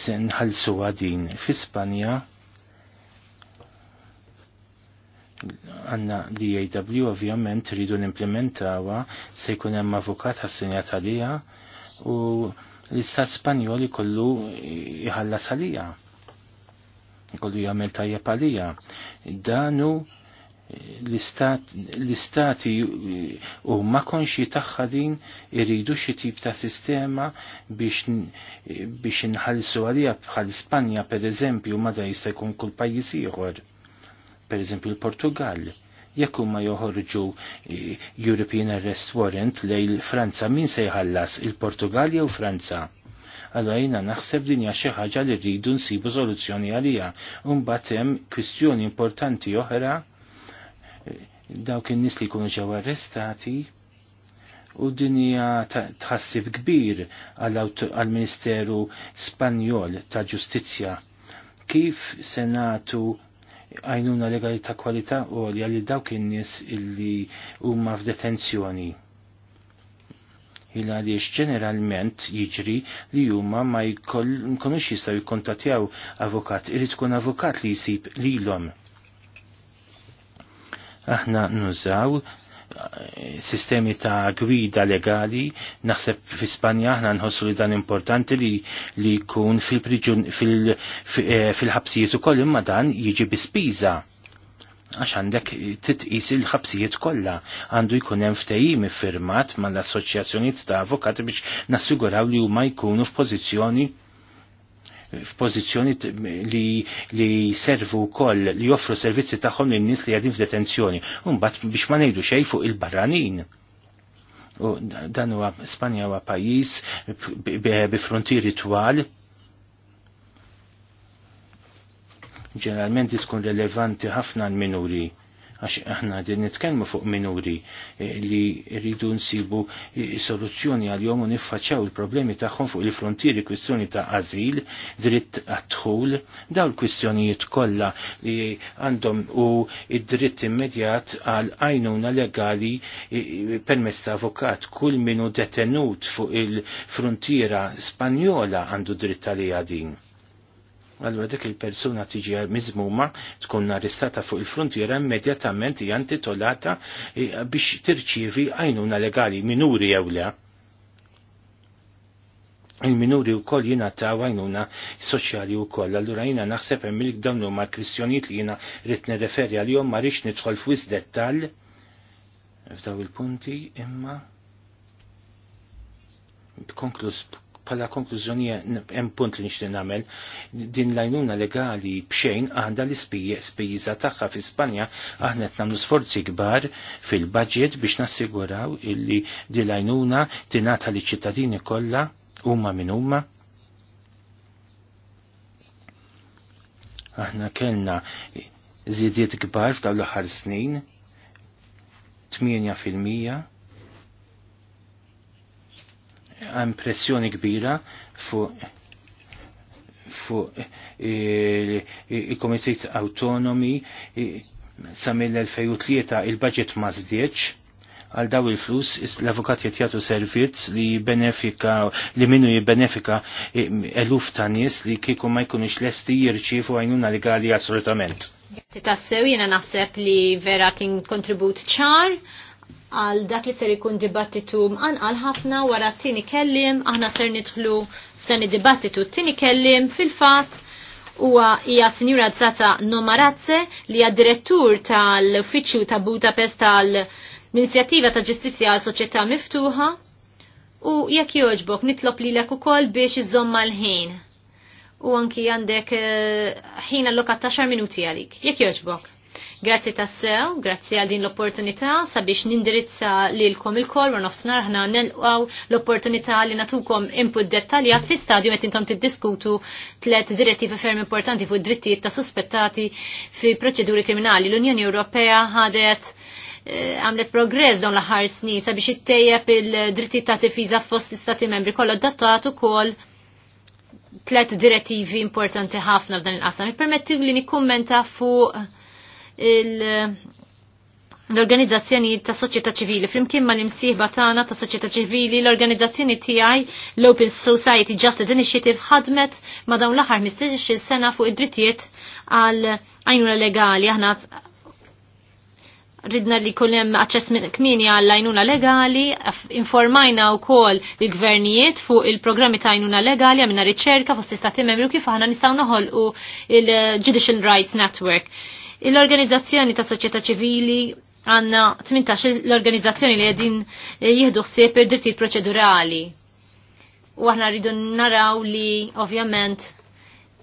se nħalsu għadin fi Spanja għanna li AW ovvjament rridu n-implementawa se jkun hemm avukat ħassinjat għalija u l-istat Spanjol kollu jħallas għalija. Kollu jagħmel tajjeb għalija. Danu l-istati eh, u ma konxi taħħadin din iridu xi tip ta' sistema biex eh, nħalsu inħallsu għalija bħal Spanja per eżempju ma da jista' jkun kull pajjiż ieħor. Per eżempju l-Portugal. Jekk huma joħorġu eh, European Arrest Warrant lejn Franza min se jħallas il-Portugal jew Franza? Allora jina naħseb dinja xi ħaġa li rridu nsibu soluzzjoni għalija. Un hemm kwistjoni importanti oħra dawk in-nies li jkunu ġew arrestati u dinja tħassib kbir għal-Ministeru Spanjol ta' Ġustizzja. Kif Senatu għajnuna legali ta' kwalità u li għalli dawk in-nies illi huma f'detenzjoni. Il għaliex ġeneralment jiġri li huma ma jkunux jistgħu jikkontattjaw avukat, irid tkun avukat li jsib lilhom. Aħna nużaw eh, sistemi ta' gwida legali, naħseb fi Spanja aħna nħossu li dan importanti li li jkun eh, fil-ħabsijiet fil, fil, ukoll imma dan jiġi bispiża għax għandek titqis il-ħabsijiet kollha għandu jkun hemm ftehim iffirmat mal-assoċjazzjonijiet ta' avukati biex nassiguraw li huma jkunu f'pożizzjoni f'pożizzjonijiet li, li servu wkoll li joffru servizzi tagħhom lin nies li qegħdin f'detenzjoni. Mbagħad biex ma ngħidu xejn fuq il-barranin. U dan huwa Spanja huwa pajjiż bi frontieri twal. Ġeneralment tkun relevanti ħafna l-minuri għax aħna din nitkellmu fuq minuri eh, li rridu nsibu eh, soluzzjoni għal-jom u niffaċċaw il-problemi tagħhom fuq il-frontieri kwistjoni ta' azil, dritt għadħul, daw l-kwistjonijiet kollha li eh, għandhom u id-dritt immedjat għal għajnuna legali permezz ta' avukat kull minu detenut fuq il-frontiera Spanjola għandu dritt għalija din Allura dik il-persuna tiġi miżmuma tkun arrestata fuq il-frontiera immedjatament hija intitolata e, biex tirċievi għajnuna legali minuri jew le. Il-minuri u koll jina ta' għajnuna soċjali u koll. Allura jina naħseb emmilik dawn huma kwistjonijiet li jina ritne nirreferi li jom ma rix nidħol f'wis dettal f'daw il-punti imma konklus bħala konklużjoni hemm punt li nixtieq nagħmel din l-għajnuna legali bxejn għandha l spiża tagħha fi Spanja aħna qed nagħmlu sforzi kbar fil-budget biex nassiguraw illi din l-għajnuna tingħata liċ-ċittadini kollha huma minn huma. Aħna kellna żidiet kbar f'dawn l-aħħar snin 8 impressjoni kbira fuq fu il-Komitet e, e, e, Autonomi sa l 2003 il-budget ma għal daw il-flus l-avukat jagħtu servizz li benefika li minnu jibbenefika eluf ta' nies li kieku ma jkunux lesti jirċifu għajnuna legali assolutament. Grazzi tassew jena naħseb li vera kien kontribut ċar għal dak li ser ikun dibattitu mqanqal ħafna wara t-tini kellim, aħna ser nidħlu f'dan id-dibattitu t-tini kellim fil-fat huwa hija Sinjura Zaza Nomarazze li hija direttur tal-Uffiċċju ta' Budapest tal-Inizjattiva ta' Ġustizzja għal Soċjetà Miftuħa u jekk jogħġbok nitlob lilek ukoll biex iżomma l-ħin u anki għandek eh, ħin allokat ta' xar minuti għalik. Jekk jogħġbok. Grazzi tassew, grazzi għal din l-opportunità sabiex nindirizza lilkom il-kol u nofsnar ħna nelqaw l-opportunità li natukom input dettalja fi stadju għet intom tiddiskutu tliet direttivi ferm importanti fuq id-drittijiet ta' suspettati fi proċeduri kriminali. L-Unjoni Ewropea ħadet eh, għamlet progress dawn l-ħar snin sabiex it-tejjeb il-dritti ta' tifiża fost l-istati membri kollha dattat ukoll tlet direttivi importanti ħafna f'dan il-qasam. Permetti li nikkummenta fuq l-organizzazzjoni ta' soċjetà ċivili. Flimkien ma' l-imsieħba tagħna ta' soċjetà ċivili, l-organizzazzjoni tiegħi l-Open Society Justice Initiative ħadmet ma' dawn l-aħħar 15-il sena fuq id-drittijiet għal għajnuna legali. Aħna ridna li hemm aċċess kmini għall għajnuna legali, informajna u kol il-gvernijiet fuq il-programmi ta' għajnuna legali, għamilna riċerka fost istati membri u kif aħna nistgħu noħolqu u il-Judicial Rights Network l-organizzazzjoni ta' soċjetà ċivili għanna 18 l-organizzazzjoni li għedin eh, jihdu xsib per drittijiet proċedurali. U għahna rridu naraw li ovvjament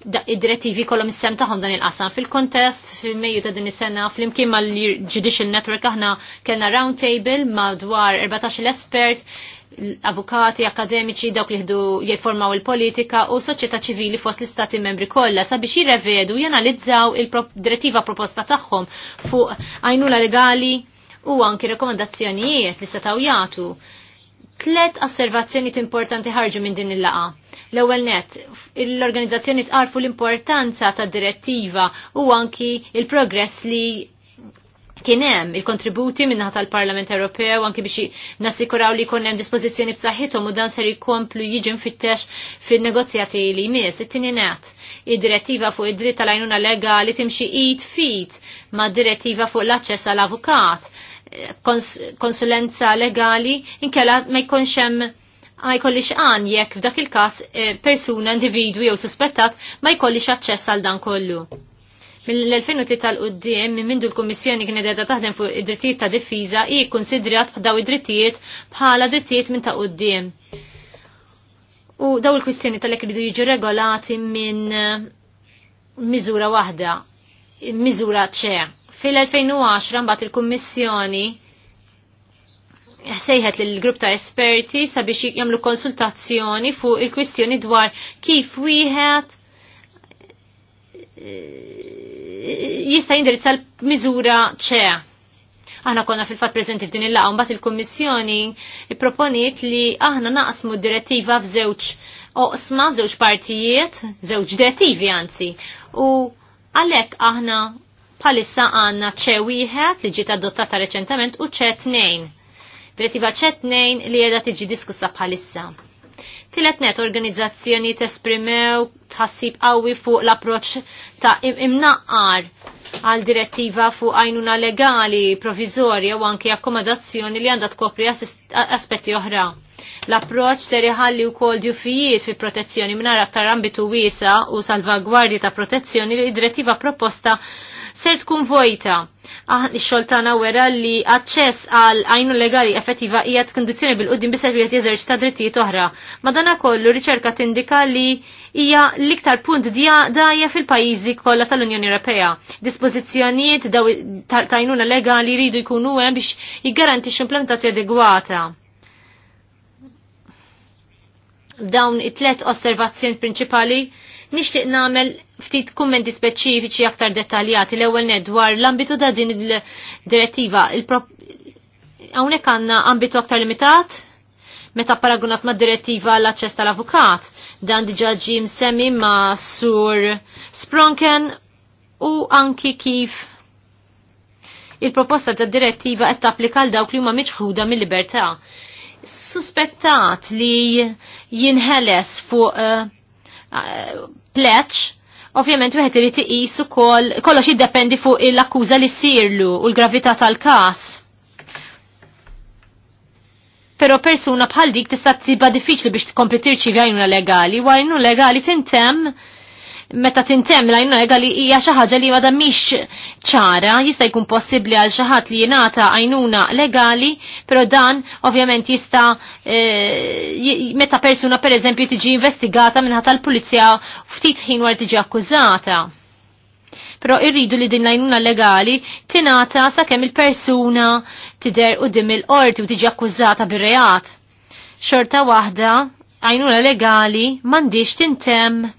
id-direttivi kolom is-sem taħom dan il-qasam. Fil-kontest, fil-mejju ta' din is-sena, fl-imkien mal-Judicial Network aħna kellna roundtable madwar 14 l-espert avukati, akademiċi, dawk li ħdu jiformaw il-politika u soċjetà ċivili fost l-istati membri kollha sabiex jirrevedu janalizzaw il-direttiva proposta tagħhom fuq għajnuna legali u anki rekomendazzjonijiet li setaw jagħtu. Tlet osservazzjonijiet importanti ħarġu minn din il-laqa. L-ewwel net, l-organizzazzjoni tqarfu l-importanza tad direttiva u anki il-progress li Kien hemm il-kontributi minnaħa tal-Parlament Ewropew anki biex nassikuraw li jkun hemm dispożizzjoni b'saħħithom u dan ser jkomplu jiġi mfittex fin-negozjati li jmiss it-tieni Id-direttiva fuq id-dritt tal-għajnuna legali timxi id fit ma' direttiva fuq l-aċċess għal avukat konsulenza legali inkella ma jkunx hemm ma jkollix għan jekk f'dak il-każ eh, persuna individwi jew suspettat ma jkollix aċċess għal dan kollu. Mill-2003 tal-qoddim mindu l-Kummissjoni kien edha taħdem fuq id-drittijiet ta' diffiża i konsidrat daw id-drittijiet bħala drittijiet minn ta' qoddim. U daw il-kwistjoni tal-ek ridu jiġu regolati minn miżura waħda, miżura ċe. Fil-2010 mbagħad il-Kummissjoni sejħet l grupp ta' esperti sabiex jagħmlu konsultazzjoni fuq il-kwistjoni dwar kif wieħed jista' jindirizza l-miżura ċe. Aħna konna fil-fat prezenti f'din il-laqa, mbagħad il-Kummissjoni proponiet li aħna naqsmu d-direttiva f'żewġ oqsma, żewġ partijiet, żewġ direttivi anzi. U għalhekk aħna bħalissa għandna ċe wieħed li ġiet adottata reċentament u ċe tnejn. Direttiva ċe tnejn li qiegħda tiġi diskussa bħalissa. Tilet net organizzazzjoni tesprimew tħassib qawwi fuq l-approċ ta' imnaqqar għal direttiva fuq għajnuna legali, provizorja u anki akkomodazzjoni li għandha tkopri aspetti oħra. L-approċ ser jħalli u kol djufijiet fi protezzjoni minar aktar ambitu wisa u salvagwardi ta' protezzjoni li id direttiva proposta ser tkun vojta. Ix-xoltana wera li aċċess għal għajnu legali effettiva hija kondizjoni bil qoddim biset wieħed jeżerċ ta' drittijiet oħra. Madana kollu riċerka tindika li hija l-iktar punt daja fil-pajjiżi kollha tal-Unjoni Ewropea. Dispożizzjonijiet ta' għajnuna legali jridu jkunu hemm biex jiggarantix implementazzjoni adegwata dawn it-tlet osservazzjoni prinċipali nixtieq nagħmel ftit kummenti speċifiċi aktar dettaljati l-ewwel ned dwar l-ambitu ta' din il-direttiva. Hawnhekk għandna ambitu aktar limitat meta paragunat ma' direttiva l-aċċess tal-avukat. Dan diġà ġi msemmi ma' sur Spronken u anki kif il-proposta ta' direttiva qed tapplika l dawk li huma miċħuda mill-libertà suspettat li jinħeles fuq uh, pleċ, ovvjament wieħed irid tiqis ukoll kollox jiddependi fuq l-akkuża li ssirlu u l-gravità tal-każ. Però persuna bħal dik tista' tsiba diffiċli biex tkompli tirċivi għajnuna legali, u għajnuna legali tintemm meta tintem la jinnu li hija xi ħaġa li għada miex ċara, jista' jkun possibbli għal xi ħadd li jinnata għajnuna legali, però dan ovvjament jista' eh, meta persuna pereżempju tiġi investigata minħata tal pulizja ftit ħin wara tiġi akkużata. Però irridu li din lajnuna legali tingħata sakemm il-persuna tidher quddiem il-qorti u tiġi akkużata bir-reat. Xorta waħda għajnuna legali m'għandix tintemm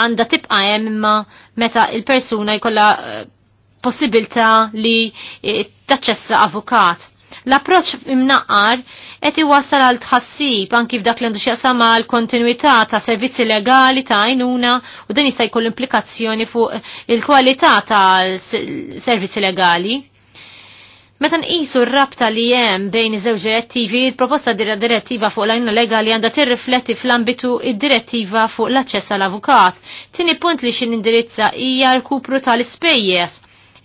għanda tibqa hemm imma meta il-persuna jkollha eh, possibilità li eh, taċċessa avukat. L-approċ imnaqar qed iwassal għal tħassib anki f'dak li għandu x'jaqsam għal kontinuità ta' servizzi legali ta' għajnuna u dan jista' jkollu implikazzjoni fuq il-kwalità ta' servizzi legali. Meta nqisu r-rabta li hemm bejn iż-żewġ direttivi, il-proposta direttiva fuq l-għajna legali għandha tirrifletti fl-ambitu id-direttiva fuq l-aċċess għall avukat. Tieni punt li xin indirizza hija rkupru tal-ispejjeż.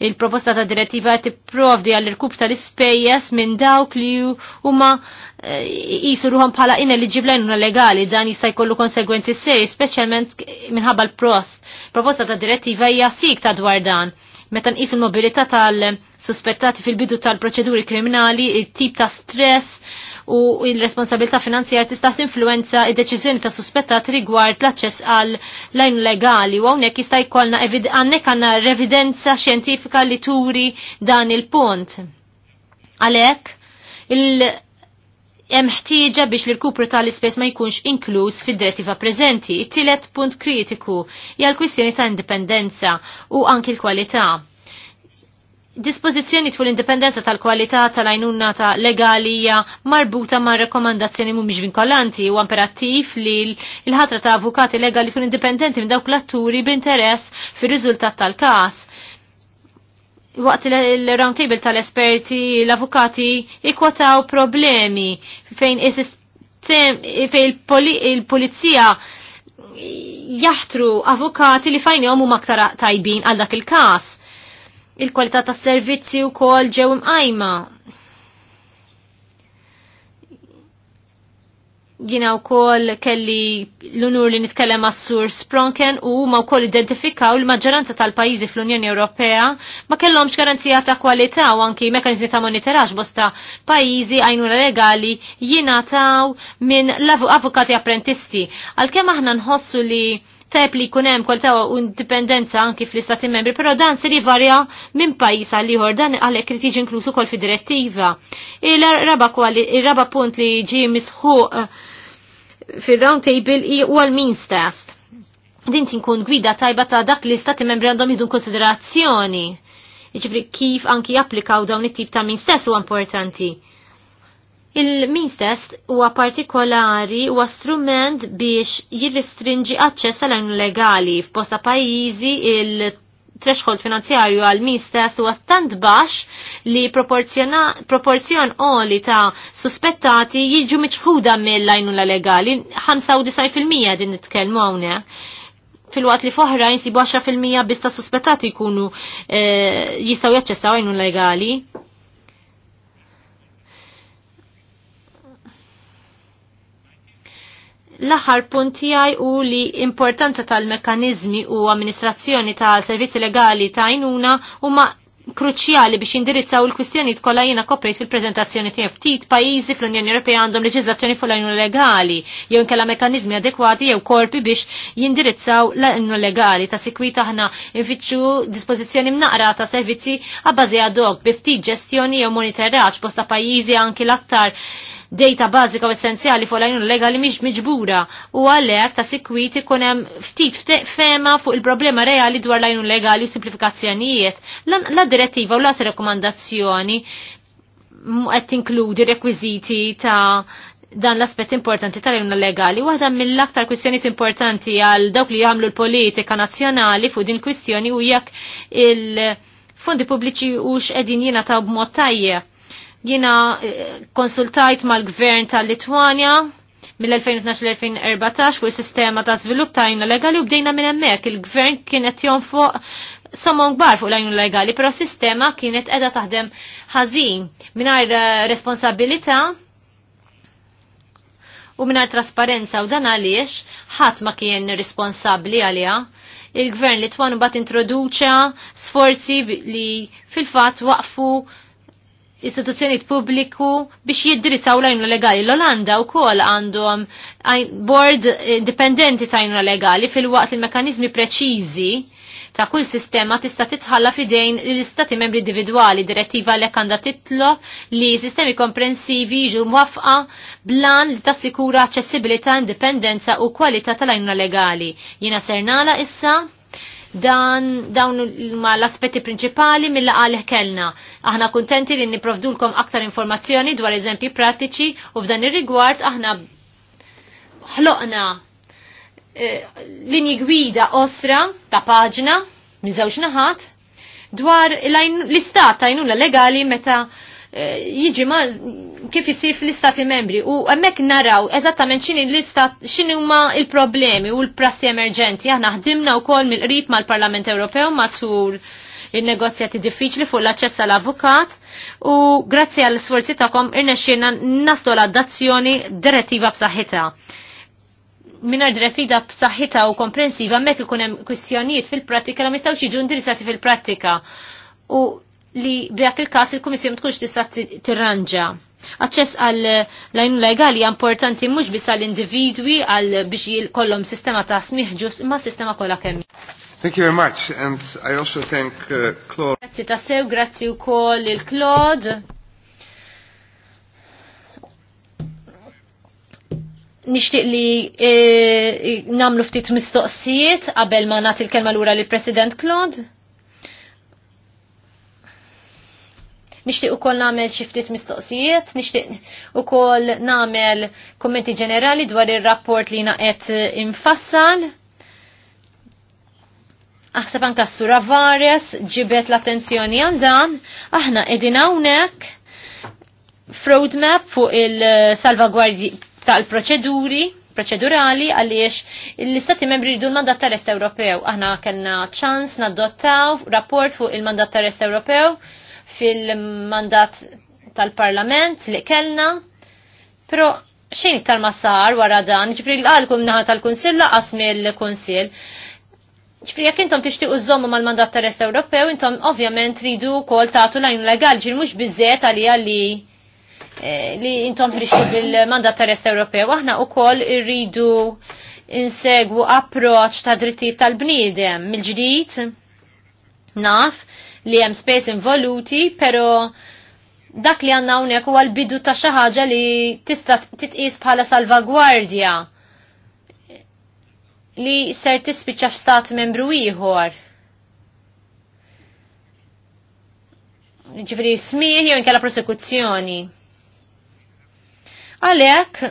Il-proposta ta' direttiva qed tipprovdi għall irkup tal-ispejjeż minn dawk li huma eh, qisu ruhom bħala ineligibbli għajnuna legali dan jista' jkollu konsegwenzi sej, speċjalment minħabba l-prost. Proposta ta' direttiva hija sik ta' dwar dan Meta nqis il-mobilità tal-suspettati fil-bidu tal-proċeduri kriminali, il-tip ta' stress u il-responsabilità finanzjar tista' tinfluenza id-deċiżjoni ta' suspettati rigward l-aċċess għal lajn legali u hawnhekk jista' jkollna għandek għandna evidenza xjentifika li turi dan il-punt. Għalhekk il- hemm ħtieġa biex l kupru tal ispess ma jkunx inkluż fid-direttiva preżenti. Tielet punt kritiku hija l-kwistjoni ta' indipendenza u anki l-kwalità. Dispożizzjoni tfu l-indipendenza tal-kwalità tal-għajnuna ta' legalija marbuta ma' rekomandazzjoni mhumiex vinkolanti u imperattiv li l-ħatra ta' avukati legali tkun indipendenti minn dawk l-atturi b'interess fir-riżultat tal-każ waqt l round table tal-esperti, l-avukati ikwataw problemi fejn il-sistem, fejn il-polizija jaħtru avukati li fajn jomu maktar tajbin għal dak il-kas. Il-kwalità tas servizzi u kol ġew imqajma jina u kol kelli l-unur li nitkellem għassur Sur Spronken u ma' u kol identifikaw il-maġġoranza tal-pajizi fl-Unjoni Ewropea ma' kellomx garanzija ta' kwalità u anki mekanizmi ta' monitoraġ bosta pajizi għajnuna legali jina taw minn l-avukati apprentisti. Għal-kem aħna nħossu li tajb li kunem kwalità u indipendenza anki fl-istati membri, pero dan se varja minn pajis għal ieħor dan għalhekk irid jiġi inklusu kol fi direttiva. Il-raba punt li ġi misħuq fil-round table u għal-min stast. Din tinkun gwida tajba ta' dak li stati membri għandhom jidun konsiderazzjoni. Iġifri kif anki japplikaw dawn it-tip ta' min stess u importanti. il min test huwa partikolari huwa strument biex jirristringi aċċess għal legali f'posta pajjiżi il threshold finanzjarju għal mistess u huwa tant baxx li proporzjon oli ta' suspettati jiġu miċħuda mill la legali, 95% din nitkellmu hawnhekk. Fil-waqt li foħra jinsibu 10% bista suspettati jkunu e, eh, jistgħu jaċċessaw għajnuna legali. L-aħħar punt tiegħi u li importanza tal-mekkaniżmi u amministrazzjoni tal-servizzi legali ta' għajnuna huma kruċjali biex indirizzaw il-kwistjonijiet kollha jiena koprejt fil-preżentazzjoni tiegħi ftit pajjiżi fl-Unjoni Ewropea għandhom leġiżlazzjoni fuq l-għajnu legali jew inkella mekkaniżmi adekwati jew korpi biex jindirizzaw l-għajnu legali ta' sikwita aħna nfittxu dispożizzjoni mnaqra ta' servizzi għabbażi għad hoc bi ftit ġestjoni jew monitoraġġ bosta pajjiżi anki l-aktar data bażika u essenzjali fuq l-għajnuna legali mhix miġbura u għalhekk ta' sikwiti ikun hemm ftit fema fuq il-problema reali dwar l-għajnuna legali u simplifikazzjonijiet. La direttiva u las rekomandazzjoni qed tinkludi rekwiżiti ta' dan l-aspett importanti tal-għajnuna legali. Waħda mill-aktar kwistjonijiet importanti għal dawk li jgħamlu l-politika nazzjonali fuq din kwistjoni u jekk il- fondi pubbliċi u x'qegħdin ta' b'mod tajjeb Jina eh, konsultajt mal-gvern tal-Litwanja mill-2012 l-2014 fuq il sistema ta' żvilupp ta' għajna legali u bdejna minn hemmhekk il-gvern kienet jon fuq somon gbar fuq l-għajnu legali, pero sistema kienet edha taħdem ħażin mingħajr eh, responsabilità u minar trasparenza u dan għaliex ħadd ma kien responsabbli għaliha. Il-gvern li twan bat introduċa sforzi li fil-fat waqfu istituzzjonijiet pubbliku biex jiddirizzaw l-għajnuna legali. L-Olanda u kol għandhom board indipendenti ta' għajnuna legali fil-waqt il-mekanizmi preċizi ta' kull sistema tista' titħalla fidejn l-istati membri individwali direttiva li għandha titlob li sistemi komprensivi jiġu mwafqa blan li tassikura aċċessibilità, indipendenza u kwalità tal-għajnuna legali. Jiena sernala issa dan dawn ma l-aspetti prinċipali mill għalih kellna. Aħna kuntenti li niprovdulkom aktar informazzjoni dwar eżempji pratiċi u f'dan ir-rigward aħna ħloqna eh, linji gwida osra ta' paġna minn żewġ naħat dwar l-istat tajnuna legali meta jiġi ma kif jisir fl-istati membri u emmek naraw eżattament xini l-istat xini huma il-problemi u l-prassi emerġenti aħna ħdimna wkoll mill-qrib mal-Parlament Ewropew matul il-negozjati diffiċli fuq l-aċċess għal avukat u grazzi għall sforzi tagħkom irnexxielna naslu l-addazzjoni direttiva b'saħħitha. Minar direttiva b'saħħitha u komprensiva mekk ikun hemm kwistjonijiet fil-prattika la ma jiġu indirizzati fil-prattika. U li b'dak il-kas il-Kummissjoni tkunx tista' tirranġa. Aċċess għal lajnu legali importanti mhux biss għall individwi għal biex kollhom sistema ta' smih ġus imma sistema kollha kemm. Thank you very much and I also thank uh, Claude. Grazzi ta' sew, grazzi wkoll il-Claude. Nixtieq li e, e, namlu ftit mistoqsijiet qabel ma nagħti l-kelma lura lill-President Claude. Nixtieq ukoll nagħmel xi ftit mistoqsijiet, nixtieq ukoll nagħmel kummenti ġenerali dwar ir-rapport li naqet infassal. Aħseb anka Sura Vares, ġibet l-attenzjoni għal dan, aħna qegħdin hawnhekk f'roadmap fuq il-salvagwardji tal-proċeduri proċedurali għaliex l-istati membri jridu l-mandat tal-est Ewropew. Aħna kellna ċans naddottaw rapport fuq il-mandat tal-est Ewropew fil-mandat tal-parlament li kellna, pero xejn iktar ma sar wara dan, ġifri l-għalkum naħa tal-Kunsil laqas mill-Kunsil. Ġifri jekk intom tixtiequ żommu mal-mandat tal-Est Ewropew, intom ovvjament ridu kol tagħtu lajn legal ġir mhux biżżejjed għalija li eh, li intom ħriġtu bil-mandat tal-Est Ewropew. Aħna wkoll irridu insegwu approċ ta' drittijiet tal-bniedem mill-ġdid naf li hemm space involuti, pero dak li għanna unek huwa l-bidu ta' xi ħaġa li tista' titqis bħala salvagwardja li ser tispiċċa f'stat membru ieħor. Ġifri smieħ jew inkella prosekuzzjoni. Għalhekk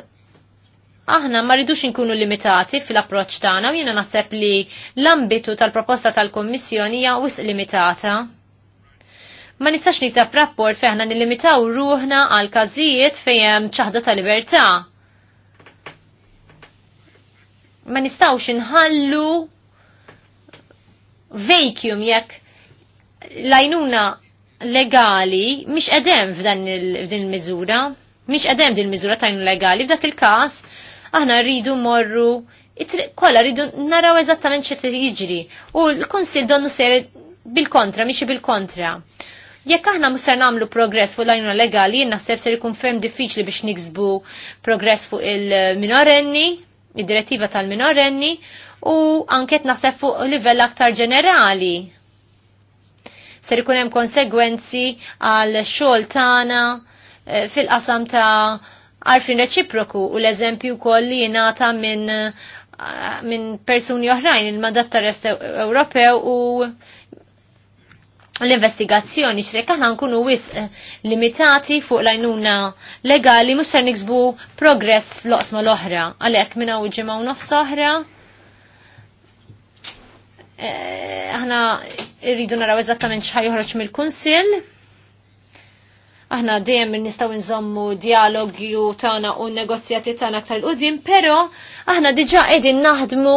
aħna ma rridux inkunu limitati fil-approċċ tagħna u jiena naħseb li l-ambitu tal-proposta tal-Kummissjoni hija wisq limitata. Ma nistax niktab rapport fejn aħna nillimitaw ruħna għal każijiet fejn hemm ċaħda ta' libertà. Ma nistawx inħallu vacuum jekk lajnuna legali mhix qedem f'dan il miżura mhix qedem din il-miżura ta' legali f'dak il-każ aħna rridu morru kolla rridu naraw eżattament xi jiġri u l-Kunsill donnu ser bil-kontra mhix bil-kontra. Jekk aħna mhux ser nagħmlu progress fuq l-għajnuna legali, jien naħseb ser ikun ferm diffiċli biex niksbu progress fuq il-minorenni, id-direttiva tal-minorenni, u anket naħseb fuq livell aktar ġenerali. Ser ikun hemm konsegwenzi għal xogħol tagħna eh, fil-qasam ta' għarfin reċiproku u l-eżempju koll li jingħata minn eh, min persuni oħrajn il-mandat tal-est Ewropew u l-investigazzjoni xrek aħna nkunu wis eh, limitati fuq lajnuna legali mux ser niksbu progress fl-oqsma l-oħra. Għalek minna u ġimaw nofs oħra. Eh, aħna irridu naraw eżattament xħaj uħroċ mill-kunsil. Aħna dejjem nistgħu nżommu u tagħna u negozjati tagħna aktar il-qudiem, però aħna diġà qegħdin naħdmu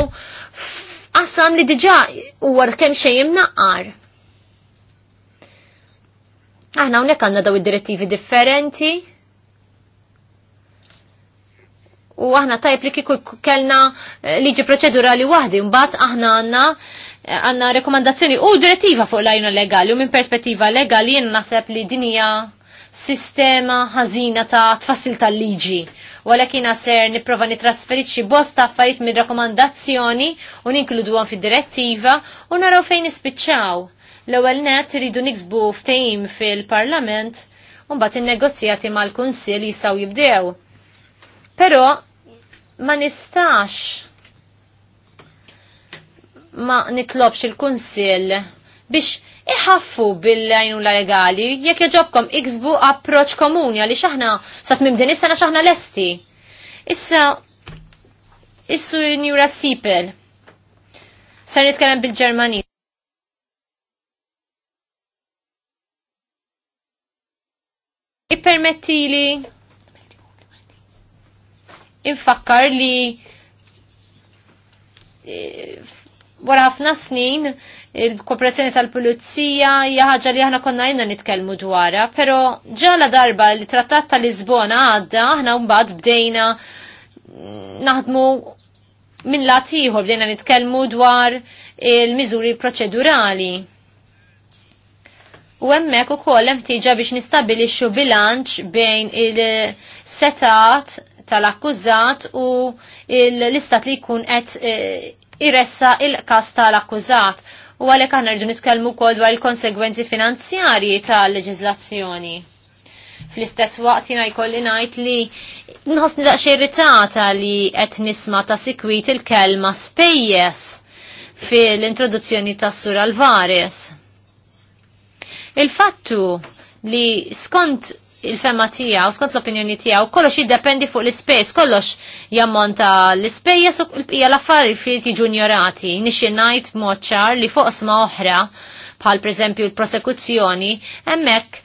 qasam li diġà huwa kemm xejn imnaqqar Aħna hawnhekk għandna daw id-direttivi differenti. U aħna tajb li kiku kellna eh, liġi proċedurali wahdi, mbagħad aħna għandna eh, għandna rekomandazzjoni u direttiva fuq lajna legali u minn perspettiva legali jien naħseb li dinija sistema ħażina ta' tfassil tal-liġi. Walakin ser niprofa nitrasferiċi bosta affarijiet minn rakkomandazzjoni u ninkludu għan fi direttiva u naraw fejn nispiċċaw. L-ewwel net iridu niksbu ftehim fil-Parlament u mbagħad in-negozjati mal-Kunsill jistgħu jibdew. Però ma nistax ma nitlobx il-Kunsill biex iħaffu bil-għajnuna legali jekk joġobkom iksbu approċ komuni għalli xaħna sat mimdin issa xaħna lesti. Issa, issu njura sipel. Sar nitkellem bil-Ġermani. li infakkar li eh, wara ħafna snin il-kooperazzjoni tal-pulizija hija ħaġa li aħna konna jenna nitkellmu dwarha, però ġala darba li trattat tal-Lisbona għadda aħna mbagħad bdejna mm, naħdmu minn lat ieħor bdejna nitkellmu dwar il-miżuri proċedurali u hemmhekk ukoll hemm tiġa biex nistabilixxu bilanċ bejn il-setat tal-akkużat u l-istat li jkun qed e, iressa il-kas tal-akkużat. U għalhekk aħna rridu nitkellmu wkoll dwar il-konsegwenzi finanzjarji tal-leġiżlazzjoni. Fl-istess waqt jiena jkolli ngħid li nħossni daqsxejn irritata li qed nisma' ta' sikwit il-kelma spejjeż fil-introduzzjoni tas-sur Alvarez Il-fattu li skont il-fema u skont l-opinjoni u kollox jiddependi fuq l-ispejs, kollox jammonta l-ispejjes u l-bqija l-affarijiet fi tiġu Nixi najt mod ċar li fuq sma oħra, bħal preżempju l-prosekuzzjoni, hemmhekk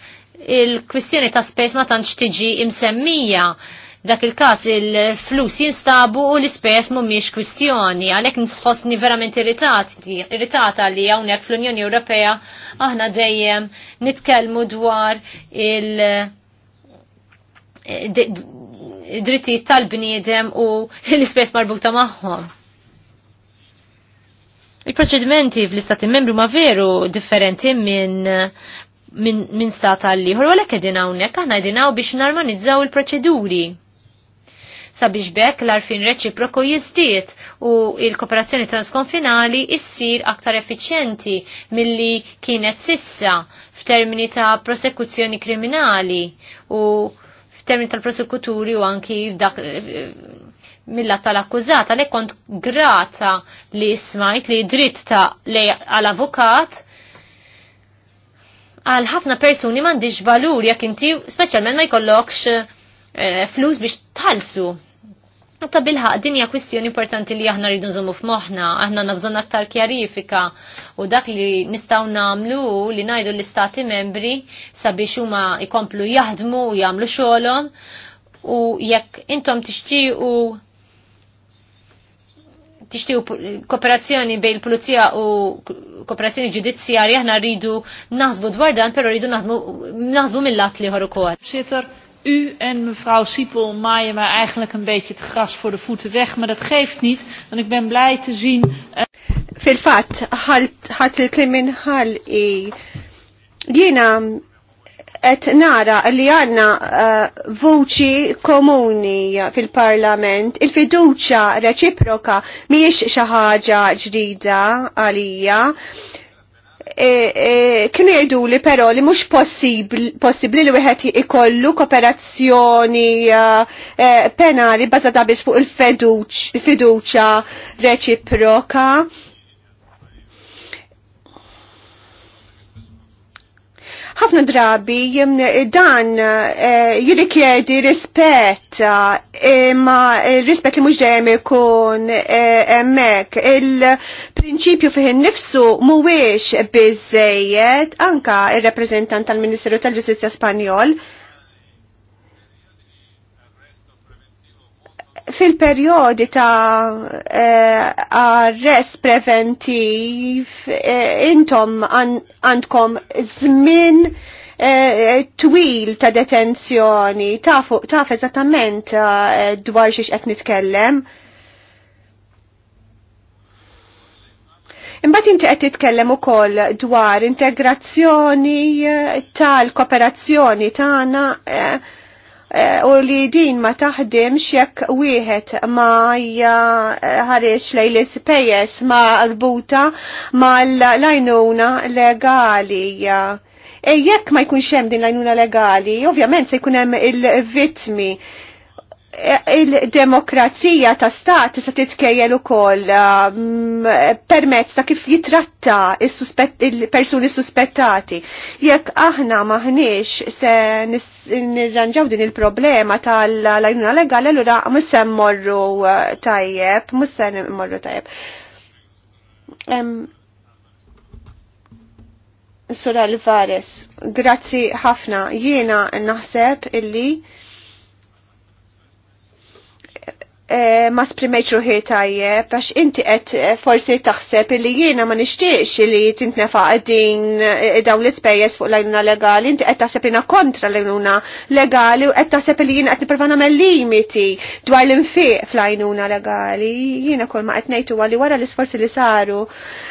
il-kwistjoni ta' spejs ma tantx tiġi imsemmija Dak il-kas il-flus jinstabu u l-ispess miex kwistjoni, għalek nisħosni verament irritata li għawnek fl-Unjoni Ewropea aħna dejjem nitkelmu dwar il- drittijiet tal-bniedem u l-ispess marbuta magħhom. Il-proċedimenti fl-istati membri ma veru differenti minn min, min stat għall-liħor, u l-ek edin għawnek, għahna biex narmonizzaw il-proċeduri sabiex bekk l-arfin reċiproku jizdiet u il-kooperazzjoni transkonfinali issir aktar effiċjenti milli kienet sissa f'termini ta' prosekuzzjoni kriminali u f'termini tal-prosekuturi u anki dak milla tal-akkużata li kont grata li smajt li dritt ta' għal-avukat għal ħafna persuni mandiġ valur jekk inti speċjalment ma jkollokx eh, flus biex jitħallsu. Ta' bilħaq dinja kwistjoni importanti li aħna rridu nżommu f'moħħna, aħna nabżon aktar kjarifika u dak li nistgħu nagħmlu li ngħidu l-istati membri sabiex huma jkomplu jaħdmu u jagħmlu xogħolhom u jekk intom tixtiequ Tixtiequ kooperazzjoni bejn il-pulizija u kooperazzjoni ġudizzjarja aħna rridu naħsbu dwar dan, però rridu naħsbu mill-lat li ħor ukoll u en mevrouw Siepel maaien mij eigenlijk een beetje het gras voor de voeten weg, maar dat geeft niet, want ik ben blij te zien... Uh... Eh, Fil-fat, ħat il-klim i jena et nara li għanna uh, eh, voċi komuni fil-parlament, il-fiduċa reċiproka miex xaħġa ġdida għalija Eh, eh, kienu jgħidu li però li mhux possibbli li wieħed ikollu kooperazzjoni eh, penali bazata biss fuq il-fiduċa reċiproka ħafna drabi dan eh, jirrikjedi rispett eh, imma rispett li mhux dejjem ikun eh, hemmhekk. Il-prinċipju fih innifsu mhuwiex bizzejiet anka il-reprezentant tal-Ministeru tal-Ġustizzja Spanjol fil-periodi ta' eh, arrest preventiv eh, intom għandkom an, żmien eh, twil ta' detenzjoni taf ta eżattament eh, dwar xiex qed nitkellem. Imbagħad inti qed titkellem ukoll dwar integrazzjoni eh, tal-kooperazzjoni tagħna eh, Eh, u li din ma taħdimx jekk wieħed ma eh, ħarex lejn l-ispejjeż ma rbuta mal-lajnuna legali. E jekk ma jkunx hemm din lajnuna legali, ovvjament se jkun hemm il-vitmi il-demokrazija ta' stat se titkejjel ukoll um, permezz ta' kif jitratta il-persuni suspettati. Jekk aħna maħniex se nirranġaw din il-problema tal-lajnuna legali, allura ura se mmorru uh, tajjeb, mhux se mmorru tajjeb. Sura Alvarez, grazzi ħafna. Jiena naħseb illi Eh, ma sprimejt ruħi tajjeb, għax inti qed eh, forsi taħseb li jiena ma nixtieqx li tintnefa din eh, dawn l-ispejjeż fuq l-għajnuna legali, inti qed taħseb li kontra l-għajnuna legali u qed taħseb li jiena qed nipprova nagħmel limiti dwar l-infiq fl-għajnuna legali. Jiena kol ma qed ngħid li wara l-isforzi li saru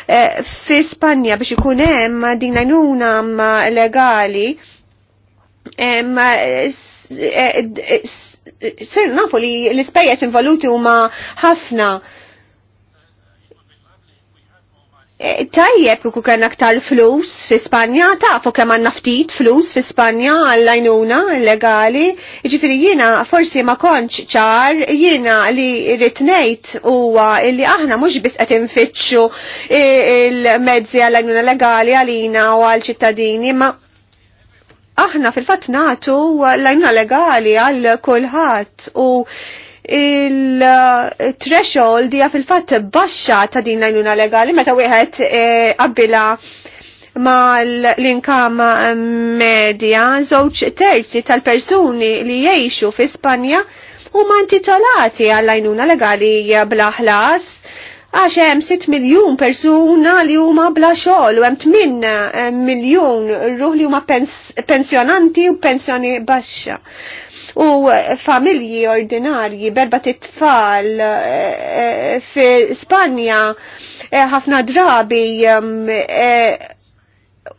fi Spanja biex ikun hemm din l-għajnuna legali sir nafu li l-ispejjeż involuti huma ħafna. E, tajjeb kuku kena aktar flus fi Spanja, tafu kemm għandna ftit flus fi Spanja għall-għajnuna legali, ġifiri jiena forsi ma konċ ċar, jiena li ritnejt huwa li aħna mhux biss qed infittxu e, il-mezzi għall-għajnuna legali għalina u għall-ċittadini, ma' aħna fil-fatt natu lajna legali għal kulħadd u il-threshold hija fil-fatt baxxa ta' din lajnuna legali meta wieħed e, qabbilha ma l-inkam medja żewġ terzi tal-persuni li jgħixu fi Spanja huma intitolati għall-għajnuna legali bla ħlas għax hemm 6 miljun persuna li huma bla xogħol u hemm 8 eh, miljun ruħ li huma pensjonanti u pensjoni baxxa. U familji ordinarji berba titfal eh, fi Spanja eh, ħafna drabi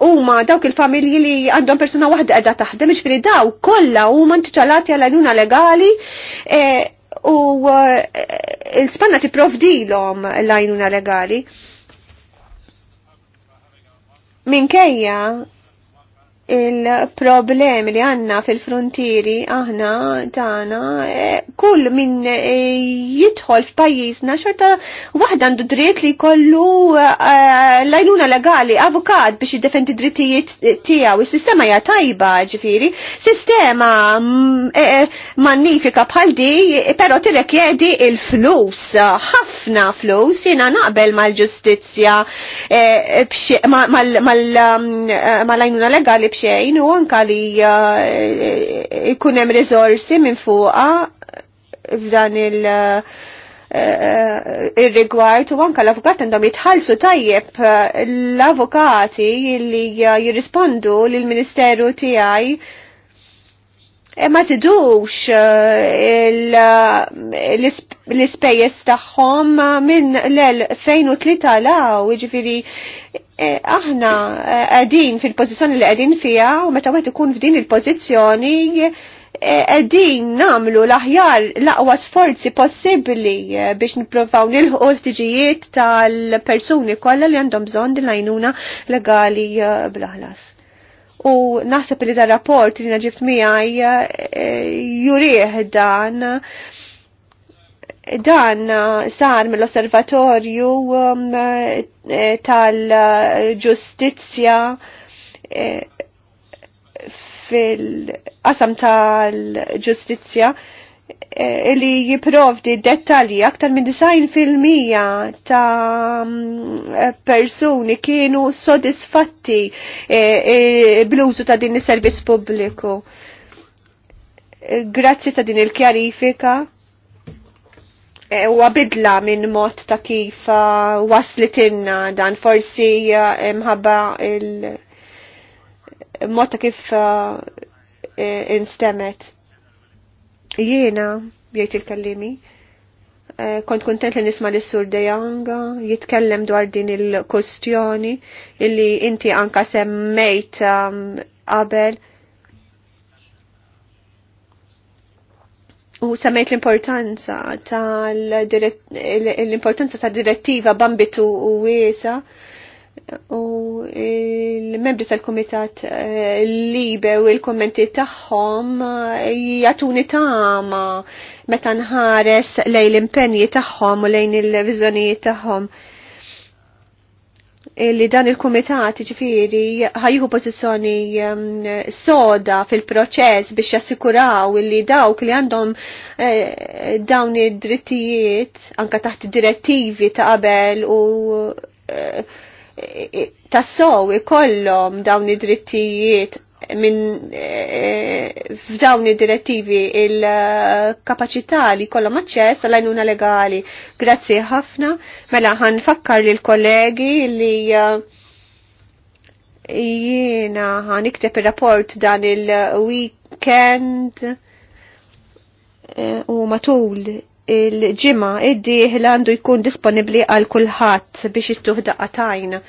huma dawk il-familji li għandhom persuna waħda qiegħda taħdem, ġifieri daw kollha huma intiċalati għal għajnuna legali u eh, l ti tipprovdilhom l-għajnuna legali. Minkejja il-problemi li għanna fil-frontieri aħna tana e, kull min e, jidħol f'pajjiżna xorta waħda għandu dritt li kollu e, lajnuna legali, avukat biex jiddefendi drittijiet tiegħu. Is-sistema hija tajba ġifieri, sistema mm, mannifika bħal di, però tirrekjedi il-flus, ħafna flus, jiena naqbel mal-ġustizzja mal-lajnuna mm, legali xejn u anka li jkun eh, eh, hemm minn fuqha f'dan il- eh, il rigward u anka l-avukat għandhom jitħallsu tajjeb l-avukati li jirrispondu lill-Ministeru tiegħi ma tidux l-ispejjeż tagħhom minn l-2003 law, jiġifieri Eh, aħna eh, għedin fil-pozizjoni li għedin fija u meta għed ikun f'din il-pozizjoni eh, għedin namlu l-aħjar l-aqwa sforzi possibli biex niprofaw nilħu l tġijiet tal-persuni kollha li għandhom bżonn din l-għajnuna legali bl U naħseb li da rapport li naġibt miħaj jurih dan Dan sar mill-osservatorju um, eh, tal-ġustizzja eh, fil-qasam tal-ġustizzja eh, li jiprovdi dettalji aktar minn 90% ta' um, persuni kienu sodisfatti bl-użu ta' din is-servizz pubbliku. Grazzi ta' din il-kjarifika Eh, huwa bidla minn mod ta' kif eh, waslit inna dan forsi eh, mħabba il mod ta' kif instemet. Jiena jgħid il-kallimi kont kontent li nisma lis sur Dejanga jitkellem dwar din il-kustjoni illi inti anka semmejt qabel um, U samajt l-importanza tal-importanza ta' direttiva bambitu u wiesa u l-membri tal-Komitat eh, Libe u l-kommenti tagħhom eh, jatuni tama meta nħares lejn l-impenji tagħhom u lejn il-viżjonijiet tagħhom li dan il-kumitat ġifiri ħajju pozizjoni um, soda fil-proċess biex jassikuraw li dawk li għandhom eh, dawn id-drittijiet anka taħt direttivi ta' qabel u eh, tassow ikollhom dawn id-drittijiet minn eh, f'dawn id-direttivi il-kapacità li kollhom aċċess għal għajnuna legali. Grazzi ħafna. Mela ħan fakkar lil kollegi li eh, jiena ħan ikteb ir-rapport dan il-weekend eh, u matul il-ġimgħa id-dieħla għandu jkun disponibbli għal kulħadd biex ittuħ daqatajna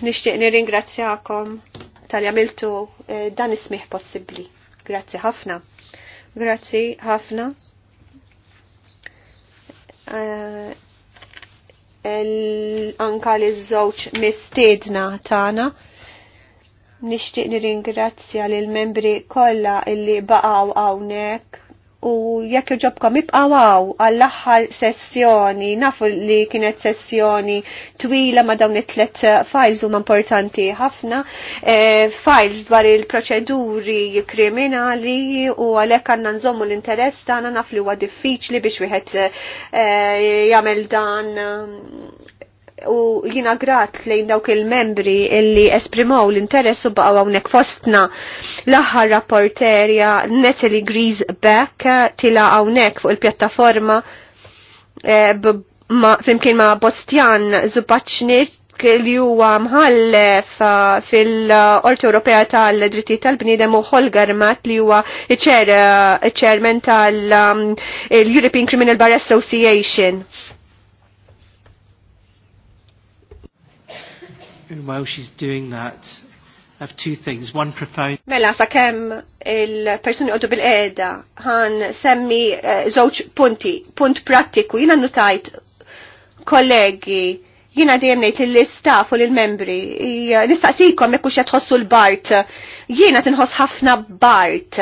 għalek nishtiq nir-ingrazzjakom tal-jamiltu eh, dan ismiħ possibli. Grazzi ħafna. Grazzi ħafna. Eh, anka li żewġ mistiedna tagħna. Nixtieq nirringrazzja l membri kollha illi baqgħu hawnhekk u jekk joġobkom ibqa' waw għall-aħħar sessjoni, nafu li kienet sessjoni twila ma dawn it-tlet eh, files huma importanti ħafna, e, files dwar il-proċeduri kriminali u għalhekk għandna nżommu l-interess tagħna naf li huwa diffiċli biex wieħed e, jagħmel dan u jina grat lejn dawk il-membri illi esprimaw l interessu baqaw hawnhekk fostna l-aħħar rapporterja Natalie Grease Beck tila hawnhekk fuq il-pjattaforma eh, flimkien ma' Bostjan Zubaċnik li huwa mħallef eh, fil-Qorti Ewropea tal-Dritti tal-Bniedem u Holger Matt li huwa eh, ċermen tal-European um, Criminal Bar Association. while she's doing that, have two things. One profound. Mela, sa' kem il persuni għoddu bil-eda, għan semmi zoċ eh, punti, punt prattiku, jina nutajt kollegi, jina dejjem ngħid lill-istaff u lill-membri, nistaqsikom jekk hux tħossu l-Bart. Jiena tinħoss ħafna Bart.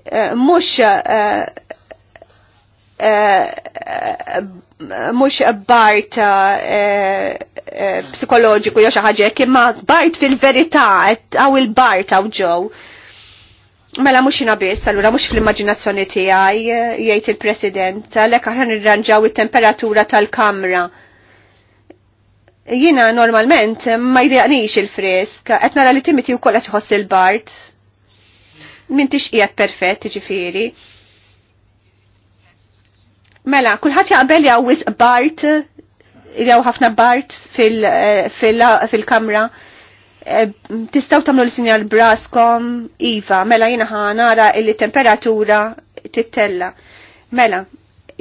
Eh, mhux eh, Eh, mhux bart eh, eh, psikoloġiku jew xi ħaġa imma bart fil verita għaw il-bart għaw ġew. Mela mhux jiena biss, allura mhux fl-immaġinazzjoni tiegħi jgħid il-President, għalhekk aħna nirranġaw it-temperatura tal-kamra jina normalment ma jdiqnix il-frisk, qed nara li timiti wkoll tħoss il-bart. m'intix tixqiegħed perfett ġifiri. Mela, kullħat jaqbel jaw wis Bart, jaw ħafna Bart eh, fil-kamra. Eh, tistaw tamlu l-sinjal braskom, Iva, mela jina ħanara il temperatura tittella. Mela,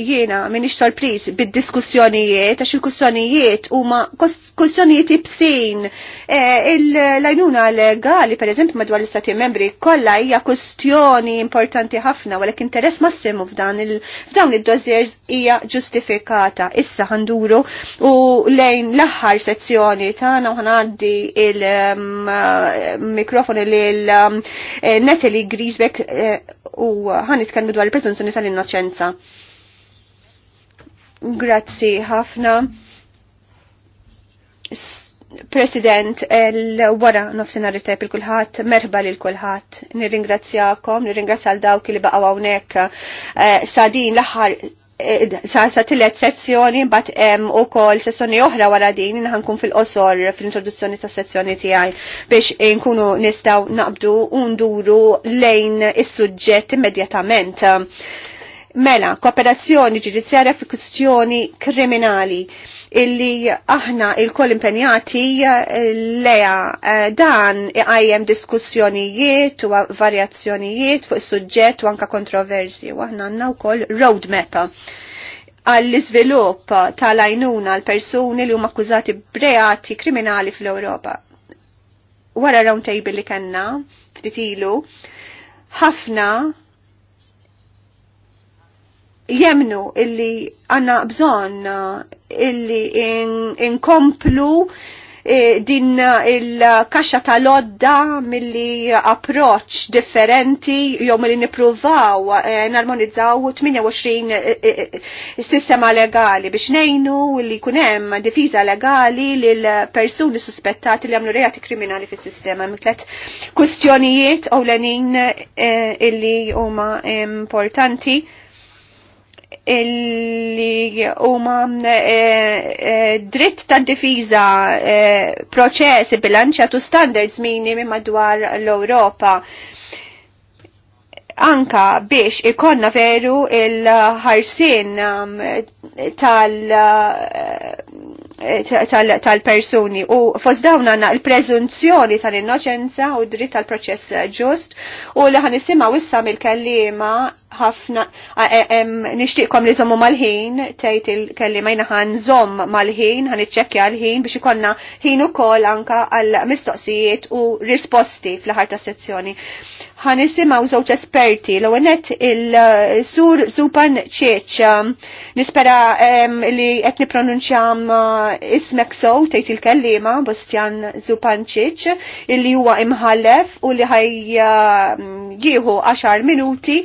jiena minix sorpriż bid-diskussjonijiet għax il-kussjonijiet huma kussjonijiet ibsin. E, Il-lajnuna legali pereżempju madwar l-istati membri kollha hija kustjoni importanti ħafna walek interess massimu f'dan f'dawn id-dossiers hija ġustifikata. Issa ħanduru u lejn l-aħħar sezzjoni tagħna u ħanaddi il-mikrofon um, lil um, Natalie Griesbeck e, u ħanitkellmu dwar il-prezunzjoni tal-innoċenza. Grazzi ħafna. President, l-wara nofsinar tajb il-kulħat, merħba li l-kulħat, nirringrazzjakom, nirringrazzja l-dawk li baqaw għawnek eh, sadin l-ħar eh, sa tillet sezzjoni bat em u kol sessjoni oħra wara din nħankun fil-qosor fil-introduzzjoni ta' sezzjoni tiegħi biex eh, nkunu nistaw naqbdu u nduru lejn is-suġġett immedjatament. Mela, kooperazzjoni ġudizzjarja fi kustjoni kriminali illi aħna il-koll impenjati leja eh, dan iqajjem diskussjonijiet u varjazzjonijiet fuq is-suġġett u anka kontroversi u aħna għandna wkoll roadmap għall-iżvilupp tal-għajnuna l-persuni li huma akkużati breati kriminali fl-Ewropa. Wara round li kellna ftit ilu, ħafna jemnu illi għanna bżon eh, illi inkomplu in eh, din eh, il-kaxxa tal-odda milli approċ differenti jew milli nippruvaw narmonizzaw 28 sistema legali biex ngħinu li jkun hemm difiża legali lil persuni suspettati li għamlu reati kriminali fis-sistema mitlet kustjonijiet ewlenin illi huma importanti li huma eh, eh, dritt ta' difiża eh, proċess bilanċatu standards minimi madwar l-Ewropa anka biex ikonna veru il-ħarsin um, tal-persuni u fost dawn għanna il-prezunzjoni tal-innoċenza u dritt tal-proċess ġust u li ħan wissam il mill-kellima ħafna e, nixtieqkom li zommu mal-ħin tgħid il-kelli majna ħan zomm mal-ħin ħan iċċekkja l-ħin biex ikonna ħin ukoll anka għal mistoqsijiet u risposti fl-aħħar ta' sezzjoni. Ħan isimgħu żewġ esperti l net il-sur Zupan Ċeċ nispera li qed nippronunċjam eh, ismek sow tgħid il-kellima Bostjan Zupan Ċeċ illi huwa imħallef u li ħaj eh, jieħu 10 minuti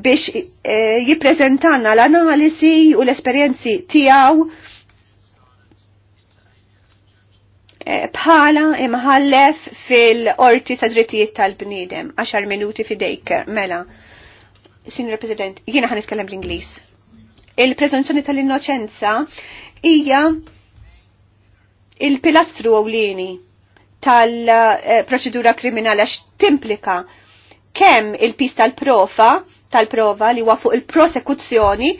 biex e, jiprezentana l-analisi u l-esperienzi tijaw e, bħala imħallef fil-orti ta' drittijiet tal-bnidem. 10 minuti fidejk, mela. Signor President, jiena ħan nitkellem l-Inglis. Il-prezunzjoni tal-innoċenza hija il-pilastru ewlieni tal-proċedura e, kriminali għax timplika kemm il-pista l-profa tal-prova li huwa fuq il-prosekuzzjoni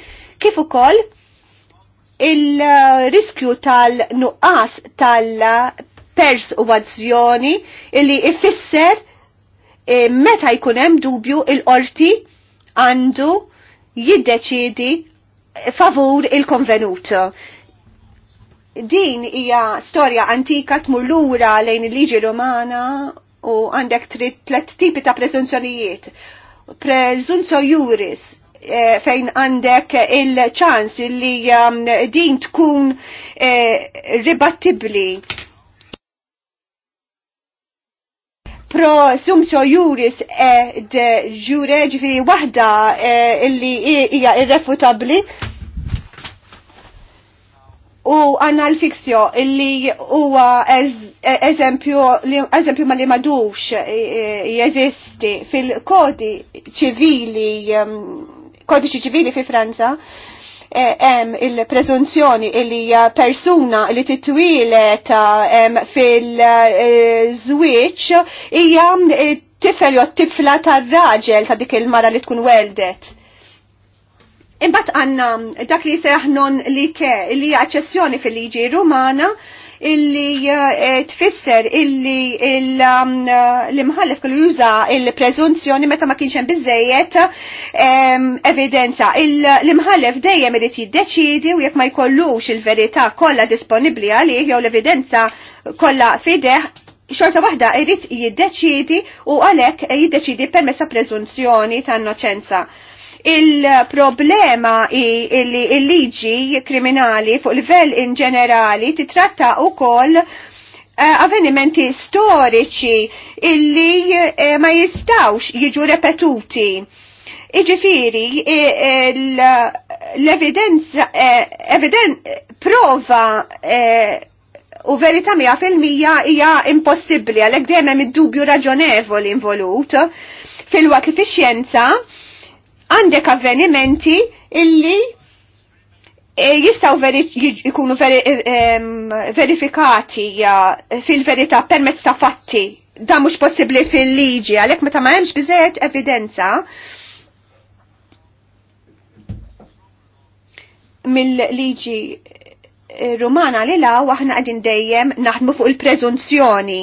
kif ukoll il-riskju tal-nuqqas tal-perswazzjoni illi ifisser eh, meta jkun hemm dubju il-qorti għandu jiddeċidi favur il-konvenut. Din hija storja antika tmur lura lejn il-liġi Romana u għandek trid tlet tipi ta' presunzjonijiet preżunzjo juris eh, fejn għandek il-ċans li um, din tkun eh, ribattibli. Pro sumso juris ed jure ġifiri wahda eh, illi hija irrefutabli u għanna l-fiksjo illi huwa e- eżempju ma li madux e- e- jeżisti fil-kodi ċivili kodiċi ċivili fi Franza hemm il-prezunzjoni illi persuna li titwilet fil-żwieġ hija tifel jew tifla tar-raġel ta' dik il-mara li tkun weldet Imbat għanna dak li seħ non li ke li aċċessjoni fil-liġi rumana illi eh, tfisser illi um, eh, l-imħallef kollu juża il-prezunzjoni meta ma kienx hemm biżejjed ehm, evidenza. L-imħallef dejjem irid jiddeċidi u jekk ma jkollux il-verità kollha disponibbli għalih jew l-evidenza kollha fideh xorta waħda irid jiddeċidi u għalhekk jiddeċidi permessa prezunzjoni ta' innoċenza. Il-problema il-liġi kriminali fuq livell in ġenerali titratta u koll eh, avvenimenti storiċi illi eh, ma jistawx jiġu repetuti. Iġifiri, eh, l-evidenza, eviden, prova u verita mija fil-mija hija impossibbli għalhekk dejjem hemm id-dubju raġonevoli involut fil-waqt li fix-xjenza għandek avvenimenti illi eh, jistaw ikunu ehm, verifikati fil-verità permezz ta' fatti. Da mhux possibbli fil-liġi, għalhekk meta ma hemmx bizet evidenza mill-liġi eh, rumana li la aħna qegħdin dejjem naħdmu fuq il-preżunzjoni.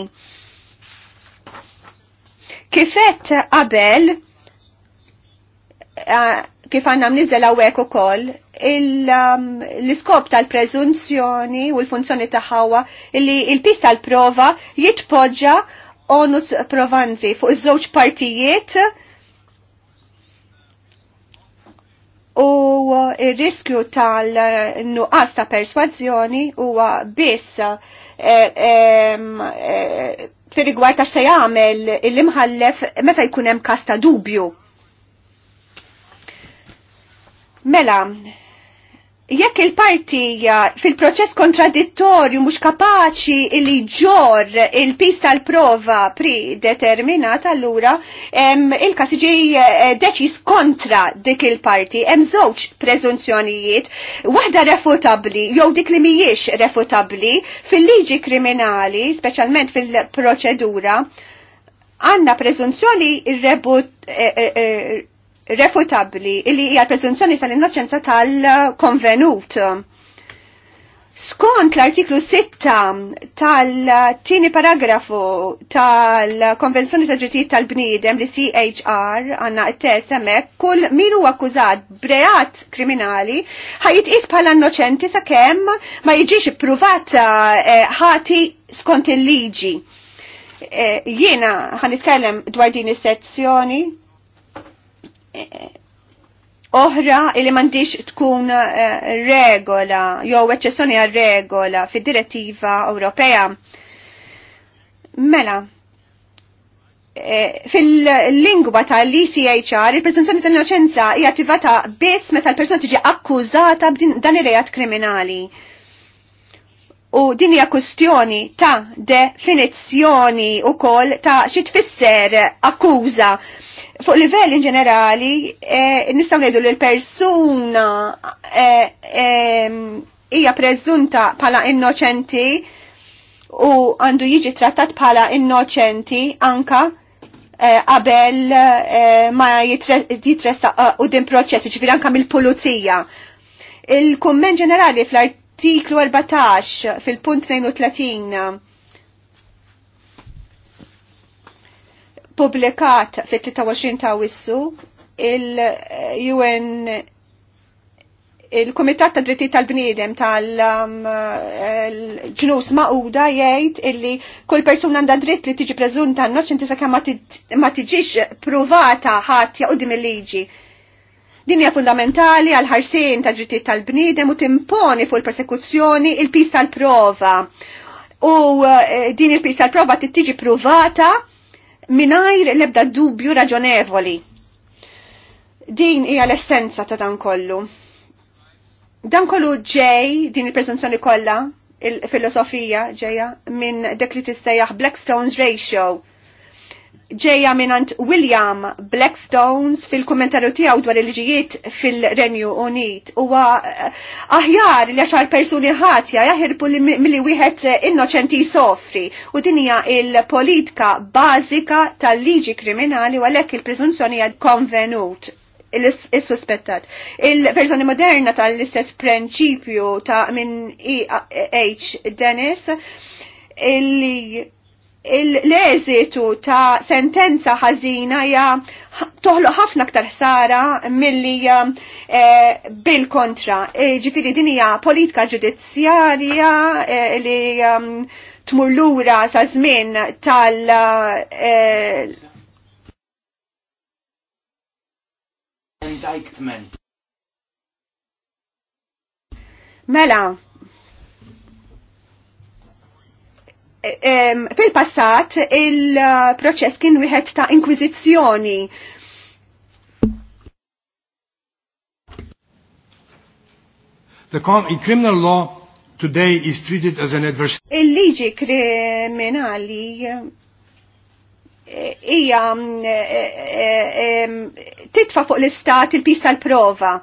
Kifet qabel Eh, kif għanna mniżel għawek u kol, um, l-iskop tal-prezunzjoni u l-funzjoni taħawa illi il pista tal-prova jitpoġġa onus provanzi fuq iż-żewġ partijiet u il-riskju tal-nuqqas ta' perswazzjoni huwa biss eh, eh, fir rigward ta' se jagħmel l-imħallef meta jkun hemm kas ta' dubju Mela, jekk il-partija fil-proċess kontradittorju mhux kapaċi li ġor il-pis tal-prova predeterminata allura il-kas iġi eh, deċis kontra dik il-parti hemm żewġ preżunzjonijiet waħda refutabbli jew dik li mhijiex refutabbli fil-liġi kriminali speċjalment fil-proċedura għandna preżunzjoni eh, eh, refutabli illi hija l preżunzjoni tal-innoċenza tal-konvenut. Skont l-artiklu 6 tal-tini paragrafu tal-Konvenzjoni ta' ġitijiet tal-bniedem li CHR għanna test hemmhekk kull min huwa akkużat breat kriminali ħajitqis bħala innoċenti sakemm ma jiġix pruvat eh, ħati skont il-liġi. Eh, jiena ħanitkellem dwar din is-sezzjoni oħra li mandiċ tkun eh, regola, jew eċċessjoni għal regola fi direttiva Ewropea. Mela, eh, fil-lingwa tal-ECHR, il-prezunzjoni tal-innoċenza hija attivata biss meta l-persuna tiġi akkużata b'dan ir-rejat kriminali. U din hija kwestjoni ta' definizzjoni ukoll ta' xi tfisser akkuża fuq livell in ġenerali eh, nistgħu ngħidu li l-persuna eh, ehm, hija eh, preżunta bħala innoċenti u għandu jiġi trattat bħala innoċenti anka eh, qabel eh, ma jitressa u din proċess, ġifir anka mill-pulizija. Il-kumment ġenerali fl-artiklu 14 fil-punt 32 publikat fit-23 ta' wissu il-UN il-Komitat ta' Dritti tal-Bniedem tal-ġnus um, maquda jgħid illi kull persuna għandha dritt li tiġi preżunta noċenti sakemm ma tiġix pruvata ħadd jaqudiem il-liġi. Din hija fundamentali għal ħarsien ta' dritti tal-bniedem u timponi fuq il-persekuzzjoni il-pis tal-prova. U eh, din il-pis tal-prova tiġi pruvata minajr lebda dubju raġonevoli. Din hija l-essenza ta' dan kollu. Dan kollu ġej, din il prezenzjoni kollha, il-filosofija ġejja minn dak li tissejjaħ Blackstone's Ratio ġeja minant William Blackstones fil-kommentarju tiegħu dwar il-ġijiet fil-Renju Unit. Huwa eh, aħjar li għaxar persuni ħatja jaħirbu li milli wieħed eh, innoċenti soffri u din hija il-politika bażika tal-liġi kriminali u għalhekk il prezunzjoni għad konvenut il-suspettat. Il-verżjoni moderna tal-istess prinċipju ta' minn E.H. Dennis illi l-eżitu ta' sentenza ħażina ja toħloq ħafna aktar ħsara milli eh, e, bil-kontra. ġifiri din hija politika ġudizzjarja e, li ehm, tmur lura sa' żmien tal- eh, Indictment. Mela, fil-passat il-proċess kien wieħed ta' inkwizizzjoni. The criminal law today is treated as an adversary. Il-liġi kriminali eh, hija eh, eh, titfa fuq l-istat il-pista l-prova.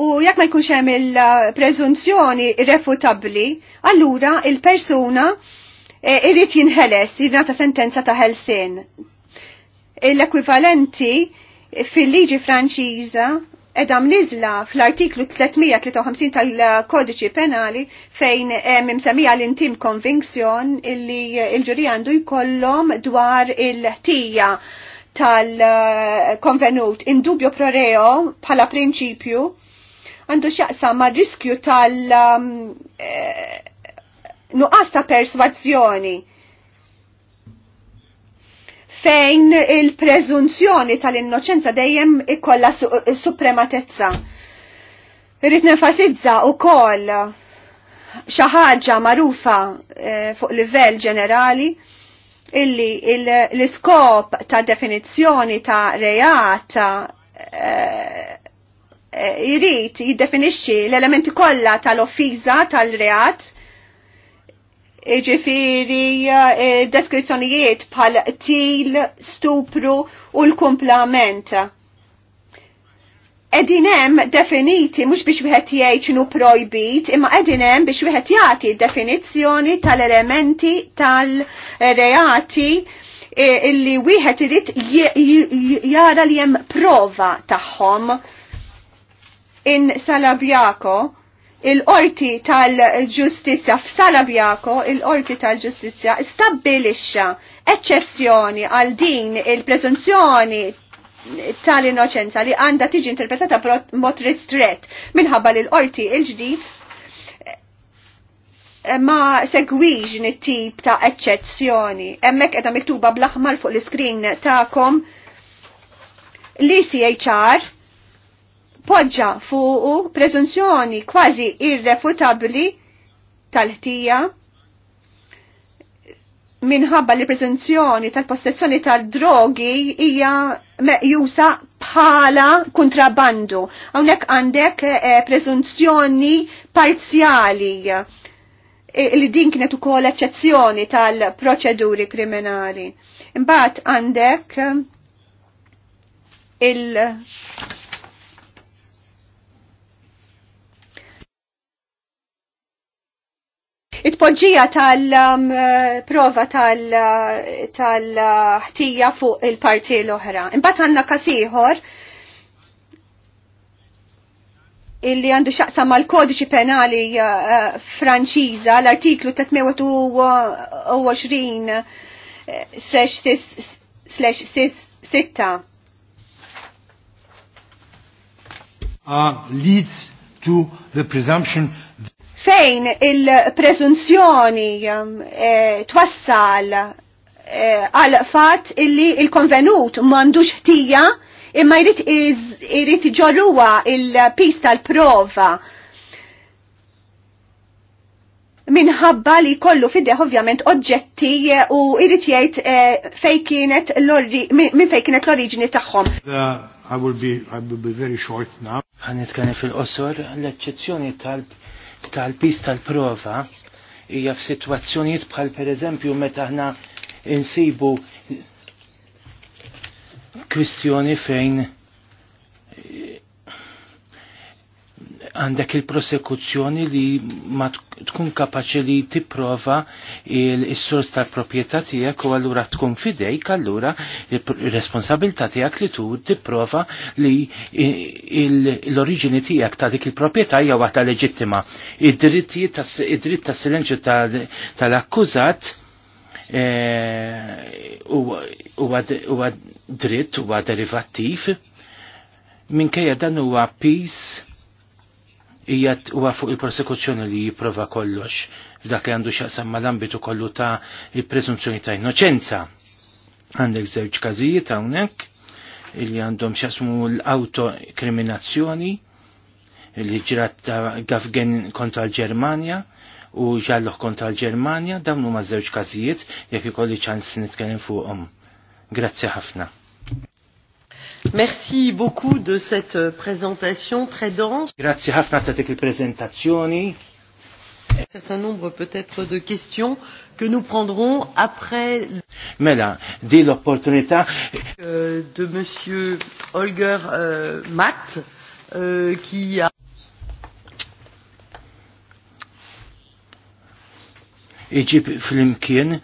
u jekk ma jkunx hemm il-preżunzjoni irrefutabbli, allura il-persuna eh, irrid jinħeles, jingħata sentenza ta' ħelsien. L-ekwivalenti fil-liġi Franċiża edam nizla fl-artiklu 353 tal-kodiċi penali fejn eh, mimsemija l-intim konvinzjon illi eh, il-ġuri għandu jkollhom dwar il-ħtija tal-konvenut indubju proreo bħala prinċipju għandu xaqsa ma' riskju tal um, eh, nuqas ta' perswazzjoni fejn il-prezunzjoni tal-innoċenza dejjem ikolla su suprematezza. Irrit nenfasizza u koll xaħġa marufa eh, fuq livell ġenerali illi l-iskop ill ta' definizjoni ta' reata eh, jrid eh, jiddefinixxi l-elementi kollha tal-offiża tal-reat ġifiri eh, deskrizzjonijiet bħal til, stupru u l-komplament. Edinem definiti mux biex wieħed jgħid nu projbit, imma edinem biex wieħed jagħti definizzjoni tal-elementi tal-reati eh, illi wieħed irid jara li hemm prova tagħhom in Salabjako, il-qorti tal-ġustizja, f'Salabjako, il-qorti tal-ġustizja, stabbilixxa eċċezzjoni għal din il-prezunzjoni tal-innoċenza li għanda tiġi interpretata mod ristret minħabba li l-qorti il-ġdid eh, ma segwix nit tip ta' eċċezzjoni. Emmek edha miktuba bl-aħmar fuq l-iskrin ta'kom l-ICHR poġġa fuqu prezunzjoni kważi irrefutabli tal-ħtija minħabba li prezunzjoni tal-possessjoni tal-drogi hija meqjusa bħala kontrabandu. Hawnhekk għandek eh, prezunzjoni parzjali eh, li din kienet ukoll eċċezzjoni tal-proċeduri kriminali. Imbagħad għandek eh, il- it-poġġija tal-prova tal-ħtija fuq il-parti l-oħra. Imbagħad għandna kasiħor illi għandu xaqsa mal kodiċi penali franċiża l-artiklu 320 slash 6 leads to the presumption fejn il-prezunzjoni um, eh, twassal eh, għal e, fat illi il-konvenut mandux ħtija imma jrid irrid ġorruwa il-pis tal-prova minħabba li kollu fiddeħ ovvjament oġġetti u irrid jgħid eh, kienet minn fejn kienet l-oriġini tagħhom. I will be I will be very short now. Ħanitkellem fil-qosor l-eċċezzjoni tal tal-pis tal-prova hija f'sitwazzjonijiet bħal pereżempju meta aħna insibu kwistjoni fejn għandek il-prosekuzzjoni li ma tkun kapaċi li tipprova il-sors tal-propieta tijak u għallura tkun fidejk għallura il-responsabilta tijak li tu tipprova li l-origini tijak ta' dik il-propieta hija waħda leġittima. Id-dritt ta' silenċu tal-akkużat eh, huwa dritt huwa derivattiv minkejja dan huwa peace hija huwa fuq il-prosekuzzjoni li jipprova kollox f'dak li għandu x'jaqsam mal-ambitu kollu ta' il prezumzjoni ta' innoċenza. Għandek żewġ każijiet hawnhekk illi għandhom x'jaqsmu l-autokriminazzjoni li ġrat ta' Gafgen kontra l-Ġermanja u ġalloħ kontra l-Ġermanja dawn huma żewġ każijiet jekk ikolli ċans nitkellem fuqhom. Grazzi ħafna. Merci beaucoup de cette euh, présentation très dense. Grazie ħafna ta' dik il-prezentazzjoni. Un certain nombre peut-être de questions que nous prendrons après Mela, di l'opportunità euh, de monsieur Holger euh, Matt euh, qui a iġib fl-imkien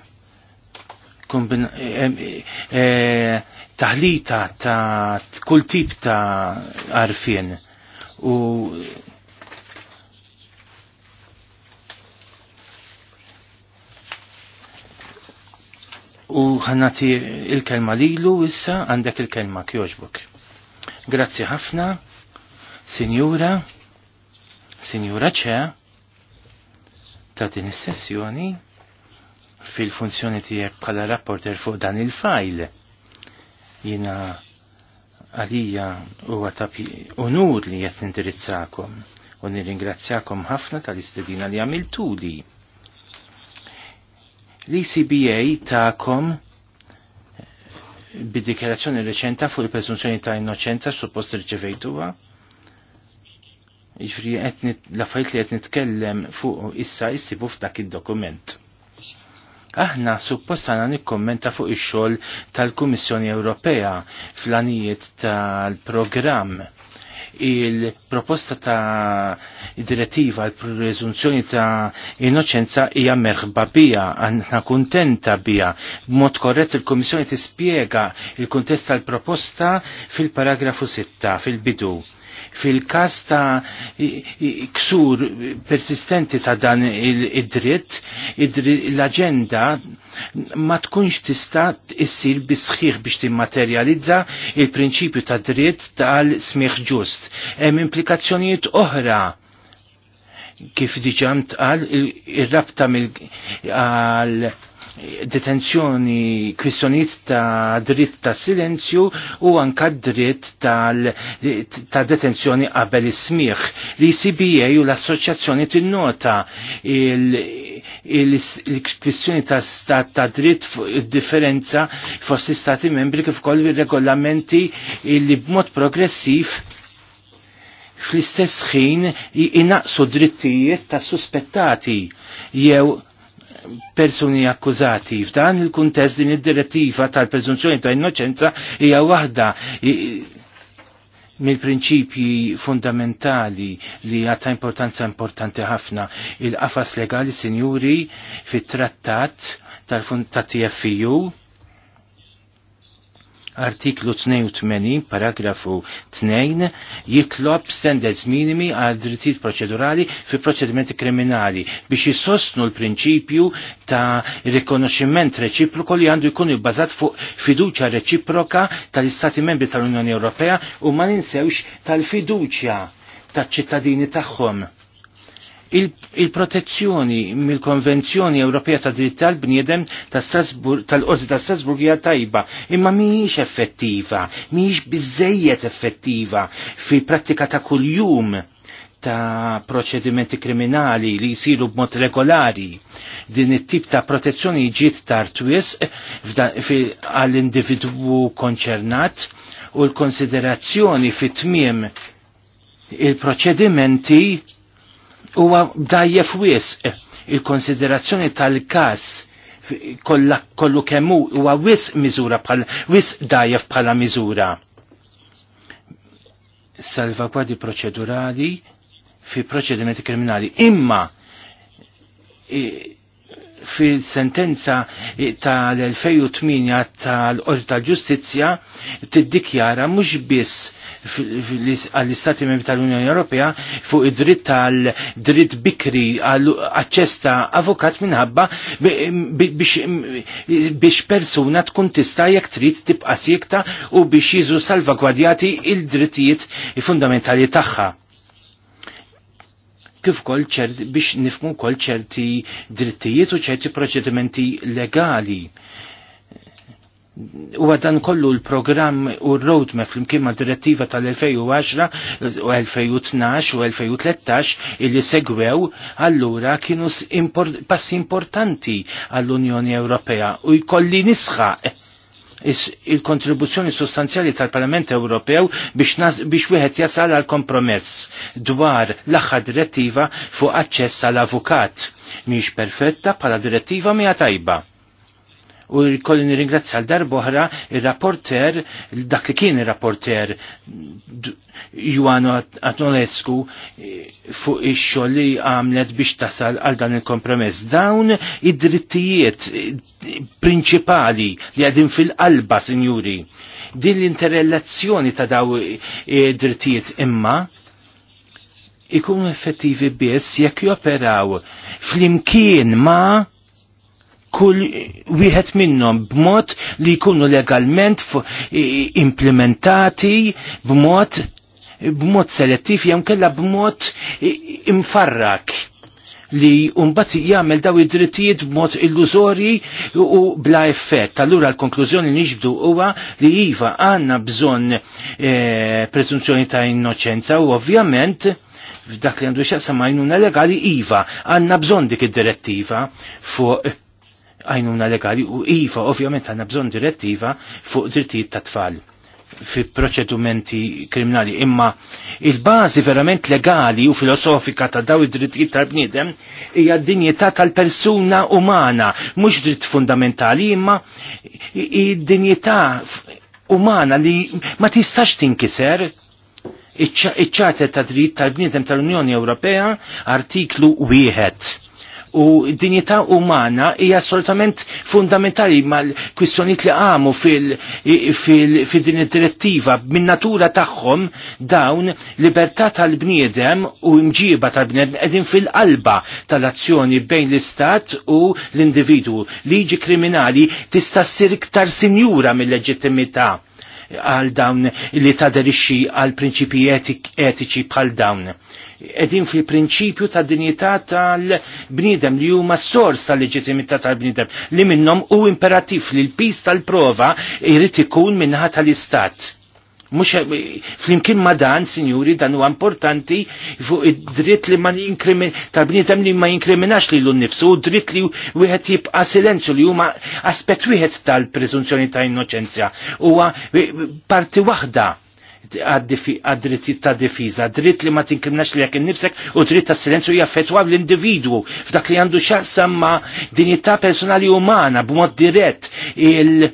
E, taħlita ta' kull tip ta' arfien u u ħannati il-kelma lilu issa għandek il-kelma kjoġbuk. Grazzi ħafna, Sinjura, Sinjura ċe, ta' din is-sessjoni fil-funzjoni tiegħek bħala rapporter fuq dan il-fajl. Jiena għalija huwa ta' unur li qed nindirizzakom u nirringrazzjakom ħafna tal-istedina li għamiltuli. L-ECBA ta'kom bid-dikjerazzjoni reċenta fuq il-presunzjoni ta' innoċenza suppost irċevejtuha. Ġifri l-affarijiet li qed nitkellem fuq issa jsibu f'dak id-dokument. Aħna suppostana nikkommenta fuq ix-xogħol tal-Kummissjoni Ewropea fl-anijiet tal-programm il-proposta ta' direttiva l-prezunzjoni ta' innoċenza hija merħba bija, għandna kuntenta bija. Mod korrett il-Komissjoni tispjega il-kuntest tal-proposta fil-paragrafu 6 fil-bidu Fil-kas ta' ksur persistenti ta' dan id-dritt, l-agenda ma tkunx tista' issir bisħiħ biex timmaterjalizza il-prinċipju ta' dritt tal smiħ ġust. Hemm implikazzjonijiet oħra kif diġant tqal il-rabta mill detenzjoni kwistjonijiet ta' dritt ta' silenzju u anka dritt tal ta' detenzjoni qabel ismiħ. L-ICBA u l-Assoċjazzjoni tinnota il-kwistjoni ta' stat ta' dritt differenza fost l-Stati membri kif koll regolamenti li b'mod progressiv fl-istess ħin inaqsu drittijiet ta' suspettati jew persuni akkużati. F'dan il-kuntest din id-direttiva tal-prezunzjoni ta' innoċenza hija waħda mill-prinċipji fundamentali li għata importanza importanti ħafna il-qafas legali sinjuri fit-trattat tal-TFU artiklu 82, paragrafu 2, jitlob standards minimi għal drittijiet proċedurali fi proċedimenti kriminali biex jisostnu l-prinċipju ta' rikonoxximent reċiproko li għandu jkun ibbażat fuq fiduċja reċiproka tal-Istati membri tal-Unjoni Ewropea u ma ninsewx tal-fiduċja taċ-ċittadini tagħhom il-protezzjoni il mill-Konvenzjoni Ewropea ta' dritt tal-bniedem tal-Qorti ta' Strasburg hija tajba, imma mhijiex effettiva, mhijiex biżejjed effettiva fil-prattika ta' kuljum ta' proċedimenti kriminali li jisiru b'mod regolari. Din it-tip ta' protezzjoni ġiet tar twis għall-individwu konċernat u l-konsiderazzjoni fit-tmiem il-proċedimenti huwa dajjef wisq il-konsiderazzjoni tal-każ kollu kemmu huwa wisq miżura bħal wisq dajjef bħala miżura. Salvagwardi proċedurali fi proċedimenti kriminali. Imma fil-sentenza tal-2008 tal-Qorti tal-Ġustizzja tiddikjara mhux biss għall-Istati Membri tal-Unjoni Ewropea fuq id-dritt tal-dritt bikri għall aċċesta avukat minħabba biex persuna tkun tista' jekk trid tibqa' siekta u biex jiżu salvagwadjati il-drittijiet fundamentali tagħha kif kol biex nifmu kol ċerti drittijiet u ċerti proċedimenti legali u għadan kollu l-programm u l-roadmap fl-imkien ma' direttiva tal-2010 u 2012 u 2013 illi segwew allura kienu passi importanti għall-Unjoni Ewropea u jkolli nisħaq il-kontribuzzjoni sostanzjali tal-Parlament Ewropew biex, biex wieħed jasal għal kompromess dwar l-aħħar direttiva fuq aċċess għal avukat miex perfetta bħala direttiva mija tajba u kolli nirringrazzja l-darboħra il-rapporter, dak li kien il-rapporter Juano Atnolescu fuq ix-xogħol li għamlet biex tasal għal dan il-kompromess. Dawn id-drittijiet prinċipali li għadin fil-qalba, sinjuri, din l-interrelazzjoni ta' daw id-drittijiet imma ikun effettivi biss jekk joperaw fl-imkien ma' kull wieħed minnhom b'mod li jkunu legalment implementati b'mod b'mod selettiv jew kellha b'mod imfarrak li mbagħad jagħmel daw id-drittijiet b'mod illużorji u bla effett. Allura l-konklużjoni li nixbdu huwa li iva għandna bżonn eh, preżunzjoni ta' innoċenza u ovvjament f'dak li għandu xaqsa jnuna legali iva għandna bżonn dik id-direttiva fuq għajnuna legali u iva ovvjament għanna bżon direttiva fuq drittijiet ta' tfal fi proċedumenti kriminali imma il-bazi verament legali u filosofika ta' daw id-drittijiet tal-bniedem hija d-dinjità tal-persuna umana mhux dritt fundamentali imma id-dinjità umana li ma tistax tinkiser iċ-ċarta ta' dritt tal-bniedem tal-Unjoni Ewropea artiklu wieħed u dinjità umana hija assolutament fundamentali mal-kwistjonijiet li għamu fil din id-direttiva min natura tagħhom dawn libertà tal-bniedem u mġiba tal-bniedem qegħdin fil-qalba tal-azzjoni bejn l-istat u l-individwu. Liġi kriminali tista' ssir iktar sinjura mill-leġittimità għal dawn li taderixxi għal prinċipi etiċi bħal dawn edin fil-prinċipju ta' dinjità tal-bnidem li huma sors tal-leġitimità tal-bnidem li minnhom u imperattiv li l-pis tal-prova jrid ikun minnaħa tal-istat. Mux e, flimkien ma dan, sinjuri, dan huwa importanti fuq id-dritt li ma inkrimin tal-bniedem li ma jinkriminax li l-nifsu, u dritt li wieħed jibqa' silenzju li huma aspett wieħed tal-preżunzjoni ta' innoċenzja. Huwa e, parti waħda għad-drittijiet ta' difiża, dritt li ma tinkimnax li jekk innifsek u dritt ta' silenzju jaffetwa l-individwu f'dak li għandu xaqsam ma' dinjità personali umana b'mod dirett il-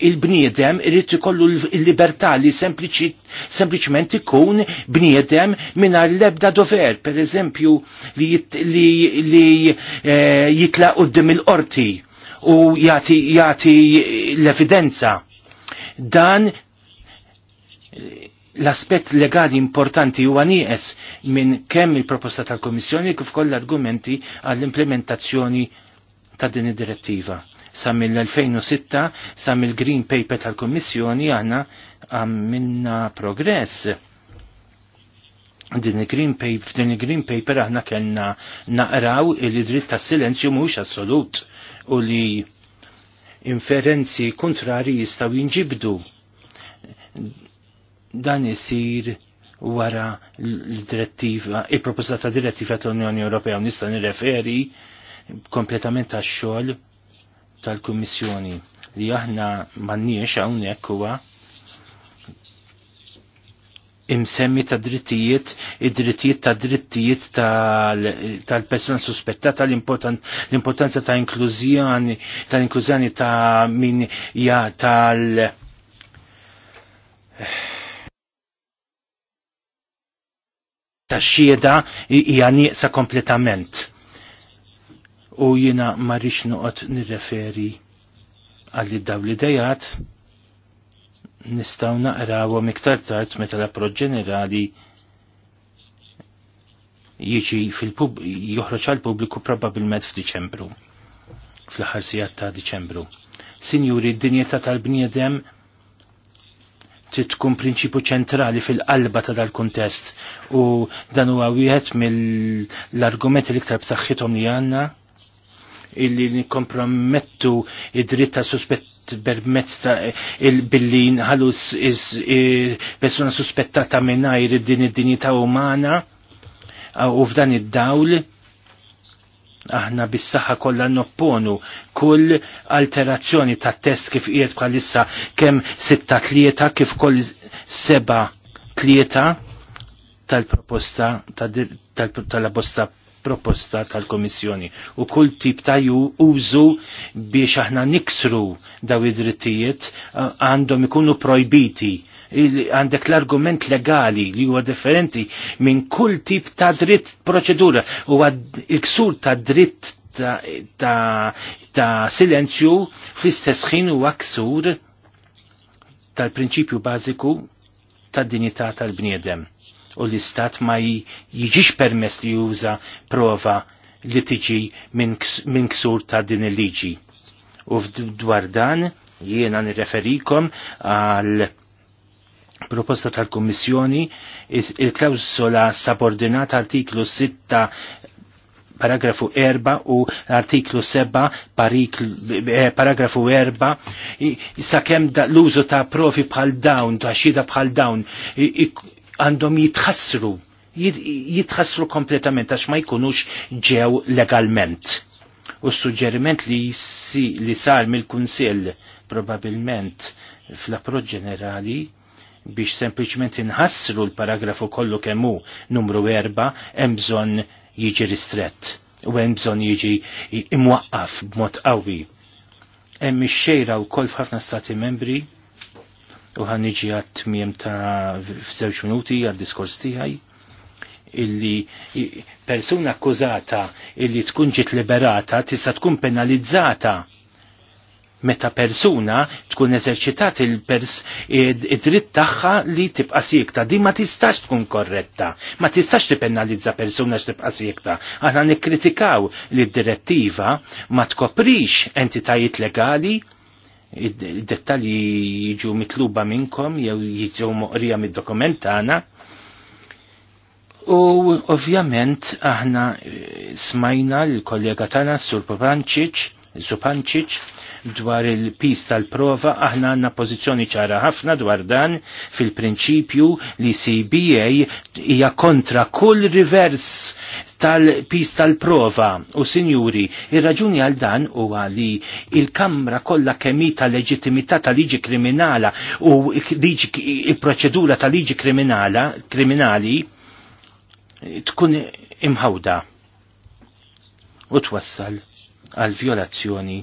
il-bniedem irrid ikollu l-libertà li sempliċement ikun bniedem mingħajr l-ebda dover, per eżempju li, eh, jitlaq qudiem il-qorti u jagħti l-evidenza. Dan l-aspett legali importanti huwa nieqes minn kemm il-proposta tal-Komissjoni kif koll argumenti għall-implementazzjoni ta' din id-direttiva. Sa mill-2006 sa mill-Green Paper tal-Komissjoni għanna għamilna progress din il-Green Paper, f'din il-Green Paper aħna kellna naqraw il-dritt ta' silenzju mhux assolut u li inferenzi kontrari jistaw jinġibdu dan isir wara l-direttiva, il-proposta direttiva tal-Unjoni Ewropea u nista' nirreferi kompletament għax xogħol tal-Kummissjoni li aħna m'għandniex hawnhekk huwa imsemmi ta' drittijiet, id-drittijiet ta' drittijiet tal-persona tal suspettata, l-importanza ta' inklużjoni, tal inklużjoni ta' min ja tal- ta' xieda hija nieqsa kompletament. U jina marriċ nuqot nirreferi għalli daw li dejat nistaw naqrawo miktar tard meta l-approċ ġenerali jiġi joħroġ għal pubbliku probabbilment f'Diċembru fl-ħarsijat ta' Diċembru. Sinjuri, d-dinjeta tal-bniedem tkun prinċipu ċentrali fil-qalba ta' dal-kontest u dan huwa wieħed mill-argumenti li iktar b'saħħithom li għandna illi nikkompromettu id-dritt ta' suspett permezz ta' billi nħallu persuna suspettata mingħajr din id-dinjità umana u f'dan id-dawl aħna bis-saħħa kollha nopponu kull alterazzjoni ta' test kif qiegħed bħalissa kemm sitta tlieta kif koll seba tlieta tal-proposta tal-abosta proposta tal bosta proposta tal komissjoni u kull tip ta' użu biex aħna niksru daw id-drittijiet għandhom ikunu projbiti għandek l-argument legali li huwa differenti minn kull tip ta' dritt proċedura u il-ksur ta' dritt ta', ta, ta silenzju fl-istess ħin huwa ksur tal-prinċipju bażiku tad-dinjità tal-bniedem u l-istat ma jiġix permess li juża prova li tiġi minn ksur ta' din il-liġi. U dwar dan jiena nirreferikom għal proposta tal-Kummissjoni il-klawsola sabordinata artiklu 6 paragrafu 4 u artiklu 7 eh, paragrafu 4 sakemm l-użu ta' profi bħal dawn, ta' xida bħal dawn għandhom jitħassru jitħassru kompletament għax ma jkunux ġew legalment u suġġeriment li, si, li sar mill-Kunsill probabilment fl-approċ ġenerali biex sempliċement inħassru l-paragrafu kollu kemmu numru 4 hemm bżonn jiġi ristrett u hemm bżonn jiġi imwaqqaf b'mod qawwi. Hemm ix-xejra wkoll f'ħafna stati membri u ħan niġi għat miem ta' f'żewġ minuti għad-diskors tiegħi illi persuna akkużata illi tkun ġiet liberata tista' tkun penalizzata meta persuna tkun eżerċitat il-pers id-dritt tagħha li tibqa' siekta. Din ma tistax tkun korretta. Ma tistax tippenalizza persuna x'tibqa' siekta. Aħna nikkritikaw li d-direttiva ma tkoprix entitajiet legali id-dettalji jiġu mitluba minnkom jew jiġu moqrija mid-dokument tagħna. U ovvjament aħna eh, smajna l-kollega tagħna Sur Popanċiċ, Supanċiċ, dwar il-pis tal-prova aħna għanna pozizjoni ċara ħafna dwar dan fil-prinċipju li CBA hija kontra kull rivers tal-pis tal-prova u sinjuri ir-raġuni għal dan u għali il-kamra kollha kemmi tal-leġittimità tal-liġi kriminala u il-proċedura tal-liġi kriminala kriminali tkun imħawda u twassal għal violazzjoni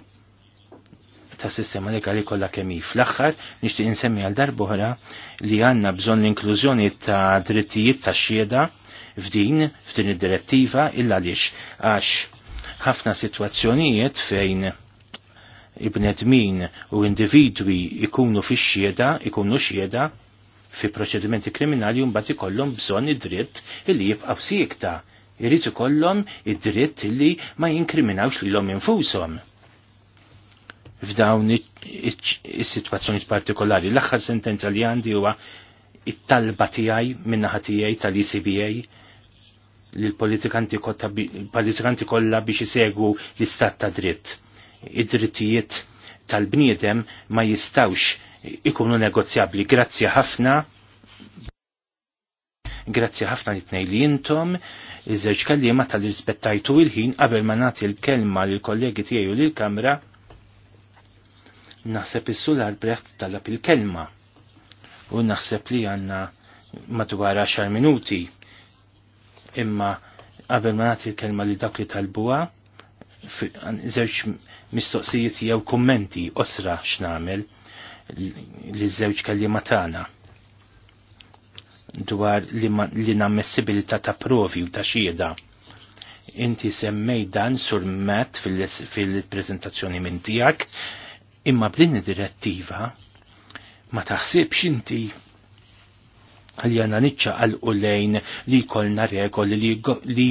ta' sistema legali kollha kemm Fl-aħħar nixtieq insemmi għal darb'oħra li għandna bżonn l-inklużjoni ta' drittijiet ta' xhieda f'din f'din id-direttiva illa għaliex għax ħafna sitwazzjonijiet fejn ibnedmin u individwi ikunu fi xhieda, ikunu xhieda fi proċedimenti kriminali un ikollhom bżonn id-dritt illi jibqaw sikta. Irrid ikollhom id-dritt illi ma jinkriminawx lilhom infushom f'dawn is-sitwazzjoni partikolari. L-aħħar sentenza li għandi huwa it-talba tiegħi min-naħa tiegħi tal-ECBA li l-politikanti kollha biex isegwu l-istat ta' dritt. Id-drittijiet tal-bniedem ma jistawx ikunu negozjabli. Grazzi ħafna. Grazzi ħafna li tnej li jintom, iż-żewġ kellima tal-rispettajtu il-ħin qabel ma nagħti l-kelma lill kollegi tiegħi u lill-Kamra. Naħseb is-sul Albrecht talab il-kelma u naħseb li għanna madwar 10 minuti imma qabel ma nagħti il kelma li dak li talbuha żewġ mistoqsijiet jew kummenti osra x'namel li żewġ kelliema tagħna dwar l-inammessibilità ta' provi u ta' xieda. Inti semmej dan sur fil-prezentazzjoni minn tiegħek Imma b'din id-direttiva ma taħsibx inti għal għanna nitċa għal lejn li kolna regoli li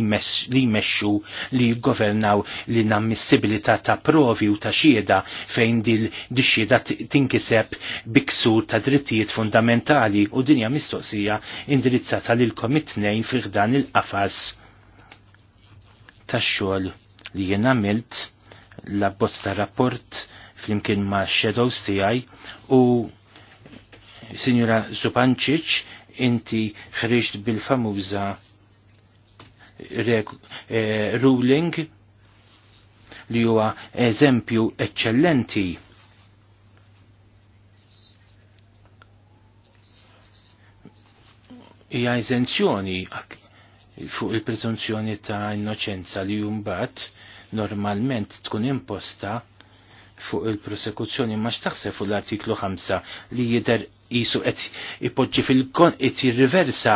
jmexxu li jgovernaw li nammissibilita ta' provi u ta' xieda fejn dil xieda tinkiseb biksur ta' drittijiet fundamentali u dinja mistoqsija indirizzata l komitnejn fiħdan il-qafas ta' xogħol li jien għamilt l-abbozz ta' rapport flimkien ma' shadows tiegħi u Sinjura Zupanċiċ inti ħriġt bil-famuża eh, ruling li huwa eżempju eċċellenti hija eżenzjoni fuq il-prezunzjoni ta' innoċenza li jumbat normalment tkun imposta fuq il-prosekuzzjoni ma xtaħseb fuq l-artiklu 5 li jidher isu qed ipoġġi fil-kon qed jirriversa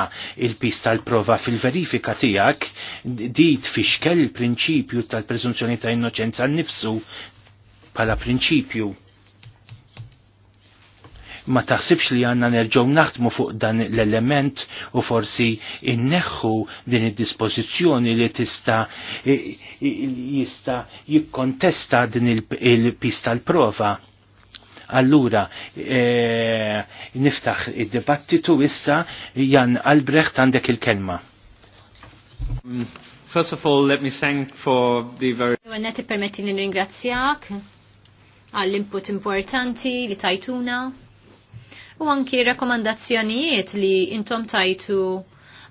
il-pis tal-prova fil-verifika tiegħek dit fix-kell il-prinċipju tal-preżunzjoni ta' innoċenza nnifsu bħala prinċipju ma taħsibx li għanna nerġaw naħdmu fuq dan l-element u forsi inneħħu din id-dispożizzjoni li tista jista jikkontesta din il-pista l-prova. Allura, e, niftaħ id-dibattitu issa Jan Albrecht għandek il-kelma. First of all, let me thank for the very... Għannet permettin l-ingrazzjak għall-input importanti li tajtuna u anki rekomandazzjonijiet li intom tajtu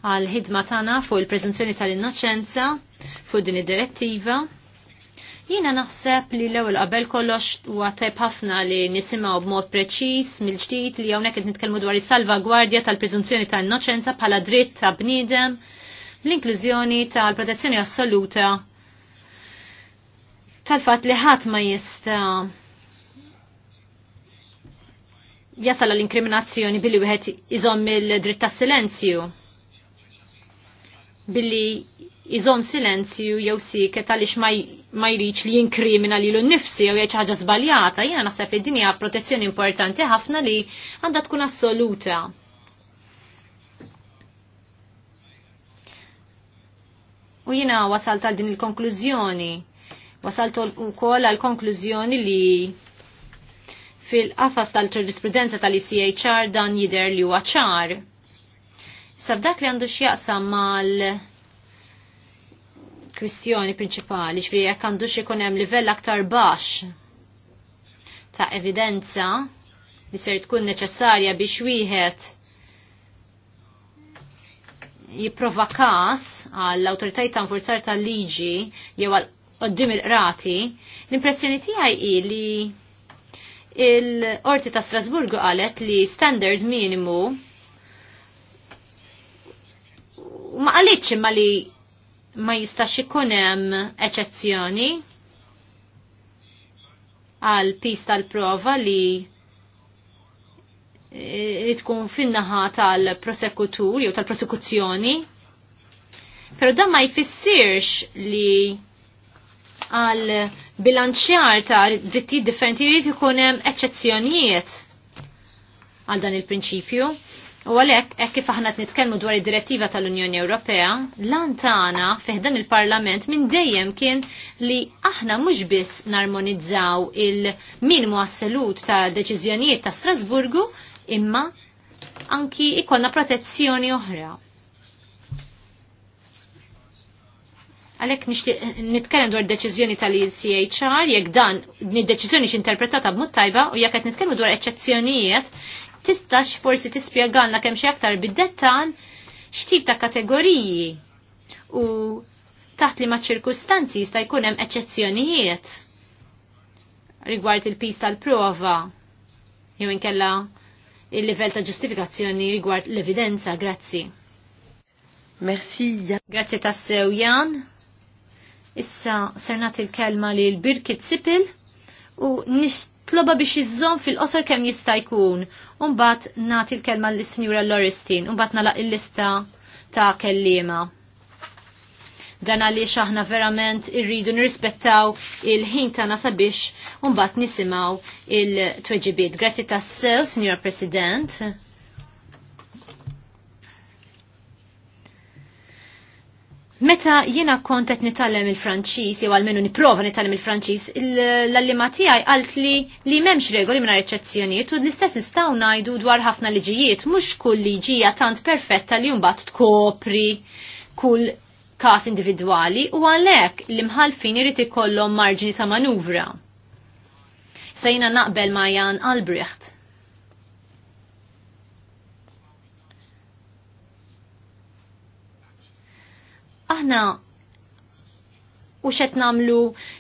għal ħidma tagħna fuq il-preżenzjoni tal-innoċenza fuq din id-direttiva. Jina naħseb li l ewwel qabel kollox huwa tajb ħafna li nisimgħu b'mod preċiż mill-ġdid li hawnhekk qed nitkellmu dwar is-salvagwardja tal-preżunzjoni ta' innoċenza bħala dritt ta' bniedem, l-inklużjoni tal-protezzjoni assoluta tal-fatt li ħadd ma jista' jasal l-inkriminazzjoni billi wieħed iżomm il-dritt tas silenzju billi iżom silenzju jew siket għaliex ma jriċ li jinkrimina li l-nifsi jew jgħid ħaġa żbaljata, jiena naħseb li din hija protezzjoni importanti ħafna li għandha tkun assoluta. U jiena wasalt għal din il-konklużjoni. Wasalt kol għal konklużjoni li Fil-qafas tal-ġurisprudenza tal-ICHR dan jider li huwa ċar. Sabdak li għandu x'jaqsam mal kwistjoni prinċipali, ġifieri jekk għandux ikun hemm livell aktar baxx ta' evidenza li ser tkun neċessarja biex wieħed jiprovakas għall awtoritajiet ta' forzar tal-liġi jew għal qoddim il-qrati, l-impressjoni tiegħi li Il-Orti ta' Strasburgu qalet li standard minimu ma qalitx imma li ma jistax ikun hemm eċezzjoni għal pista tal-prova li eh, li tkun fin-naħa tal-prosekutur jew tal-prosekuzzjoni. Però dan ma jfissirx li għal bilanċjar ta' dritti differenti jrid ikun hemm eċċezzjonijiet għal dan il-prinċipju. U għalhekk hekk kif aħna nitkellmu dwar id-direttiva tal-Unjoni Ewropea, lan tagħna fih dan il-Parlament minn dejjem kien li aħna mhux biss narmonizzaw il-minimu assolut ta' deċiżjonijiet ta' Strasburgu imma anki ikollna protezzjoni oħra Għalek nitkellem dwar deċiżjoni tal-ECHR, jekk dan deċiżjoni x'interpretata b'mod tajba u jekk qed nitkellmu dwar eċċezzjonijiet, tistax forsi tispjegalna kemm xi aktar bid-dettan x'tip ta' kategoriji u taħt li ma' ċirkustanzi jista' jkun hemm eċċezzjonijiet rigward il-pis tal-prova jew inkella il-livell ta' ġustifikazzjoni rigward l-evidenza, grazzi. Merci. Grazzi tassew Jan. Issa sernat il-kelma li l-Birkit Sipil u nistloba biex jizzon fil-qosor kemm jista' jkun. Umbagħad nagħti l-kelma lis-Sinjura Loristin, umbagħad nalaq il-lista ta' kellima. Dan għaliex aħna verament irridu nirrispettaw il-ħin tagħna sabiex umbagħad nisimgħu il-tweġibiet. Grazzi tas sell Sinjura President. Meta jiena kont qed nitallem il-Franċiż jew għalmenu nipprova nitallem il-Franċiż, l-allima tiegħi qalt li li m'hemmx regoli mingħajr eċċezzjonijiet u l-istess nistgħu ngħidu dwar ħafna liġijiet mhux kull liġija tant perfetta li mbagħad tkopri kull każ individwali u għalhekk l-imħalfin irid ikollhom marġini ta' manuvra. Sejna naqbel ma' Jan Albrecht aħna u xet namlu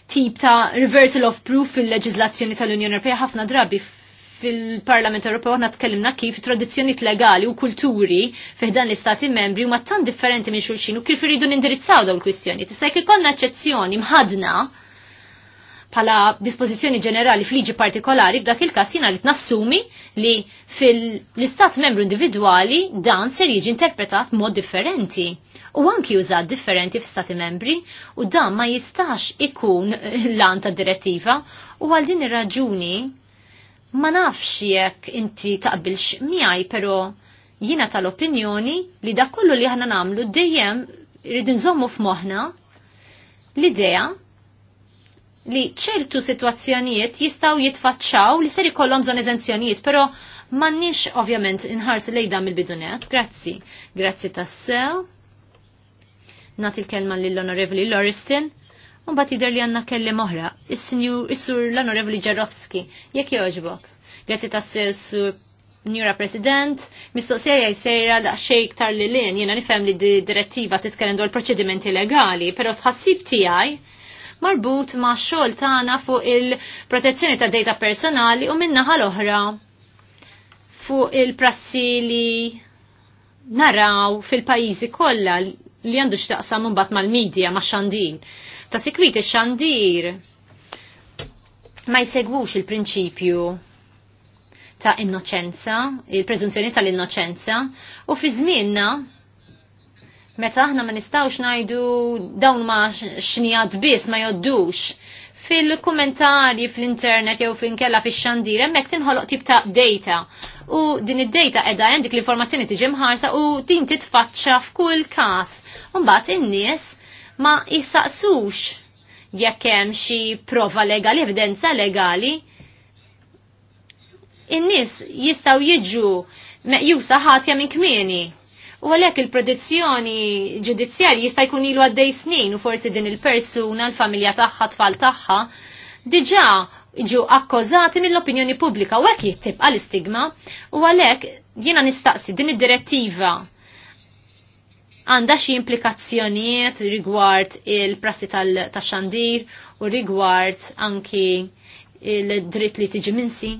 tip ta' reversal of proof fil-leġizlazzjoni tal-Unjoni Ewropea ħafna drabi fil-Parlament Ewropew aħna tkellimna kif tradizzjonijiet legali u kulturi fiħdan l-istati membri huma tant differenti minn xulxin u kif iridu nindirizzaw dawn l kwistjoni Tista' jekk ikollna eċċezzjoni mħadna bħala dispożizzjoni ġenerali fliġi partikolari f'dak il-każ jina li nassumi li fil-istat membru individwali dan ser jiġi interpretat mod differenti u anki użat differenti f'stati membri u dan ma jistax ikun [LAUGHS] lan anta direttiva u għal din ir-raġuni ma nafx jekk inti taqbilx miegħi però jiena tal-opinjoni li dak kollu li aħna nagħmlu dejjem irrid nżommu f'moħħna l-idea li ċertu situazzjonijiet jistaw jitfaċċaw li ser ikollhom bżonn eżenzjonijiet, però m'għandniex ovvjament inħarsu lejda mill-bidunet. Grazzi. Grazzi tassew nagħti l-kelma l onorevoli Loristin. Mbagħad jidher li għandna kelli moħra, is-sur l-Onorevoli Ġarowski, jekk jogħġbok. Grazzi tas-sir sur Njura President, mistoqsija jsejra daqsxejn tar li l-in, jiena nifhem li direttiva titkellem dwar proċedimenti legali, però tħassib tiegħi marbut ma' xogħol tagħna fuq il-protezzjoni ta' data personali u minnaħa l-oħra fuq il-prassi li naraw fil-pajjiżi kollha li għandu xtaqsam mbagħad mal-medja ma' xandir. Ta' sekwit ix-xandir ma jsegwux il-prinċipju ta' innoċenza, il-prezunzjoni tal-innoċenza, u fi żmienna meta aħna ma nistawx najdu dawn ma xnijat biss ma joddux fil kommentari fl-internet jew fin kella fil-xandir, emmek tinħoloq tip ta' data. U din id-data edha dik l-informazzjoni tiġi mħarsa u din titfaċċa f'kull kas. Mbagħad in-nies ma jissaqsux jekk hemm xi prova legali, evidenza legali. In-nies jistgħu jiġu meqjusa ħatja minn kmieni U għalhekk il-predizzjoni ġudizzjarji jista' jkun ilu għaddej snin u forsi din il-persuna, l-familja tagħha, tfal tagħha, diġà ġu akkożati mill-opinjoni pubblika u hekk jittibqa l-istigma u għalhekk jiena nistaqsi din id-direttiva għandha xi implikazzjonijiet rigward il-prassi tal xandir u rigward anki il-dritt li tiġi minsi.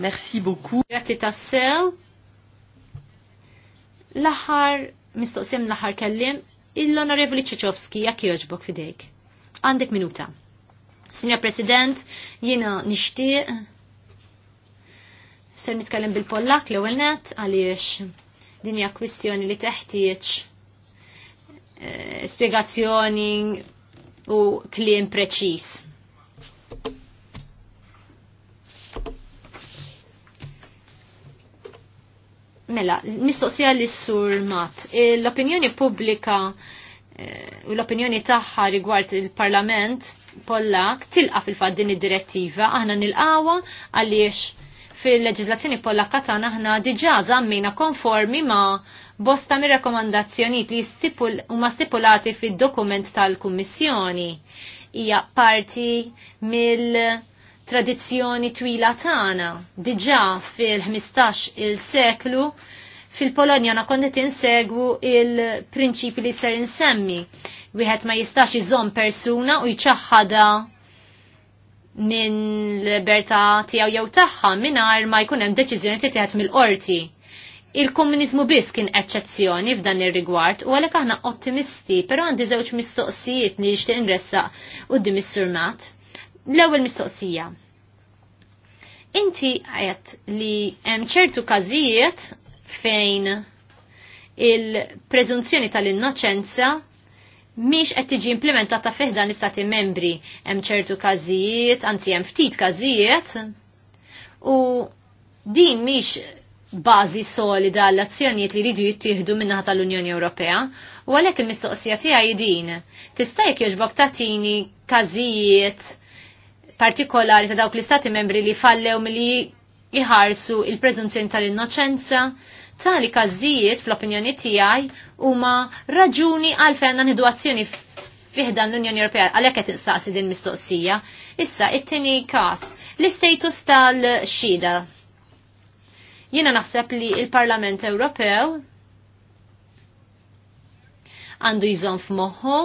Merci beaucoup. Grazzi tassew. L-aħħar mistoqsim l-aħħar kellim il-Onorevoli Ċeċovski jekk jogħġbok fidejk. Għandek minuta. Signor President, jiena nixtieq ser nitkellem bil-Pollak l-ewwel net għaliex din hija kwistjoni li teħtieġ eh, spjegazzjoni u kliem preċiż. Mela, mistoqsija li sur mat, e, l-opinjoni pubblika e, u l-opinjoni tagħha rigward il-Parlament Pollak tilqa' fil fad din id-direttiva aħna nil-qawa għaliex fil leġizlazzjoni Pollakka tagħna aħna diġà żammina konformi ma' bosta mir rakkomandazzjonijiet li stipul huma stipulati fid-dokument tal-Kummissjoni hija parti mill- tradizzjoni twila tagħna. Diġà fil-15 il-seklu fil-Polonja na konnet insegwu il-prinċipi li ser insemmi. Wieħed ma jistax iżomm persuna u jċaħħada minn libertà tiegħu jew tagħha mingħajr ma jkun hemm deċiżjoni titieħed mill-qorti. Il-komuniżmu biss kien eċċezzjoni f'dan ir-rigward u għalhekk aħna ottimisti, però għandi żewġ mistoqsijiet li nixtieq ingressaq quddiem is-surmat l-ewwel mistoqsija. Inti għajat li hemm ċertu każijiet fejn il-prezunzjoni tal-innoċenza miex qed tiġi implementata fih dan l-istati membri hemm ċertu każijiet, anzi hemm ftit każijiet, u din miex bażi solida l-azzjonijiet li jridu jittieħdu minnaħa tal-Unjoni Ewropea, u għalhekk il-mistoqsija tiegħi din. Tista' jekk jogħġbok tagħtini każijiet partikolari ta' dawk l-istati membri li fallew li jħarsu il-prezunzjoni tal-innoċenza, tali każijiet fl-opinjoni tiegħi huma raġuni għalfejn għandu azzjoni fiħdan l-Unjoni Ewropea għalhekk qed instaqsi din mistoqsija. Issa it-tieni każ l-istatus tal-xhieda. Jiena naħseb li il-Parlament Ewropew għandu jżomm f'moħħu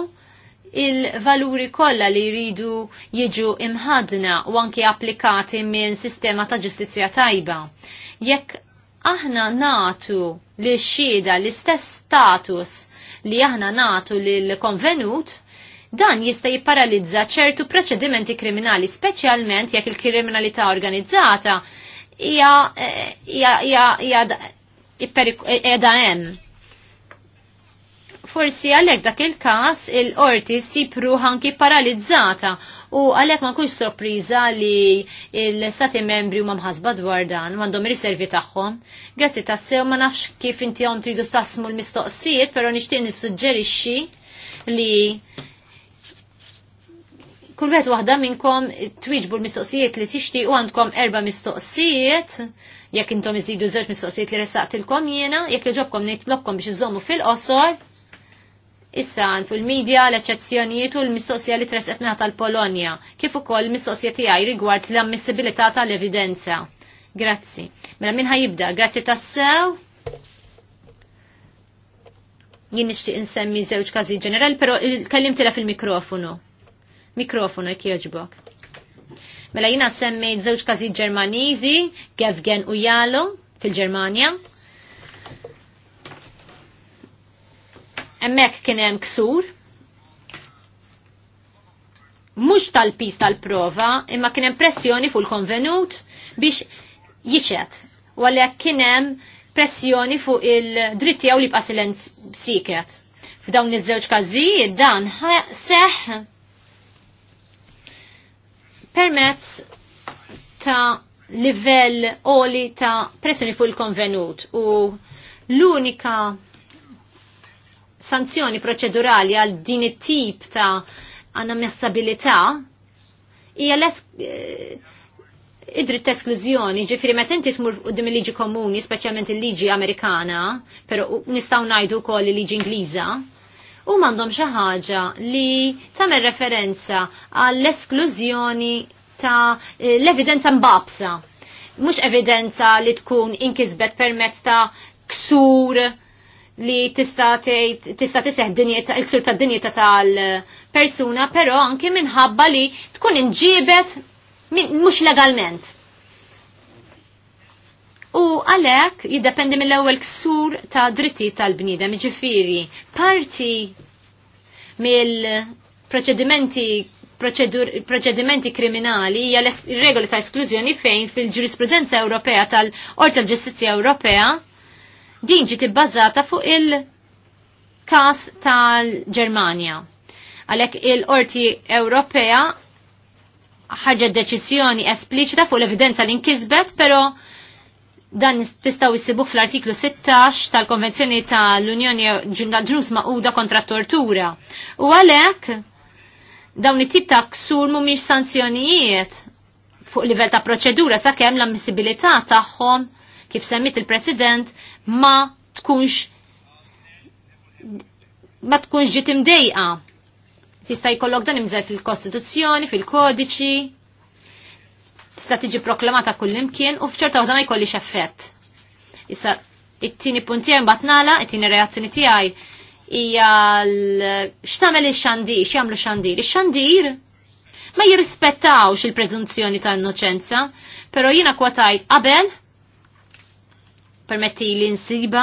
il-valuri kollha li jridu jiġu imħadna u anki applikati minn sistema ta' ġustizzja tajba. Jekk aħna natu li xieda l-istess status li aħna natu l konvenut, dan jista' jipparalizza ċertu proċedimenti kriminali, speċjalment jekk il-kriminalità organizzata hija hija hija hija hemm forsi għalek dak il-kas il-qorti sipru ħanki paralizzata u għalek ma kux sorpriza li l-stati membri u mamħasba dwar dan mandom riservi taħħom. Grazzi tassew ma nafx kif inti għom tridu stasmu l-mistoqsijiet, pero nishtiq nissuġġerixxi li kull wieħed waħda minnkom twiġbu l-mistoqsijiet li tixtieq u għandkom erba' mistoqsijiet jekk intom iżidu żewġ mistoqsijiet li ressaqtilkom jiena, jekk iġobkom nitlobkom biex iżommu fil-qosor Issa għan fil-medja l-eċezzjonijiet u l-mistoqsija li tresqet tal-Polonja, kif ukoll l-mistoqsija tiegħi rigward l-ammissibilità tal-evidenza. Grazzi. Mela minn ħajibda, grazzi tassew. Jien nixtieq insemmi żewġ każi ġenerali, però kellim tilha fil-mikrofonu. Mikrofonu jekk jogħġbok. Mela jiena semmejt żewġ każi Ġermaniżi, Gevgen u Jalo fil-Ġermanja Emmek kien hemm ksur, mhux tal-pis tal-prova, imma kien hemm pressjoni fuq il-konvenut biex jiċet. U għalhekk kien hemm pressjoni fuq il-dritti jew li bqa' siket. F'dawn iż-żewġ każijiet dan seħ permezz ta' livell oli ta' pressjoni fuq il-konvenut u l-unika sanzjoni proċedurali għal din it-tip ta' anamessabilità hija l eh, id-dritt esklużjoni, ġifiri meta inti tmur qudiem il-liġi komuni, speċjalment il-liġi Amerikana, però nistgħu ngħidu wkoll il-liġi Ingliża, u m'għandhom xi ħaġa li tagħmel referenza għall-esklużjoni ta' eh, l-evidenza mbabsa. Mhux evidenza li tkun inkisbet permezz ta' ksur li tista' tista' tiseħ dinjeta il-ksur tad-dinjeta tal-persuna, però anke minħabba li tkun inġibet mhux legalment. U għalhekk jiddependi mill-ewwel ksur ta' dritti tal-bniedem, ġifieri parti mill-proċedimenti proċedimenti kriminali hija regoli ta' esklużjoni fejn fil-ġurisprudenza Ewropea tal-Qorti tal-Ġustizzja Ewropea Din ġiet ibbażata fuq il-kas tal-Ġermanja. Għalhekk il-Qorti Ewropea ħarġet deċiżjoni espliċita fuq l-evidenza li nkisbet, però dan tistgħu issibuh fl-artiklu 16 tal-Konvenzjoni tal-Unjoni Ġus Maquda kontra tortura. U għalhekk dawn it-tip ta' ksur mhumiex sanzjonijiet fuq livell ta' proċedura sakemm l-ammissibilità tagħhom kif semmit il-President, ma tkunx ma tkunx ġiet imdejqa. Tista' jkollok dan imżel fil-Kostituzzjoni, fil-kodiċi, tista' tiġi proklamata kullimkien u f'ċerta waħda ma jkollix effett. Issa it-tieni punt tiegħi mbagħad nagħlaq, it-tieni reazzjoni tiegħi hija x'tagħmel ix-xandir, x'jagħmlu xandir. Ix-xandir ma jirrispettawx il-preżunzjoni ta' innoċenza, però jiena kwatajt qabel permetti li nsiba.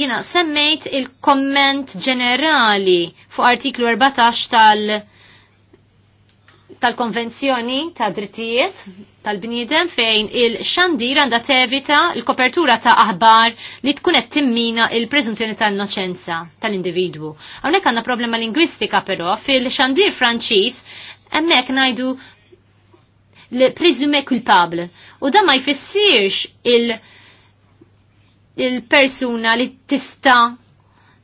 Jina, semmejt il-komment ġenerali fuq artiklu 14 tal- tal-konvenzjoni ta' drittijiet tal-bniedem fejn il-xandir għanda tevita il-kopertura ta' aħbar li tkun qed timmina il prezunzjoni ta' innoċenza tal-individwu. Hawnhekk għandna problema lingwistika però fil-xandir Franċiż hemmhekk ngħidu l presume culpable U da ma jfissirx il- il-persuna li tista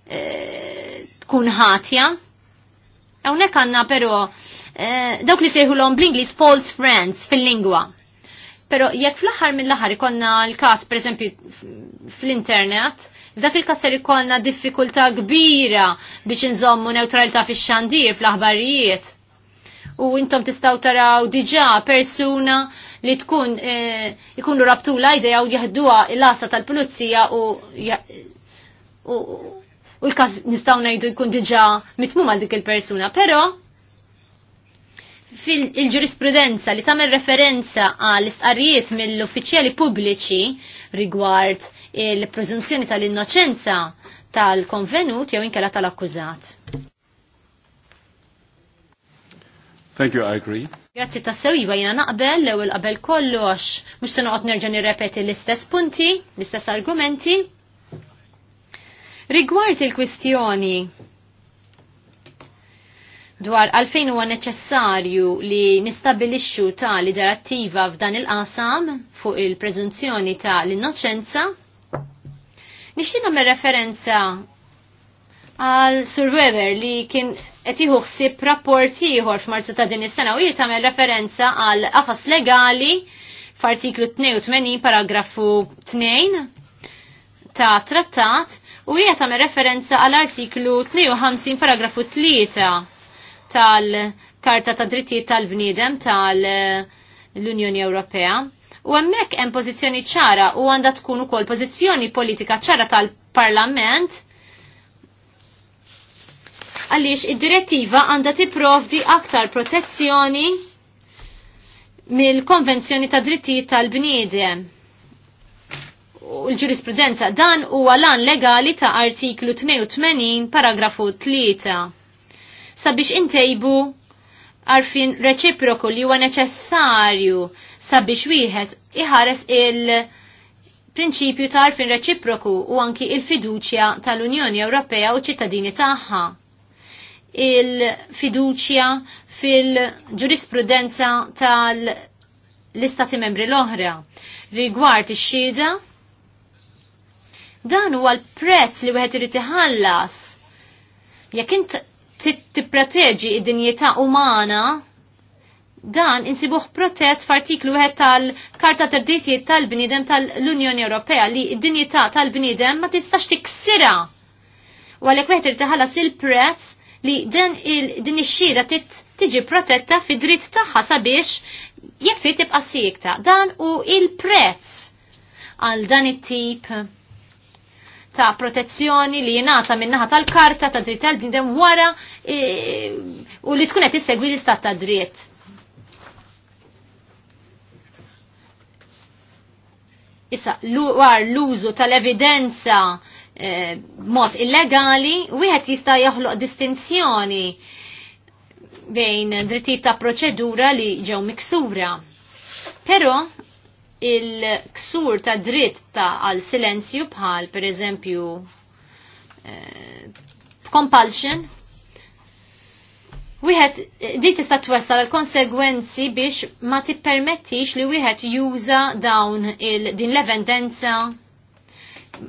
e, tkun ħatja. Hawnhekk għandna però e, dawk li sejħulhom bl-Inglis false friends fil-lingwa. Pero jekk fl-aħħar mill-aħħar ikonna l-każ pereżempju fl-internet, f'dak il kas ser ikonna diffikultà kbira biex inżommu neutralità fix-xandir fl-aħbarijiet u intom tistaw taraw diġa persuna li tkun eh, ikunu rabtu l-ajdeja u jahduwa l-asa tal-pulizija u u l-kas nistaw najdu jkun diġa mitmu għal dik il-persuna, pero fil-ġurisprudenza li tamer referenza għal istqarrijiet mill-uffiċjali pubbliċi rigward il-prezunzjoni tal-innoċenza tal-konvenut jew inkela tal-akkużat. Thank you, I agree. Grazzi ta' sewi iva, jina naqbel l ewwel qabel kollox. Mux se noqgħod nerġa' nirrepeti l-istess punti, l-istess argumenti. Rigward il-kwistjoni dwar għalfejn huwa neċessarju li nistabilixxu ta' liderattiva f'dan il-qasam fuq il-preżunzjoni ta' l-innoċenza, nixtieq nagħmel referenza għal Sur Weber li kien qed jieħu ħsieb rapport ieħor f'Marzu ta' din is-sena u jitagħmel referenza għal aħas legali f'artiklu 82 paragrafu 2 ta' trattat u hija tagħmel referenza għal artiklu 52 paragrafu 3 tal-Karta ta' Drittijiet tal-Bniedem tal-Unjoni Ewropea. U hemmhekk hemm pożizzjoni ċara u għandha tkun ukoll pożizzjoni politika ċara tal-Parlament għaliex id-direttiva għandha tipprovdi aktar protezzjoni mill-Konvenzjoni ta' Drittijiet tal-Bniedem. U l-ġurisprudenza dan huwa lan legali ta' artiklu 82 paragrafu 3 sabiex intejbu għarfin reċiproku li huwa neċessarju sabiex wieħed iħares il-prinċipju ta' għarfin reċiproku u anki il-fiduċja tal-Unjoni Ewropea u ċittadini tagħha il-fiduċja fil-ġurisprudenza tal-istati membri l-oħra. Rigward ix-xhieda, dan huwa l-prezz li wieħed irid iħallas. Jekk int tipproteġi id-dinjità umana, dan insibuh protett f'artiklu wieħed tal-Karta Tarditijiet tal-Bniedem tal-Unjoni Ewropea li d-dinjità tal-bniedem ma tistax tiksira. U għalhekk wieħed irid iħallas il-prezz li dan din ix-xira tiġi protetta fi dritt tagħha sabiex jekk trid tibqa' sikta. Dan u il-prezz għal dan it-tip ta' protezzjoni li jingħata min-naħa tal-karta ta' dritt tal-bniedem wara e, u li tkun qed issegwi l-istat ta' dritt. Issa, war l-użu tal-evidenza Eh, mod illegali, wieħed jista' joħloq distinzjoni bejn drittijiet ta' proċedura li ġew miksura. Però il-ksur ta' dritt ta' għal silenzju bħal per eżempju eh, compulsion Wieħed din tista' twessal l-konsegwenzi biex ma tippermettix li wieħed juża dawn il din l evendenza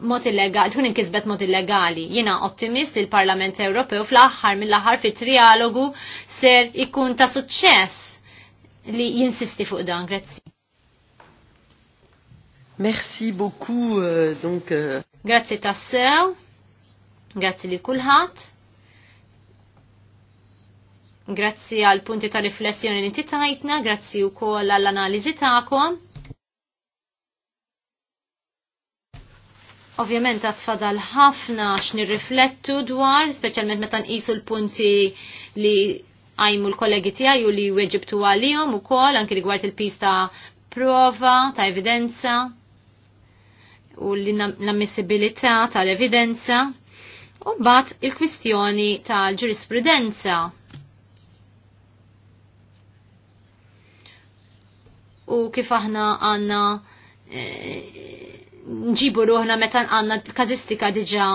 mod illegali, tkun inkisbet mod illegali. Jiena ottimist li l-Parlament Ewropew fl-aħħar mill-aħħar fit trialogu ser ikun ta' suċċess li jinsisti fuq dan. Grazzi. Merci beaucoup uh, donc Uh... Grazzi tassew. Grazzi li kulħadd. Grazzi għal punti ta' riflessjoni li titajtna, grazzi grazzi wkoll għall-analiżi Ta Ovvjament għatfadal ħafna x'nirriflettu dwar, speċjalment meta nqisu l-punti li għajmu l-kollegi tiegħi u li weġibtu għalihom ukoll anki rigward il-pista prova ta' evidenza u l-ammissibilità tal-evidenza u mbagħad il-kwistjoni tal-ġurisprudenza. U kif aħna għandna e, nġibu ruħna meta għanna kazistika diġa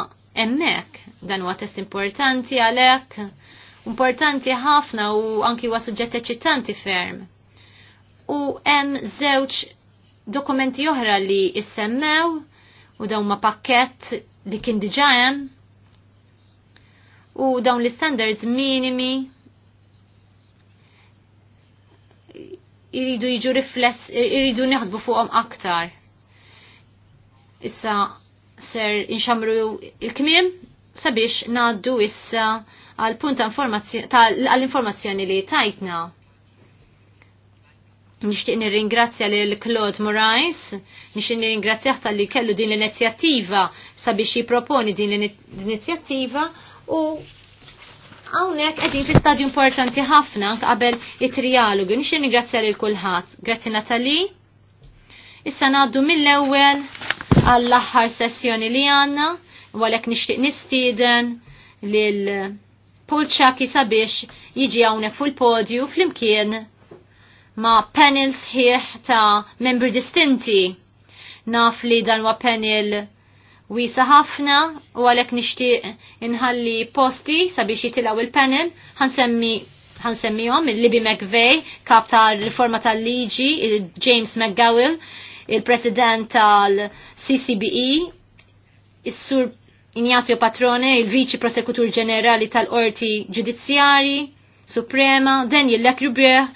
emmek. Dan huwa test importanti għalek, importanti ħafna u anki huwa suġġett eċitanti ferm. U hemm żewġ dokumenti oħra li issemmew u dawn ma pakkett li kien diġa hemm u dawn l-standards minimi iridu jiġu rifless, iridu neħsbu fuqhom aktar. Issa ser inxamru il-kmim sabiex naddu issa għal punt għall-informazzjoni li tajtna. Nishtiq nirringrazzja lil Claude Morais, nixtieq nirringrazzja tal-li kellu din l-inizjattiva sabiex jipproponi din l-inizjattiva u hawnhekk għedin fi stadju importanti ħafna qabel it-trialogu. Nixtieq nirringrazzja lil kulħadd. Grazzi Natali. Issa ngħaddu mill-ewwel għall-aħħar sessjoni li għanna, u għalek nishtiq nistiden lil pulċak sabiex jiġi hawnhekk fuq il-podju flimkien ma' panels ħieħ ta' membri distinti. Naf li dan huwa panel wisa ħafna u għalek nishtiq inħalli posti sabiex jitilaw il-panel ħansemmi ħansemmihom il-Libby McVeigh, kap tal-riforma tal-liġi, il-James McGowell, il-president tal-CCBE, il-sur Ignazio Patrone, il-viċi prosekutur ġenerali tal-Orti Ġudizzjari Suprema, Daniel Lecrubre,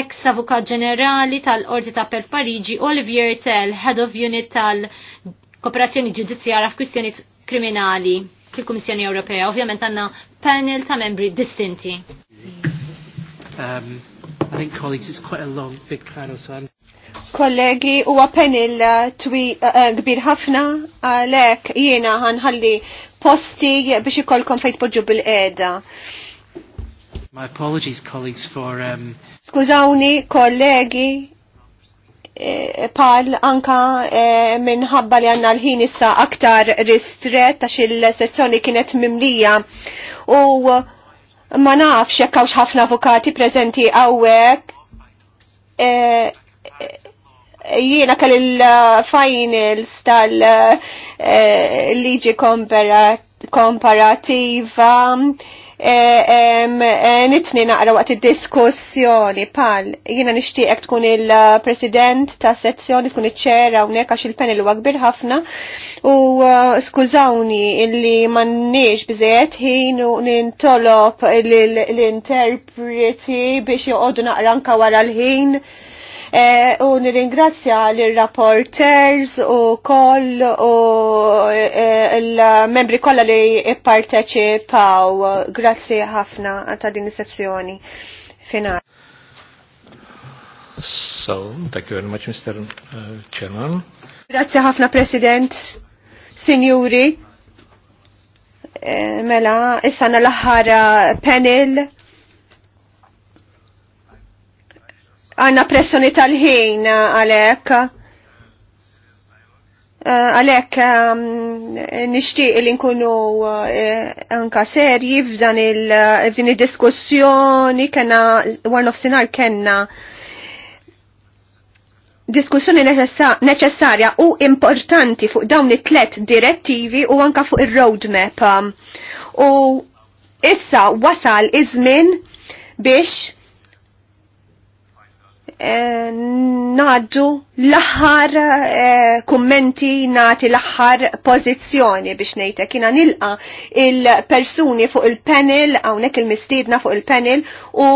ex-avukat ġenerali tal-Orti ta' Per Parigi, Olivier Tell, head of unit tal-Kooperazzjoni Ġudizzjara f'kwistjoni kriminali fil-Kummissjoni Ewropea. Ovvjament għanna panel ta' membri distinti. Um, think, colleagues, it's quite a long, big panel, so I'm... Kollegi, huwa penil uh, twi uh, uh, kbir ħafna, għalhekk jiena ħanħalli posti biex ikollkom fejn tpoġġu bil eda My apologies, colleagues, for... Um... Skużawni, kollegi, e, pal anka e, minħabba li għanna l-ħin issa aktar ristret ta' il-sezzjoni kienet mimlija u ma nafx jekk hawnx ħafna avukati preżenti hawnhekk. E, e jiena kell il-finals tal-liġi e, komparativa Eh, eh, nitni naqra waqt id-diskussjoni pal jina nishtiqek tkun il-president ta' sezzjoni tkun iċ-ċera hawnhekk għax il-panel huwa kbir ħafna u eh, skużawni illi m'għandniex biżejjed ħin u nintolob l-interpreti biex joqogħdu naqra anka wara l-ħin. Eh, u nirringrazzja l-rapporters u koll u eh, l-membri kollha li parteċipaw. Grazzi ħafna ta' din sezzjoni finali. So, thank you very much, Mr. Uh, chairman. Grazie ħafna, President, Signori, eh, mela, issa l-aħħar panel għanna pressjoni tal-ħin għalek. Eh, għalek ehm, nishtiq li nkunu eh, anka serji f'dan il-din il-diskussjoni kena of sinar kena diskussjoni neċessarja u importanti fuq dawn it-tlet direttivi u anka fuq ir-roadmap. U issa wasal iż-żmien biex Eh, naħdu l-aħħar eh, kummenti nati l-aħħar pozizjoni biex nejta Kina nilqa il-persuni fuq il-panel, għawnek il-mistidna fuq il-panel u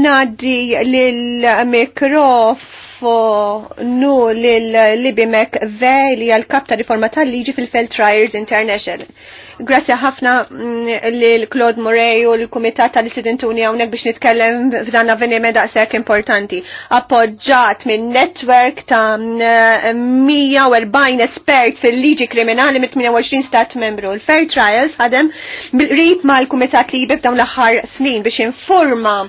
naddi l-mikrofonu l-Libimek Vej li għal kapta riforma tal-liġi fil-Felt Triers International. Grazie ħafna mm, lil Claude Murray u l-Kumitat tal Unija hawnhekk biex nitkellem f'dan avveniment daqshekk importanti. Appoġġat minn netwerk ta' 140 mm, espert fil-liġi kriminali mit 28 stat membru. l fair Trials ħadem bil-rib mal-Kumitat Libi f'dawn l-aħħar snin biex informa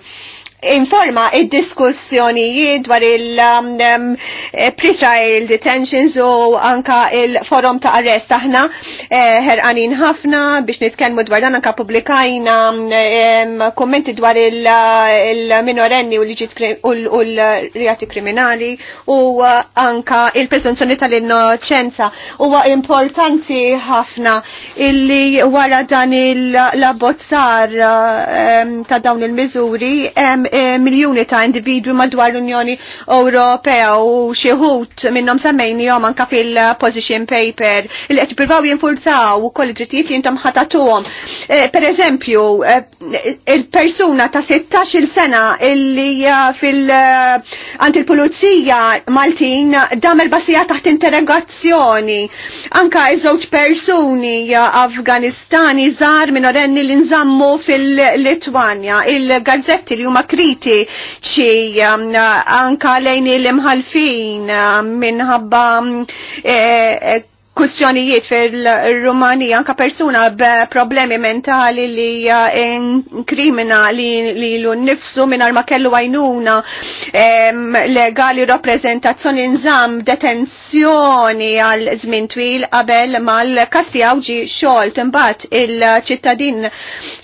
informa id-diskussjonijiet dwar il-pretrial um, um, eh, detentions u anka il-forum ta' arrest aħna eh, ħerqanin ħafna biex nitkellmu dwar dan anka publikajna um, kommenti dwar eh, il-minorenni il u l-rijati kriminali u anka il-prezunzjoni tal-innoċenza. Huwa importanti ħafna illi wara dan il-labozzar ta' dawn il-miżuri Eh, miljuni ta' individwi madwar l-Unjoni Ewropea u xieħut minnhom semmejnihom anke fil-position paper il qed jippruvaw jinfurzaw ukoll id-drittijiet li jintom ħatatuhom. Eh, per eżempju, eh, il-persuna ta' 16-il sena illi fil- għand il-pulizija Maltin damer basija taħt interrogazzjoni. Anka iż-żewġ persuni Afganistani żar minorenni li nżammu fil litwania Il-gazzetti li huma xi um, anka lejn il-imħalfin um, minħabba um, eh, eh, Kustjonijiet fil-Rumanija, anka persuna problemi mentali li inkrimina li, l-nifsu minar ma kellu għajnuna legali rappresentazzjoni nżam detenzjoni għal żmien twil qabel mal kasti għawġi xolt imbagħad il-ċittadin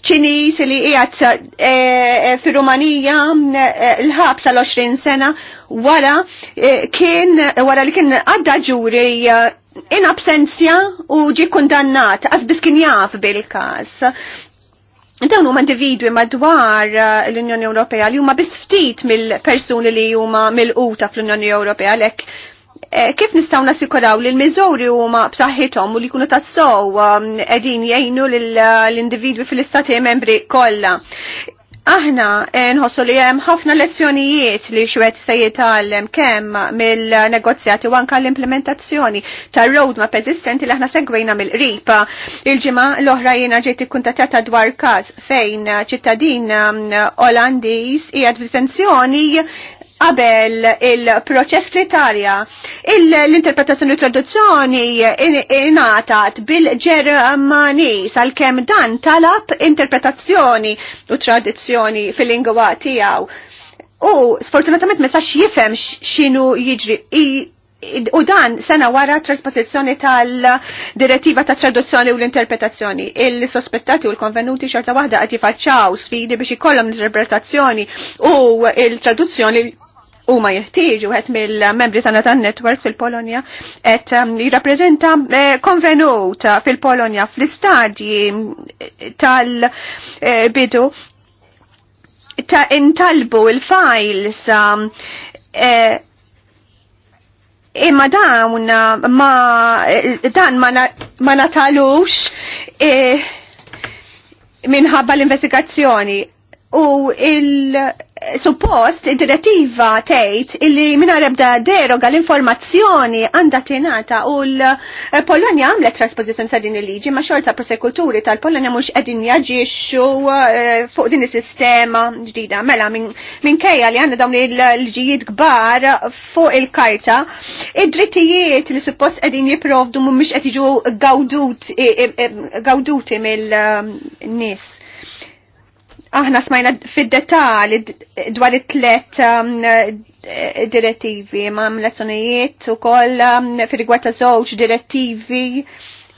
ċinis li qiegħed fil e, e, fir-Rumanija e, l-ħabs għal 20 sena wara kien wara li kien għadda ġuri in absenzja u ġi kundannat, għazbis kien jaf bil-kas. Dawn huma individwi madwar uh, l-Unjoni Ewropea li huma biss ftit mill-persuni li huma mill-quta fl-Unjoni Ewropea għalhekk eh, kif nistgħu nassikuraw li l-miżuri huma b'saħħithom u li jkunu tassew um, qegħdin jgħinu lill uh, individwi fil-istati membri kollha. Aħna eh, nħossu li hemm ħafna lezzjonijiet li xwed se jitgħallem kemm mill-negozjati u anke l-implementazzjoni tar roadmap eżistenti li aħna segwejna mill-qrib. Il-ġimgħa l-oħra jiena ġiet ikkuntatata dwar każ fejn ċittadin eh, Olandiż hija detenzjoni qabel il-proċess fl-Italja. L-interpretazzjoni traduzzjoni inatat bil-Ġermani sal-kem dan talab interpretazzjoni u tradizzjoni fil-lingwa tijaw. U sfortunatament ma sax jifem xinu jiġri. U dan sena wara trasposizjoni tal-direttiva ta' traduzzjoni u l-interpretazzjoni. Il-sospettati u l-konvenuti xorta waħda għati faċċaw sfidi biex ikollhom l-interpretazzjoni u l-traduzzjoni u ma jeħtieġu għet mill-membri tana ta' network fil-Polonja għet um, jirrapprezenta eh, konvenut fil-Polonja fl-istadji eh, tal-bidu eh, ta' intalbu il-files um, imma dawn ma dan ma natalux minħabba l-investigazzjoni u il- suppost id-direttiva tgħid illi mingħajr ebda deroga l-informazzjoni għandha tingħata u l polonia għamlet trasposizjon ta' din il-liġi ma' xorta prosekuturi tal-Polonja mhux qegħdin jaġixxu eh, fuq din is-sistema ġdida. Mela minkejja li għanna dawn il-liġijiet kbar fuq il-karta, id-drittijiet li suppost qegħdin jipprovdu mhumiex qed jiġu gawduti mill-nies. Eh, Aħna smajna fid-detal dwar it-tlet um, eh, direttivi ma' lezzjonijiet u koll um, fil rigward ta' żewġ direttivi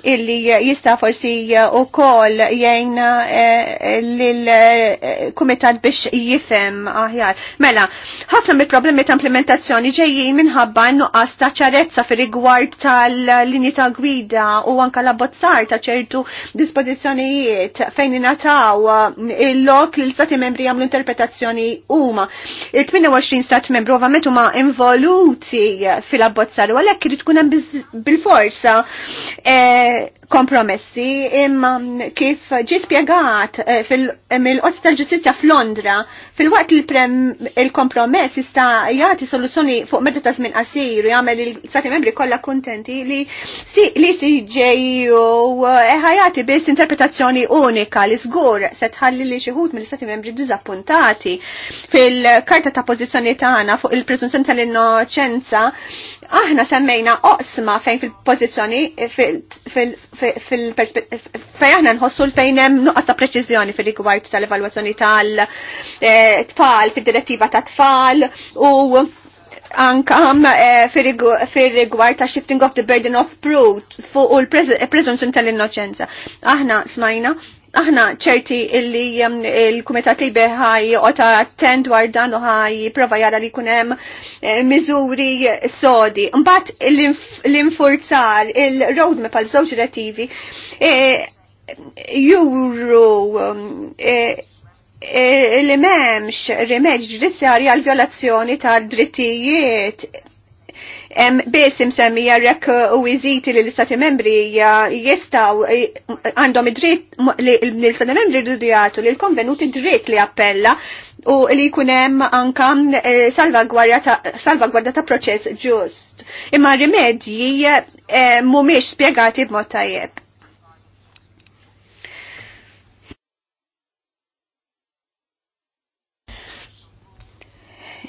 illi jista forsi u kol jajna eh, l-kumitat eh, biex jifem aħjar. Mela, ħafna mill problemi ta' implementazzjoni ġejjin minħabba nuqqas ta' ċarezza fir rigward tal-linji ta' gwida u anka la bozzar ta' ċertu dispozizjonijiet fejn nataw il-lok li l-stati membri għamlu interpretazzjoni huma. Il-28 stat membru ovvjament huma involuti fil-abbozzar u għalhekk irid tkun hemm bil-forsa eh, kompromessi imma kif ġi spjegat eh, eh, mill-Qorti tal-Ġustizzja f'Londra fil-waqt il-kompromess jista' jagħti soluzzjoni fuq medda ta' żmien qasir u jagħmel il-Stati Membri kollha kuntenti li li ġeju eh, ħajati biss interpretazzjoni unika li żgur se tħalli li xi mill-Istati Membri diżappuntati fil-karta ta' pożizzjoni tagħna fuq il-preżunzjoni tal-innoċenza Aħna semmejna oqsma fejn fil-pozizjoni fejn aħna nħossu fejn hemm nuqqas ta' preċiżjoni fil-rigward tal-evalwazzjoni tal-tfal fid-direttiva ta' tfal u ankam eh, fil-rigward ta' shifting of the burden of proof fuq u l-presumption tal-innoċenza. Aħna smajna aħna ċerti illi um, il-Kumitat li beħaj ota attend dwar dan u ħaj prova jara li kunem eh, miżuri sodi. Mbat l-infurzar, il-roadmap għal żewġ relativi, eh, juru um, eh, li memx rimedġ ġudizzjari għal violazzjoni tal drittijiet besim imsemmija rek uh, u iżiti li l-istati membri uh, jistaw uh, għandhom id-dritt li l-istati membri rridu jgħatu li l-konvenuti dritt li appella u li kunem anka eh, salvagwarda ta' proċess ġust. Imma rimedji eh, mumiex spiegati b'mod tajjeb.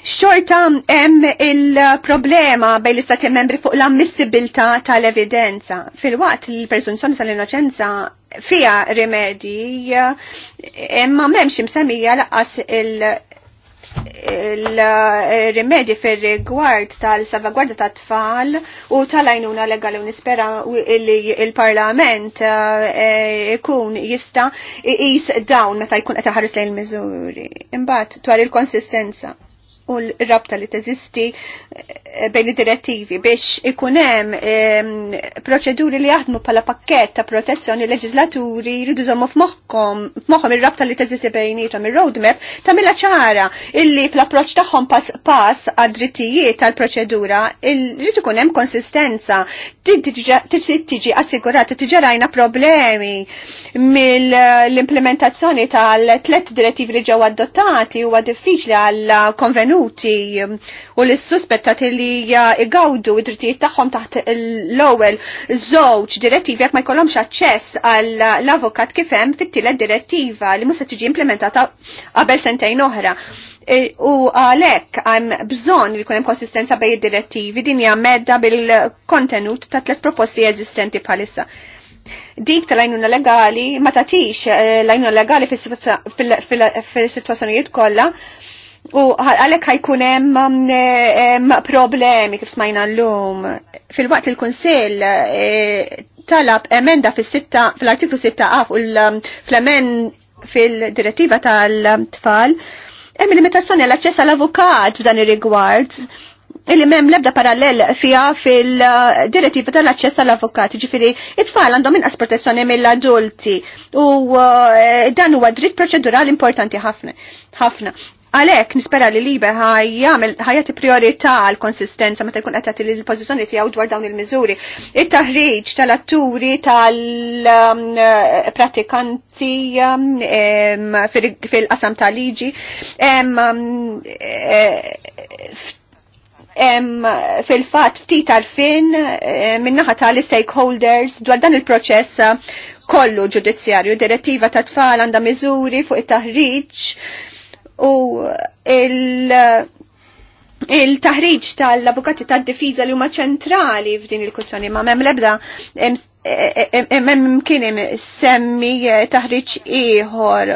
xorta hemm il-problema bej l-istati membri fuq l ammissibilta tal-evidenza. Fil-waqt l-presunzjoni tal-innoċenza fija rimedi imma m'hemmx imsemmija laqas il- il-rimedji fir rigward tal-salvagwarda ta' tfal u tal-għajnuna legali u nispera li il-parlament eh, ikun jista jis dawn meta jkun qed ħares lejn il-miżuri. Imbagħad dwar il-konsistenza u l-rabta li teżisti eh, bejn id-direttivi biex ikunem ehm, proċeduri li jaħdmu pala pakket ta' protezzjoni leġislaturi jridu żommu f'moħħom ir-rabta li teżisti bejnietom il roadmap tagħmilha ċara illi fl-approċċ tagħhom pass pass għad-drittijiet tal-proċedura jrid ikun hemm konsistenza tiġi assigurata tiġarajna problemi mill-implementazzjoni tal-tlet direttivi li ġew adottati huwa diffiċli għal konvenuti involuti u l suspettat li igawdu id-drittijiet tagħhom taħt l-ewwel żewġ direttivi jekk ma jkollhomx aċċess għall-avukat kif hemm fit-tielet direttiva li mhux se tiġi implementata qabel sentejn oħra. U għalhekk hemm bżonn li jkun hemm konsistenza bejn id-direttivi din hija medda bil-kontenut ta' tliet proposti eżistenti bħalissa dik tal-għajnuna legali ma tatix l-għajnuna legali fil-situazzjonijiet kollha U għalek ħajkun um, hemm problemi kif smajna l-lum. Fil-waqt il konsil eh, talab emenda fil-artiklu 6 għaf u um, fl-emen fil-direttiva tal-tfal hemm limitazzjoni għall-aċċess għall-avukat f'dan ir-rigward illi mem lebda parallel fija fil-direttiva tal aċċess tal-avukat, ġifiri, it-tfal għandhom inqas protezzjoni mill-adulti u eh, dan huwa dritt proċedurali importanti ħafna. Għalek, nispera li libe ħajjamil ħajati priorità għal konsistenza meta jkun qed li l-pożizzjoni tiegħu dwar dawn il-miżuri. It-taħriġ tal-atturi tal-pratikanti um, eh, um, fil-qasam tal-liġi um, eh, fil-fat ftit fin eh, minnaħa tal-stakeholders dwar dan il-proċess kollu ġudizzjarju, direttiva ta' tfal għanda miżuri fuq it-taħriġ u il- il-taħriġ tal-avukati tad-difiża li huma ċentrali f'din il-kussjoni ma' m'emm lebda hemm kien hemm semmi eh, taħriġ ieħor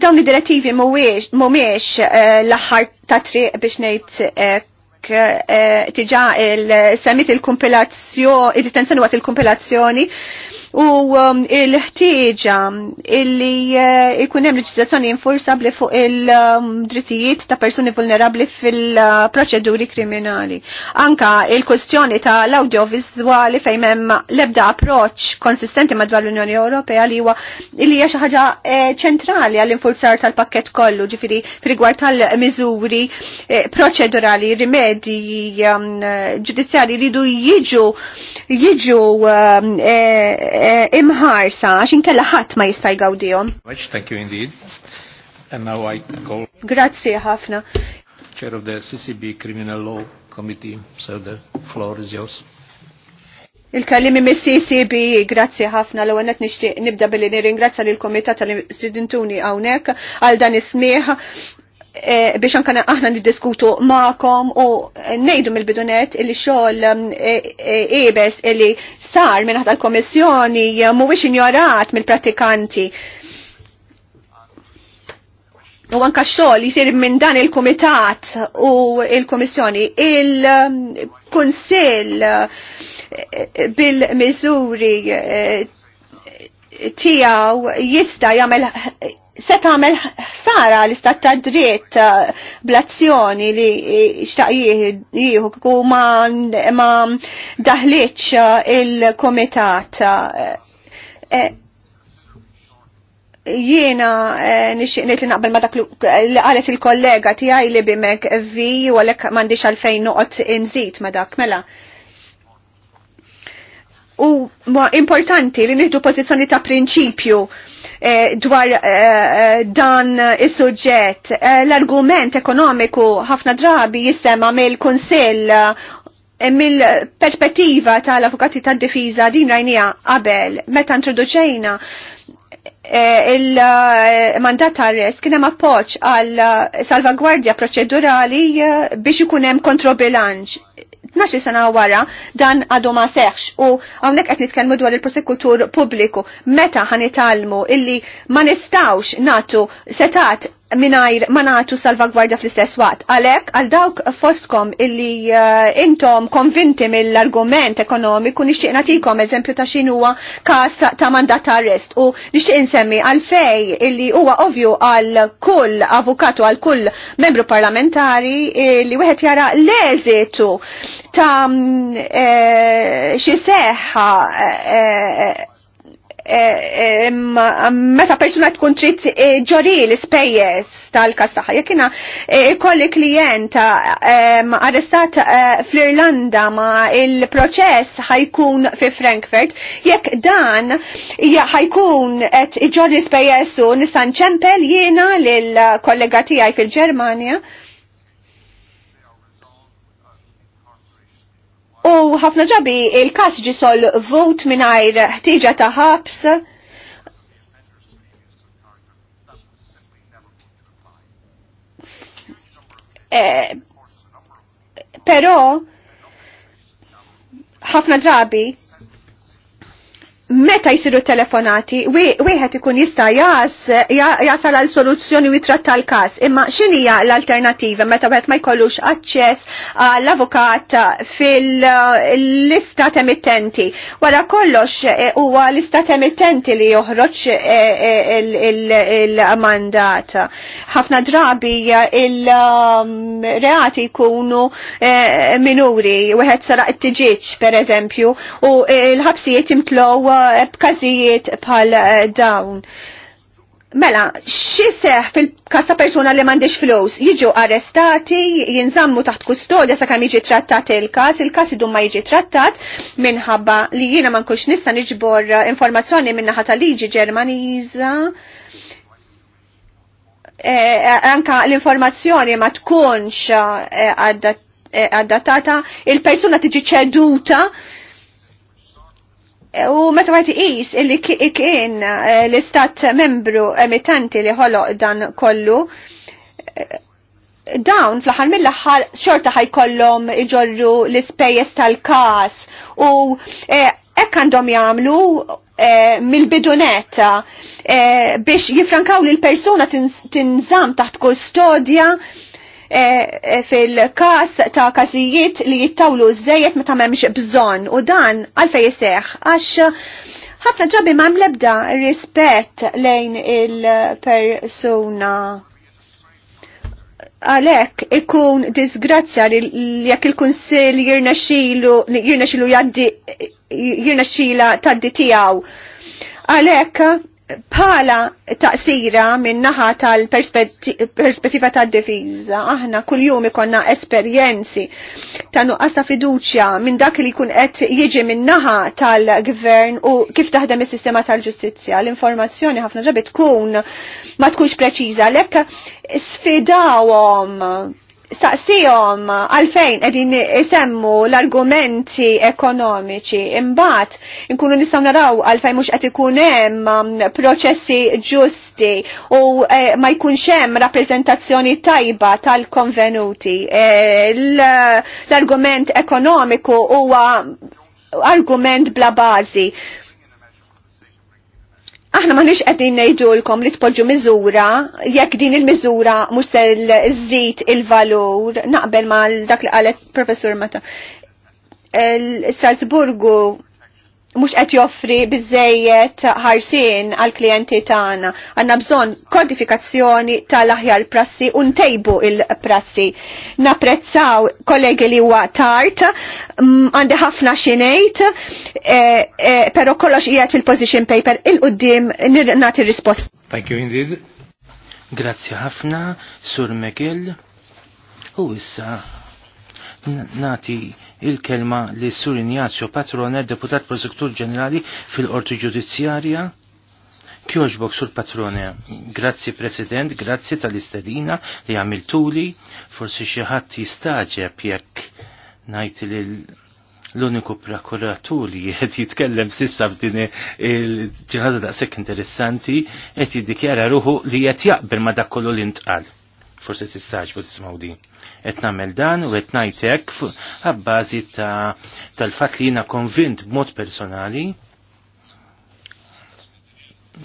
dawn id-direttivi mhumiex eh, l-aħħar ta' triq biex ngħid eh, tiġa il-semmit il-kompilazzjoni, id-detenzjoni waqt il-kompilazzjoni il semmit il kumpilazzjoni id distenzjoni il kumpilazzjoni u um, l-ħtieġa illi eh, ikun hemm leġiżlazzjoni bli fuq il-drittijiet um, ta' persuni vulnerabbli fil-proċeduri kriminali. Anka il-kwestjoni ta' l-audiovizuali fejn hemm l-ebda approċċ konsistenti madwar l-Unjoni Ewropea li huwa li hija xi ħaġa eh, ċentrali għall-infurzar tal-pakkett kollu, ġifieri rigward tal-miżuri eh, proċedurali, rimedji um, ġudizzjari li jiġu jiġu Eh, imħarsa għax inkella ħadd ma jista' jgawdihom. Thank you indeed. And now I call. Grazie ħafna. Chair of the CCB Criminal Law Committee, so the floor is yours. Il-kallimi mis-CCB, grazzi ħafna l għannet nishtiq nibda billi nirringrazza l-Komitat tal-Studentuni għawnek għal dan ismiħ Eh, biex anka aħna niddiskutu ma'kom u eh, nejdu mill-bidunet li xogħol ibes eh, illi li sar minn tal-Komissjoni mhuwiex injorat mill-prattikanti. U anka xogħol jisir minn dan il-Kumitat u il-Komissjoni. Il-Kunsill bil-miżuri tiegħu jista' jagħmel se tagħmel ħsara l-istat ta' dritt eh, blazzjoni li xtaq jieħu kiku ma, ma daħliċ eh, il-komitat. E, jiena nixtieq ngħid li naqbel ma dak li qalet il-kollega tiegħi li bimek vi u għalhekk m'għandix għalfejn noqgħod inżid ma dak mela. U ma importanti li nieħdu pożizzjoni ta' prinċipju Eh, dwar eh, eh, dan is-suġġett. L-argument ekonomiku ħafna drabi jissema mill-Kunsill mill-perspettiva tal-avukati tad-difiża din rajnija qabel meta introduċejna il-mandat arrest kien hemm appoġġ għal salvagwardja proċedurali biex ikun hemm kontrobilanċ 12 sena wara dan għadu ma seħx u għawnek qed nitkellmu dwar il-prosekutur pubbliku meta ħanitalmu illi ma nistawx natu setat minajr manatu salvagwardja fl-istess waqt. Għalek, għal dawk fostkom illi uh, intom konvinti mill-argument ekonomiku nixtieq natikom eżempju ta' xinuwa kas ta' mandat arrest u nixtieq insemmi għal fej illi huwa ovju għal kull avukatu għal kull membru parlamentari li wieħed jara leżitu ta' e, xi seħħa eh, Eh, eh, meta persuna tkun trid eh, ġori l-ispejjeż tal-kastaħa. Jekk jiena kolli klijenta arrestat fl-Irlanda ma il-proċess ħajkun fi Frankfurt, jekk dan ħajkun qed iġorri spejjeż u nista' nċempel jiena lill kollega tiegħi fil-Ġermanja U ħafna ġabi il-kas ġi vot minnajr ħtiġa ta' ħabs. E, pero, ħafna ġabi meta jisiru telefonati, wieħed ikun jista' jas jasal għal soluzzjoni u jitratta l-każ. Imma x'inhija l-alternativa meta wieħed ma jkollux aċċess għall-avukat fil-lista temittenti. Wara kollox e, huwa lista temittenti li joħroġ e, e, il-mandat. Ħafna drabi il-reati um, jkunu minuri, wieħed saraq it-tiġiġ pereżempju, u l-ħabsijiet imtlow b'każijiet bħal eh, dawn. Mela, seħ fil-kassa persona li mandiġ flus, jiġu arrestati, jinżammu taħt kustodja sa' kam jiġi trattat il-kas, il-kas idum ma jiġi trattat minħabba li jiena man kux nista nġbor eh, informazzjoni minnaħat tal-liġi ġermaniza. Eh, anka l-informazzjoni ma tkunx għaddatata, il-persuna tiġi ċeduta U meta għati is illi kien eh, l-istat membru emitanti li ħoloq dan kollu, eh, dawn fl-ħar mill-ħar xorta ħajkollhom iġorru l-ispejjeż tal-każ u eh, hekk għandhom jagħmlu mill-bidunetta biex jifrankaw li l-persuna tinżam taħt kustodja E, e, fil-kas ta' kazijiet li jittawlu zzejiet ma ta' memx bżon u dan għalfej jiseħ għax ħafna ġabi ma' mlebda rispett lejn il-persuna għalek ikun disgrazzja li jekk il-kunsil jirnaxilu xilu jaddi jirna xila taddi tijaw. Għalek pala taqsira minn naħa tal-perspettiva tad-difiża, aħna kuljum ikonna esperjenzi ta' nuqqas ta' fiduċja minn dak li kun qed jiġi minn naħa tal-gvern u kif taħdem is-sistema tal-ġustizzja. L-informazzjoni ħafna ġabi tkun ma tkunx preċiża, lekk sfidawhom saqsijom għalfejn edin isemmu l-argumenti ekonomiċi imbat nkunu nistgħu naraw għalfejn mux għet ikunem um, proċessi ġusti u eh, ma jkunx hemm rappresentazzjoni tajba tal-konvenuti. Eh, l-argument ekonomiku huwa argument bla bazi Aħna maħniex qegħdin ngħidulkom li tpoġġu miżura jekk din il-miżura mhux se il-valur naqbel mal dak li qalet professur Mata. Salzburgu mux qed joffri bizzejiet ħarsin għal klijenti tagħna. Għandna bżonn kodifikazzjoni tal-aħjar prassi u ntejbu il-prassi. Napprezzaw kollegi li huwa tard, mm, għandi ħafna xinejt, e, però kollox qiegħed fil-position paper il-qudiem nagħti risposta. Thank you indeed. Grazzi ħafna, Sur Mekel. U issa nati il-kelma li sur Ignazio Patroner, deputat prosektur ġenerali fil-Qorti Ġudizzjarja. Kjoġbok sur patrone, grazzi President, grazzi tal-istedina li għamiltuli, forsi xieħat jistaġeb jekk najt li l-uniku prokuratur li jħed jitkellem sissa f'din il-ġeħada daqsek interessanti, jħed jiddikjara ruħu li jħed jaqbel ma dakollu l-intqal. Forse tistaġbu tismaw din qed nagħmel dan u qed ngħid hekk tal-fatt li jiena konvint b'mod personali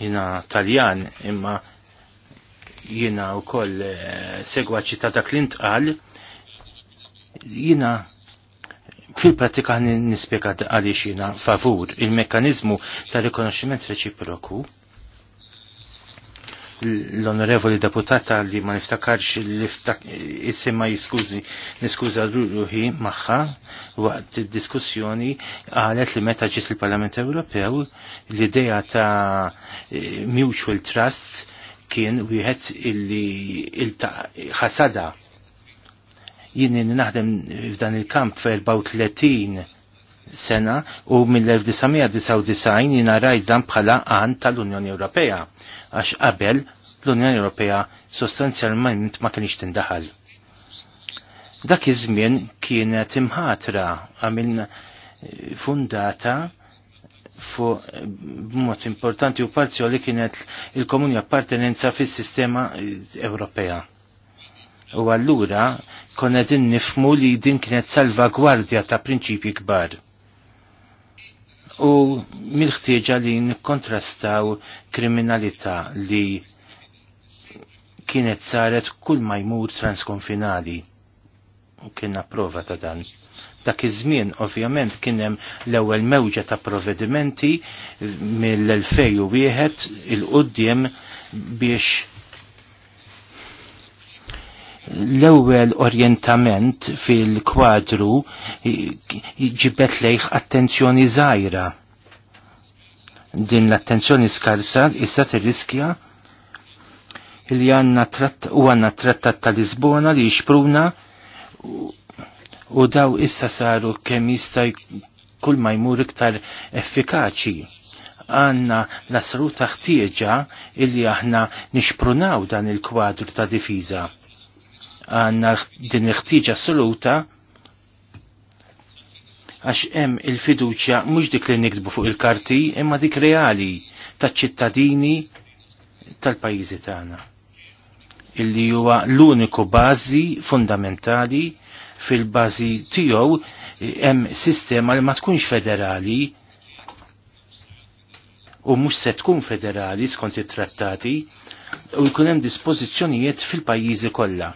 jiena Taljan imma jiena wkoll eh, segwaċi ta' dak li ntqal jiena fil-pratika nispjega għaliex jiena favur il-mekkaniżmu ta' rikonoxximent reċiproku l-onorevoli deputata li ma niftakarx li jiskuzi niskuzi għal ruħi maħħa waqt diskussjoni għalet li meta ġiet il-Parlament Ewropew l-ideja ta' e, mutual trust kien wieħed illi ħasada jien naħdem f'dan il-kamp f'34 sena u mill-1999 jina rajt dan bħala għan tal-Unjoni Ewropea għax qabel l-Unjoni Ewropea sostanzjalment ma kienx tindaħal. Dak iż-żmien kienet imħatra għamilna fundata fuq b'mod importanti u parzjoli kienet il-komuni appartenenza fis-sistema Ewropea. U allura konna din nifmu li din kienet salvagwardja ta' prinċipji kbar u mill-ħtieġa li nikkontrastaw kriminalità li kienet saret kull ma jmur transkonfinali. U kienna prova ta' dan. Dak iż-żmien ovvjament kien hemm l-ewwel mewġa ta' provvedimenti mill-2001 il-qudiem biex l-ewwel orjentament fil-kwadru ġibet lejh attenzjoni żgħira. Din l-attenzjoni skarsa issa tirriskja li għanna tratt u għanna trattat tal-Lisbona li jixpruna u daw issa saru kemm jista' kull ma jmur iktar effikaċi għanna nasru taħtieġa illi aħna nixprunaw dan il-kwadru ta' difiża għanna din il assoluta għax hemm il-fiduċja mhux dik li niktbu fuq il-karti imma dik reali taċ-ċittadini tal-pajjiżi tagħna. Illi huwa l-uniku bażi fundamentali fil-bażi tiegħu hemm sistema li ma tkunx federali u mhux se tkun federali skont it-trattati u jkun hemm dispożizzjonijiet fil-pajjiżi kollha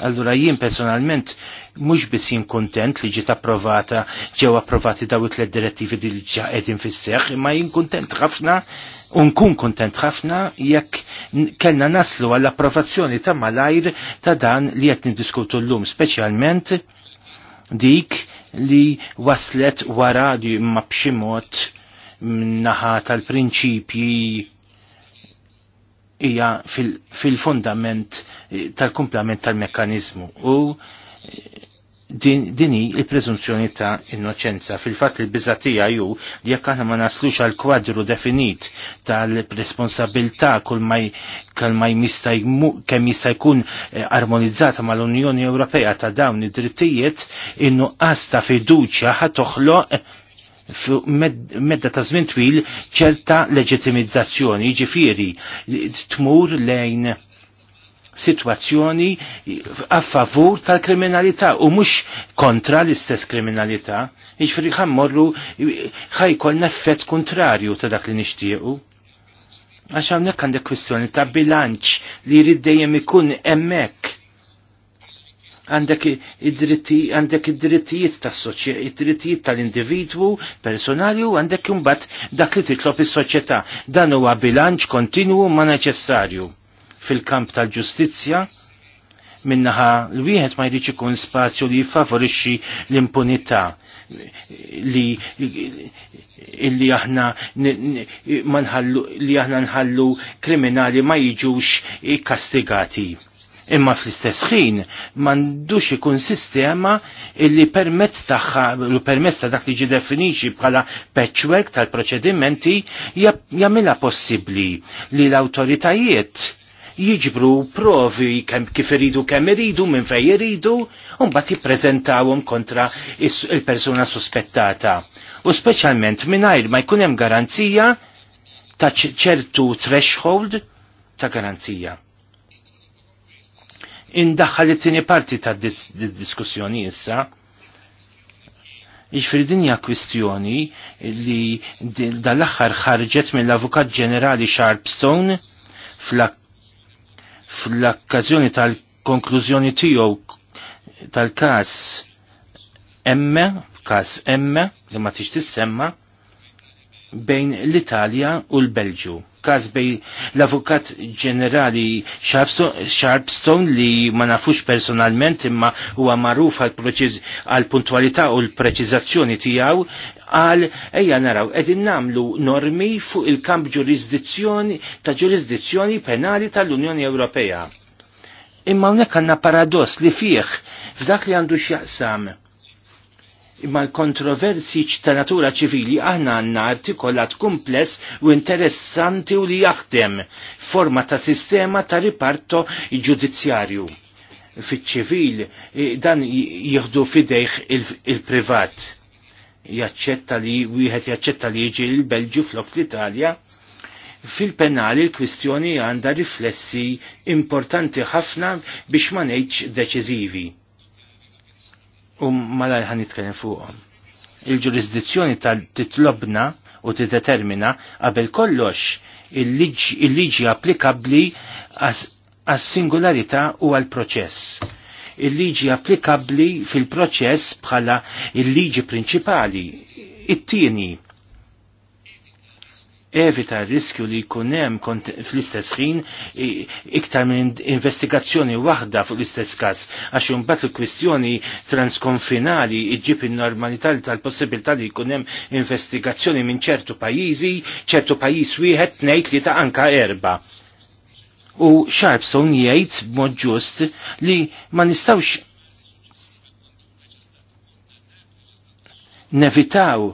Allura jien personalment mhux biss jien kuntent li ġiet approvata ġew approvati dawk it-tliet direttivi li ġa qegħdin fis-seħħ, imma jien kuntent ħafna u nkun kuntent ħafna jekk kellna naslu għall-approvazzjoni ta' malajr ta' dan li qed niddiskutu llum, speċjalment dik li waslet wara li ma b'xi mod naħa tal-prinċipji hija fil-fundament fil eh, tal-kumplament tal-mekkanizmu u eh, din, dini il-prezunzjoni ta' innoċenza. Fil-fat il-bizatija ju li jekk aħna ma naslux għal kwadru definit tal-responsabilità kull ma kemm jista' jkun eh, armonizzata mal-Unjoni Ewropea ta' dawn id-drittijiet, in-nuqqas ta' fiduċja ħatoħloq medda ta' żmien twil ċerta leġitimizzazzjoni, ġifiri, tmur lejn situazzjoni a favur tal-kriminalità u mhux kontra l-istess kriminalità. Jiġifieri ħammorru ħajkollna effett kontrarju ta' dak li nixtiequ għax hawnhekk għandek kwistjoni ta' bilanċ li riddejem ikun hemmhekk għandek id-dritti għandek id-drittijiet tas-soċjetà, id-drittijiet tal-individwu personali u għandek imbagħad dak li titlob is-soċjetà. Dan huwa bilanċ kontinwu ma neċessarju fil-kamp tal-ġustizzja minnaħa l-wieħed ma jridx ikun spazju li jiffavorixxi l-impunità li li aħna li aħna nħallu kriminali ma jiġux ikkastigati Imma fl-istess ħin m'għandux ikun sistema illi permezz tagħha u permezz ta' dak li ġi definixi bħala patchwork tal-proċedimenti jagħmilha possibbli li l-awtoritajiet jiġbru provi kem, kif iridu kemm iridu minn fejn iridu u mbagħad jippreżentawhom kontra il-persuna suspettata. U speċjalment mingħajr ma jkun hemm garanzija ta' ċertu threshold ta' garanzija indaħħal it-tieni parti ta' diskussjoni issa. Iġfri dinja kwistjoni li dal-axħar ħarġet mill-Avukat Ġenerali Sharpstone fl akkazjoni tal-konklużjoni tiegħu tal-każ emme, każ emme li ma tix tissemma bejn l-Italja u l-Belġu każ bej l-avukat ġenerali Sharpstone li ma nafux personalment imma huwa magħruf għal puntualità u l-preċizazzjoni tiegħu għal ejja naraw qegħdin nagħmlu normi fuq il-kamp ġurisdizzjoni ta' ġurisdizzjoni penali tal-Unjoni Ewropea. Imma hawnhekk għandna paradoss li fih f'dak li għandu x'jaqsam imma l-kontroversi ta' natura ċivili aħna għanna artikolat kumpless u interessanti u li jaħdem forma ta' sistema ta' riparto ġudizzjarju. Fiċ-ċivil e, dan jieħdu fidejh il-privat. jaċċetta li wieħed jaċċetta li jiġi l-Belġu flok l-Italja. Fil-penali l-kwistjoni għandha riflessi importanti ħafna biex ma ngħidx deċiżivi u malaj ħan nitkellem fuqhom. Il-ġurisdizzjoni tal-titlobna u titetermina qabel kollox il-liġi applikabli għas-singolarità u għal-proċess. Il-liġi applikabli fil-proċess bħala il-liġi prinċipali. It-tieni, evita riskju li jkun hemm fl-istess ħin iktar minn investigazzjoni waħda fuq l-istess każ għax imbagħad il-kwistjoni transkonfinali jġib in-normalità tal-possibilità li jkun hemm investigazzjoni minn ċertu pajjiżi, ċertu pajjiż wieħed ngħid li ta' anka erba. U Sharpstone jgħid b'mod ġust li ma nistawx nevitaw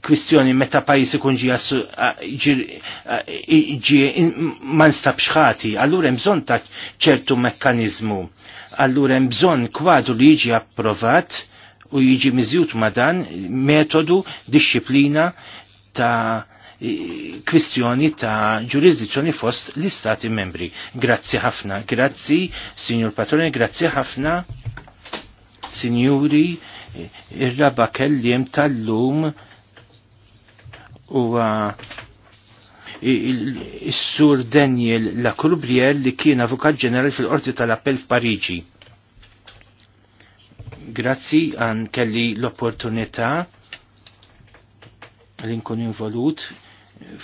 kwistjoni meta pajis ikun ġi ma nstabx ħati, allura hemm bżonn ta' ċertu mekkanizmu, Allura hemm bżonn kwadru li jiġi approvat u jiġi miżjut ma' dan metodu, disċiplina ta' kwistjoni ta' ġurisdizzjoni fost l-istati membri. Grazzi ħafna, grazzi, signor Patrone, grazzi ħafna, signori ir-raba kellim tal-lum huwa il sur Daniel La Lacoubrier li kien avukat ġenerali fil-Qorti tal-Appell f'Pariġi. Grazzi għan kelli l-opportunità li nkun involut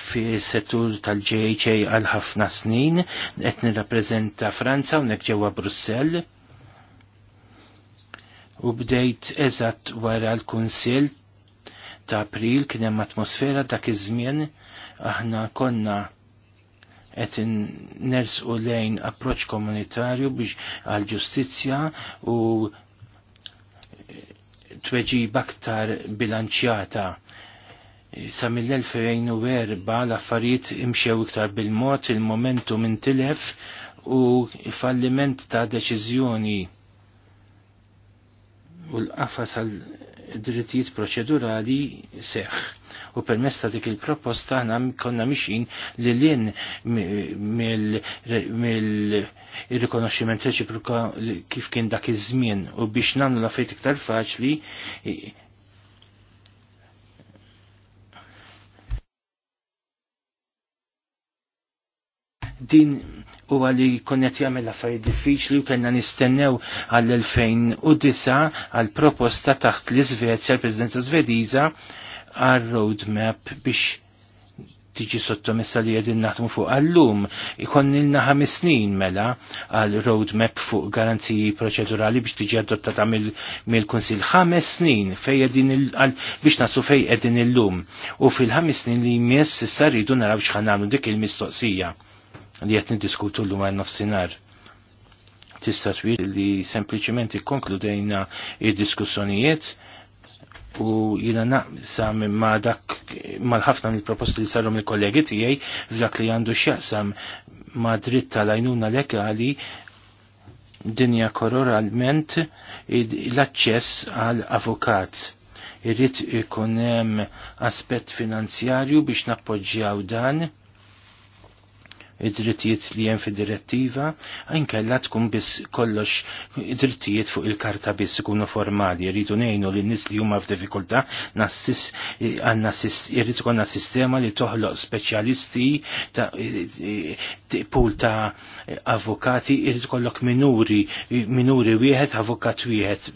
fi settur tal-JHA għal ħafna snin, qed nirrappreżenta Franza u nek ġewwa Brussell u bdejt eżatt wara l-Kunsill ta' April kien hemm atmosfera dak iż-żmien aħna konna qed nersqu lejn approċċ komunitarju biex għal ġustizzja u tweġib aktar bilanċjata. Sa mill-2004 l-affarijiet imxew iktar bil-mod, il-momentum intilef u falliment ta' deċiżjoni u l-qafas għal drittijiet proċedurali seħ. U permess ta' dik il-proposta ħna konna mixin li l-in mill-rikonoxximent reċiproka kif kien dak iż-żmien u biex namlu la fejt iktar faċli din u għalli konnet jagħmel affarijiet diffiċli u kellna nistennew għall-2009 għal proposta taħt l-Iżvezja l-Presidenza Svediża għal roadmap biex tiġi sottomessa li għedin naħdmu fuq għallum. Ikon ilna ħames snin mela għal roadmap fuq garanziji proċedurali biex tiġi adottata mill-Kunsil. Ħames snin fej għedin biex nasu fej għedin illum. U fil-ħames snin li jmiss issa rridu naraw xħan għamlu dik il-mistoqsija li qed niddiskutu lum għan nofsinhar. Tista' twil li sempliċement ikkonkludejna il diskussjonijiet u jina naqsam ma dak mal-ħafna mill-proposti li sarru mill-kollegi tiegħi f'dak li għandu x'jaqsam ma dritt tal-għajnuna legali dinja kororalment l-aċċess għal avukat. irrit ikun hemm aspett finanzjarju biex nappoġġjaw dan id-drittijiet li jen fi direttiva, għankella tkun biss kollox id-drittijiet fuq il-karta biss ikunu formali, Jridu nejnu li nis li huma f'difikultà nassis irrid għanna sistema li toħloq speċjalisti ta' pul ta' avokati, irrid kollok minuri, minuri wieħed, avukat wieħed,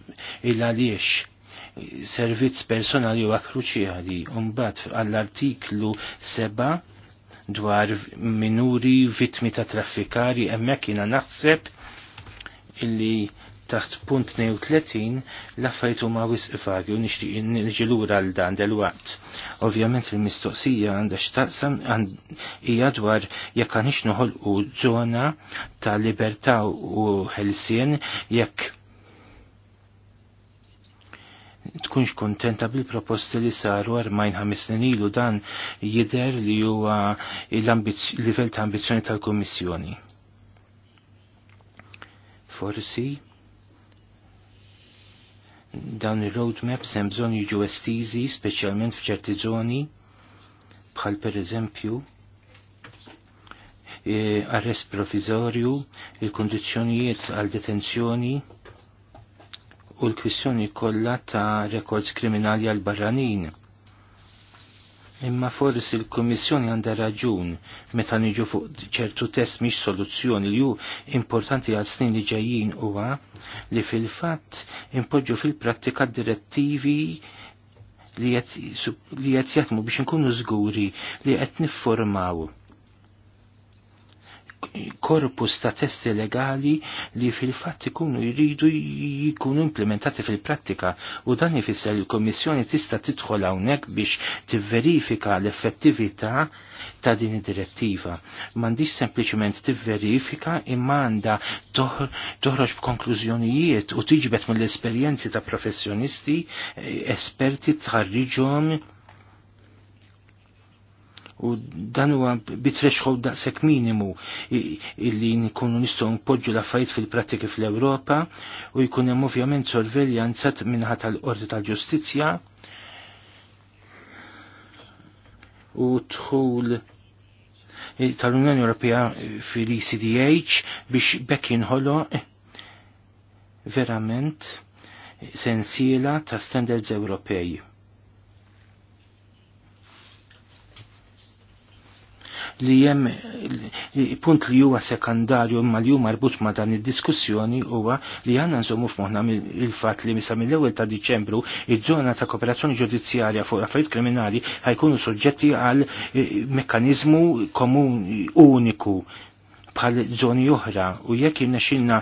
il-għaliex servizz personali u kruċjali. Umbat għall-artiklu 7 dwar minuri vittmi ta' traffikari hemmhekk jiena naħseb illi taħt punt 39 laffajtu ma wisq u nixtieq niġilura għal dan del-waqt. Ovvjament il-mistoqsija għandha x'taqsam hija dwar jekk għanix noħolqu żona ta' libertà u ħelsien jekk tkunx kontenta bil-proposti li saru armajn ħames snin ilu dan jider li huwa l-livell ta' ambizzjoni tal-Kummissjoni. Forsi dawn ir-roadmaps hemm bżonn jiġu estiżi speċjalment f'ċerti żoni bħal pereżempju eh, arrest provizorju, il kondizjonijiet għal detenzjoni, u l-kwistjoni kollha ta' rekords kriminali għal barranin. Imma forsi l-Kummissjoni għandha raġun meta niġu fuq ċertu test mhix soluzzjoni li hu importanti għal snin li ġejjin huwa li fil-fatt impoġġu fil-prattika direttivi li qed jaħdmu biex inkunu żguri li qed niffurmaw korpus ta' testi legali li fil-fatt ikunu jridu jikunu implementati fil-prattika u dan ifisser il komissjoni tista' tidħol hawnhekk biex tivverifika l-effettività ta' din id-direttiva. M'għandix sempliċement tivverifika imma għandha toħroġ b'konklużjonijiet u tiġbet mill-esperjenzi ta' professjonisti eh, esperti tħarriġhom u dan huwa bitreċħod daqshekk minimu illi nkunu nistgħu npoġġu l-affarijiet fil-prattiki fl-Ewropa u jkun hemm ovvjament sorveljanza minħat tal-Qorti tal-Ġustizzja u dħul tal-Unjoni Ewropea fil-ECDH biex bekk inħolo eh, verament sensiela ta' standards Ewropej li jem punt li huwa sekandarju imma li huwa marbut ma dan id-diskussjoni huwa li għanna nżommu f'moħna il-fatt li misa mill-ewwel ta' Diċembru iż-żona ta' kooperazzjoni ġudizzjarja fuq affarijiet kriminali ħajkunu suġġetti għal eh, mekkaniżmu komun uniku bħal żoni oħra u jekk irnexxilna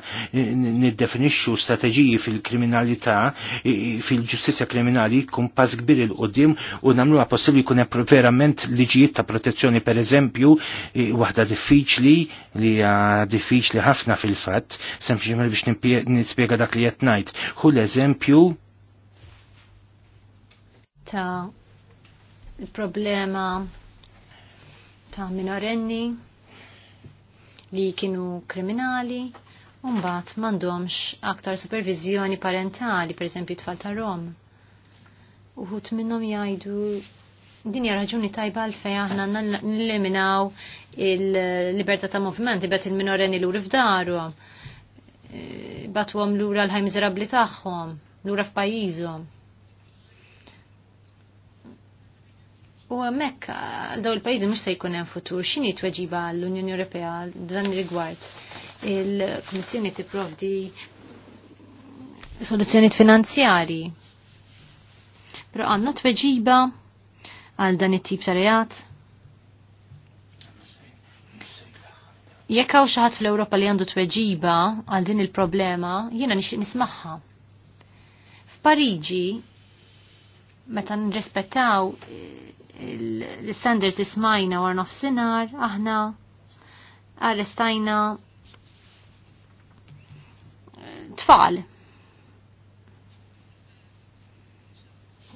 niddefinixxu strateġiji fil-kriminalità fil-ġustizzja kriminali jkun pass kbir il qudiem u nagħmluha possibbli jkun hemm verament liġijiet ta' protezzjoni pereżempju waħda diffiċli li hija diffiċli ħafna fil-fatt sempliċement biex nispjega dak li qed ngħid. Hu l-eżempju ta' il-problema ta' minorenni li kienu kriminali u mbagħad m'għandhomx aktar supervizjoni parentali, pereżempju tfal ta' Rom. Uħut minnhom jgħidu din raġuni tajba fej aħna nilliminaw il-libertà ta' movimenti bet il-minorenni lur f'darhom. Batwhom lura e, l-ħajmiżerabbli tagħhom, lura f'pajjiżhom. U hemmhekk għal dawn il-pajjiżi mhux se jkun hemm futur. X'inhi tweġiba l-Unjoni Ewropea dan rigward il-Kummissjoni tipprovdi soluzzjonijiet finanzjarji. Però għandna tweġiba għal dan it-tip ta' reat. Jekk hawn xi ħadd fl-Ewropa li għandu tweġiba għal din il-problema, jiena nixtieq nismagħha. F'Pariġi meta nrispettaw l-standards ismajna war nofsinar, aħna arrestajna eh, tfal.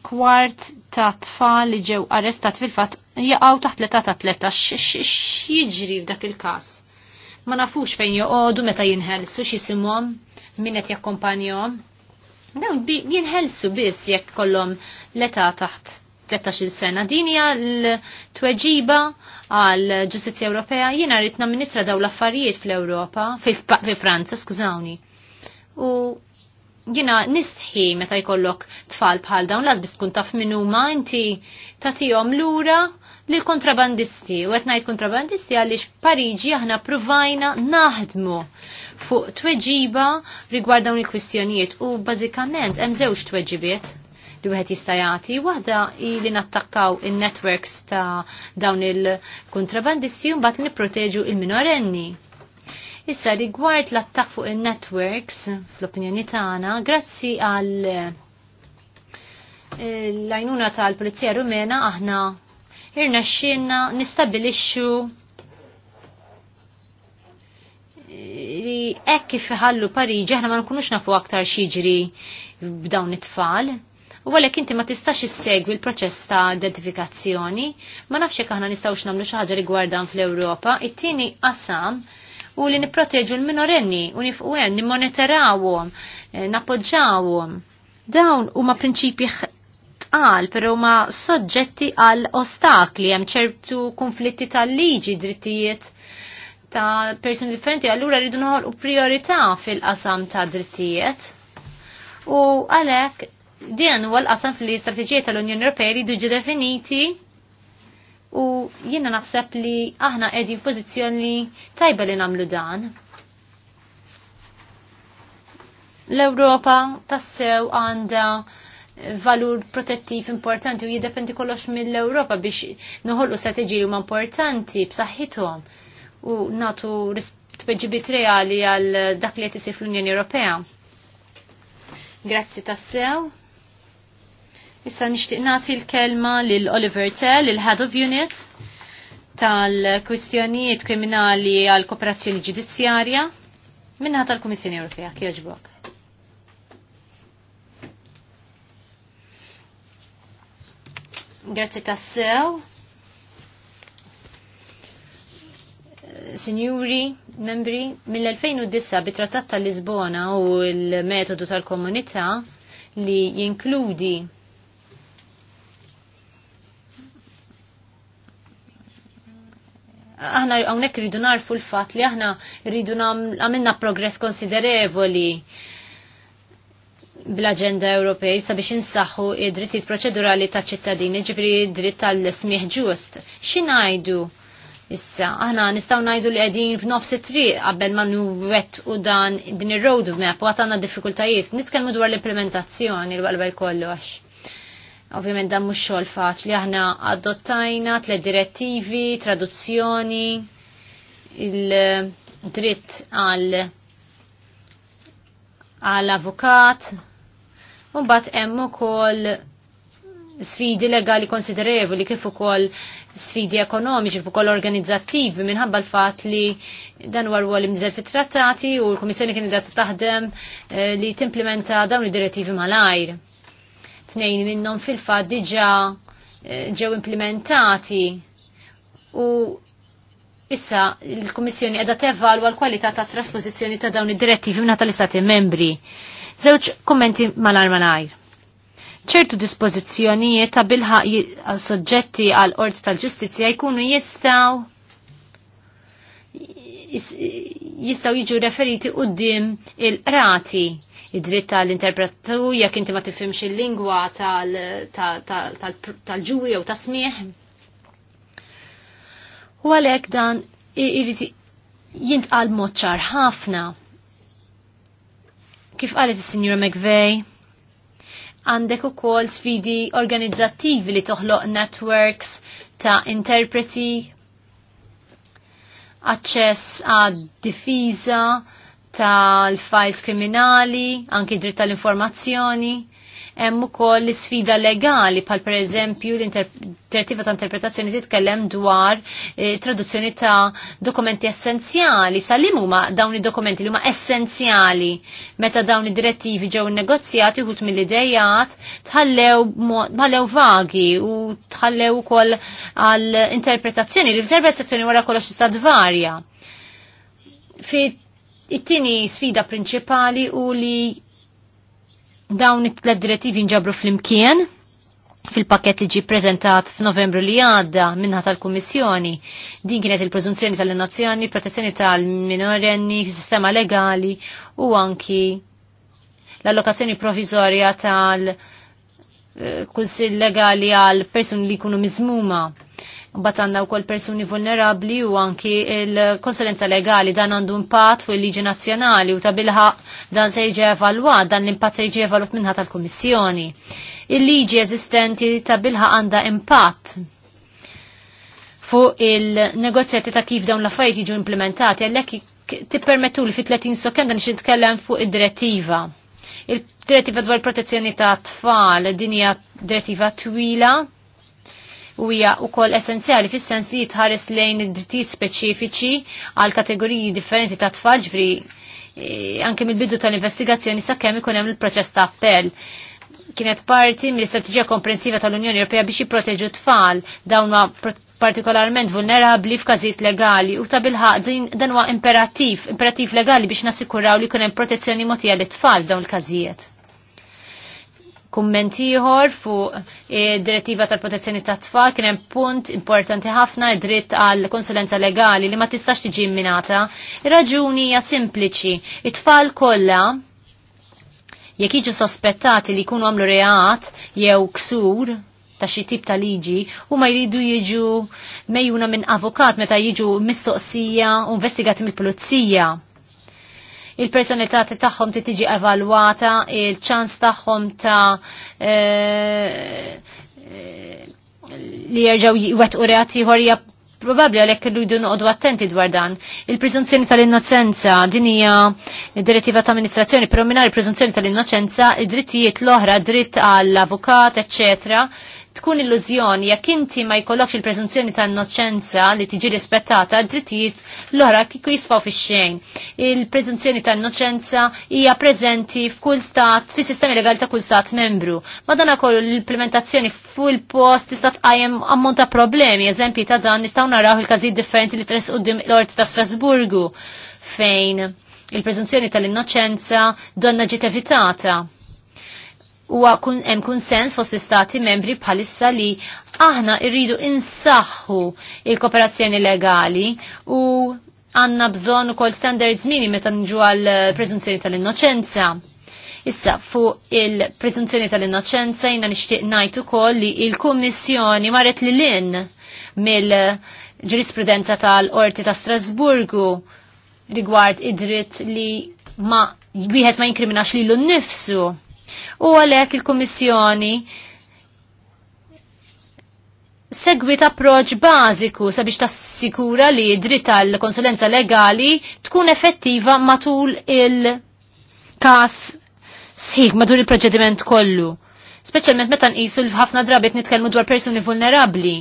Kwart ta' tfal li ġew arrestat fil-fat jaqaw taħt l-età ta' tleta x'jiġri f'dak il-każ. Ma nafux fejn joqogħdu meta jinħelsu x'isimhom min qed jakkompanjahom. Dawn jinħelsu biss jekk kollhom l-età taħt 13 sena. Din hija l-tweġiba għal ġustizzja Ewropea. Jiena rrid namministra daw l-affarijiet fl-Ewropa, fil-Franza, skużawni. U jiena nistħi meta jkollok tfal bħal dawn las biss tkun taf min huma inti tagħtihom lura l kontrabandisti u qed ngħid kontrabandisti għaliex Pariġi aħna provajna naħdmu fuq tweġiba rigward dawn il-kwistjonijiet u bażikament hemm żewġ tweġibiet li wieħed jista' jagħti. Waħda li nattakkaw in-networks ta' dawn il-kontrabandisti u mbagħad nipproteġu il-minorenni. Issa rigward l-attak fuq il-networks, fl-opinjoni tagħna, grazzi għal eh, l-għajnuna tal-Polizija Rumena aħna irna xienna nistabilixxu eh, li ekk kif iħallu Pariġi aħna ma nkunux nafu aktar xiġri b'dawn it-tfal. U għalhekk inti ma tistax issegwi l-proċess ta' identifikazzjoni, ma nafx jekk aħna nistgħux nagħmlu xi ħaġa rigwardan fl-Ewropa, it-tieni qasam u li nipproteġu l-minorenni u nifqu nifquen, nimmonitorawhom, eh, nappoġġawhom. Dawn huma prinċipji tqal, però huma soġġetti għal ostakli, hemm ċertu konflitti tal-liġi, drittijiet ta' persuni differenti, allura rridu noħolqu priorità fil-qasam ta' drittijiet. U għalek din huwa l-qasam fil-istrateġija tal-Unjoni Ewropea li jiġu definiti u jiena naħseb li aħna qegħdin pożizzjoni tajba li nagħmlu dan. L-Ewropa tassew għandha valur protettiv importanti u jiddependi kollox mill-Ewropa biex noħolqu strateġiji huma importanti b'saħħithom u natu tweġibit reali għal dak li qed isir fl-Unjoni Ewropea. Grazzi tassew. Issa nixtieq nagħti l-kelma l Oliver Tell, il-Head of Unit tal-kwistjonijiet kriminali għal kooperazzjoni ġudizzjarja minna tal-Kummissjoni Ewropea. Kjoġbok. Grazzi tassew. Signuri, membri, mill-2009 bit-trattat tal-Lisbona u l-metodu tal-komunità li jinkludi aħna hawnhekk rridu narfu l-fatt li aħna rridu għamilna progress konsiderevoli bl-agenda Ewropej sabiex insaħħu id-drittijiet proċedurali ta' ċittadini, ġifri id-dritt tal-smieħ ġust. ngħidu issa? Aħna nistgħu ngħidu li qegħdin f'nofs it-triq qabel ma nwett u dan din ir-roadmap u għatanna għandna diffikultajiet. Nitkellmu dwar l-implementazzjoni l-qalbel kollox. Ovvijament dan mhux xogħol faċli aħna adottajna tle direttivi, traduzzjoni, il-dritt eh, għal għal avukat u mbagħad hemm ukoll sfidi legali konsiderevoli kif ukoll sfidi ekonomiċi kif ukoll organizzattivi minħabba l-fatt li dan war rwol imżel fit-trattati u l-Kummissjoni kienet taħdem eh, li timplementa dawn id-direttivi mal-ajr tnejn minnhom fil-fatt diġà eh, ġew implementati u issa l-Kummissjoni qiegħda tevalwa l-kwalità ta' trasposizzjoni ta' dawn id-direttivi minn tal-Istati membri. Żewġ kummenti malar malajr ċertu dispożizzjonijiet ta' bilħaq soġġetti għal qorti tal ġustizzja jkunu jistaw jistaw jiġu referiti qudiem il-rati id-dritt tal-interpretu jekk inti ma tifhimx il-lingwa tal-ġuri jew ta' smieħ. U għalhekk dan irid jintqal mod ċar ħafna. Kif qalet is-Sinjura McVeigh, għandek ukoll sfidi organizzattivi li toħloq networks ta' interpreti, aċċess għad difiża, tal-files kriminali, anki dritt tal-informazzjoni, hemm ukoll l-sfida legali per pereżempju l-direttiva ta' interpretazzjoni titkellem dwar eh, traduzzjoni ta' dokumenti essenzjali. sallim huma dawn id-dokumenti li huma essenzjali meta dawn id-direttivi ġew negozjati wħud mill-idejat tħallew vagi u tħallew ukoll għall interpretazzjoni L-interpretazzjoni wara kollox tista' tvarja. Fit It-tieni sfida prinċipali u li dawn it-tlet direttivi nġabru fl-imkien fil-pakket li ġi prezentat f'Novembru li għadda minna tal-Kummissjoni. Din kienet il-prezunzjoni tal-innozzjoni, protezzjoni tal-minorenni, sistema legali u anki l-allokazzjoni provvizorja tal- eh, kunsil legali għal persuni li kunu mizmuma batanna u kol personi vulnerabli u anki il-konsulenza legali dan għandu impatt fuq il-liġi nazjonali u tabilħa dan se jiġi evalwat, dan l-impatt se evalwa minnħa tal komissjoni Il-liġi eżistenti tabilħa għanda impatt fuq il-negozjati ta' kif dawn l-affarijiet jiġu implementati, għallek tippermettu li fit 30 sokken dan nitkellem fuq id-direttiva. Il-direttiva dwar protezzjoni ta' tfal, dinja direttiva twila, u hija wkoll essenzjali fis-sens li jitħares lejn id-drittijiet speċifiċi għal kategoriji differenti ta' tfal ġifri e, anke mill-bidu tal-investigazzjoni sakemm ikun hemm il-proċess ta' appell kienet parti mill-istrateġija komprensiva tal-Unjoni Ewropea biex jipproteġu tfal dawn partikolarment vulnerabli f'każijiet legali u ta' bilħaq dan huwa imperattiv, imperattiv legali biex nassikuraw li jkun hemm protezzjoni mogħtija lit tfal f'dawn il-każijiet kummentiħor fuq e, direttiva tal-protezzjoni ta' tfal kien hemm punt importanti ħafna id-dritt għal konsulenza legali li ma tistax tiġi minata. Ir-raġuni hija sempliċi. It-tfal kollha jekk jiġu sospettati li jkunu għamlu reat jew ksur ta' xi tip ta' liġi u ma jridu jiġu mejjuna minn avukat meta jiġu mistoqsija u investigati mill-pulizija il-personalità tagħhom ti tiġi evalwata, il-ċans tagħhom ta' eh, eh, li jerġaw jwettqu reati ħorja probabbli għalhekk irridu noqogħdu attenti dwar dan. il prezunzjoni tal-innoċenza din hija direttiva ta' amministrazzjoni, però mingħajr il prezunzjoni tal-innoċenza id-drittijiet l-oħra, dritt għall-avukat, eccetera tkun illużjoni jekk inti ma jkollokx il-prezunzjoni ta' innoċenza li tiġi rispettata drittijiet l-oħra kieku jisfaw fix-xejn. Il-prezunzjoni ta' innoċenza hija preżenti f'kull stat, fis-sistemi legali ta' kull stat membru. Madana kollu l-implementazzjoni fuq il-post tista' tqajjem ammont ta' problemi, eżempji ta' dan nistgħu naraw il-każijiet differenti li tres qudiem l-Ort ta' Strasburgu fejn il-prezunzjoni tal-innoċenza donna ġiet evitata huwa hemm kunsens fost l-istati membri bħalissa li aħna irridu insaħħu il-kooperazzjoni legali u għanna bżon ukoll standards mini meta nġu għal prezunzjoni tal-innoċenza. Issa, fuq il-prezunzjoni tal-innoċenza jina nixtieq ngħid ukoll li il-Kummissjoni marret li l-in mill-ġurisprudenza tal-Qorti ta' Strasburgu rigward id-dritt li ma wieħed ma jinkriminax lilu nnifsu u għalhekk il-Kummissjoni segwit approċ bażiku sabiex tassikura li dritt tal-konsulenza legali tkun effettiva matul il-kas sħiħ matul il-proċediment kollu. Speċjalment meta nqisu l ħafna drabiet nitkellmu dwar persuni vulnerabbli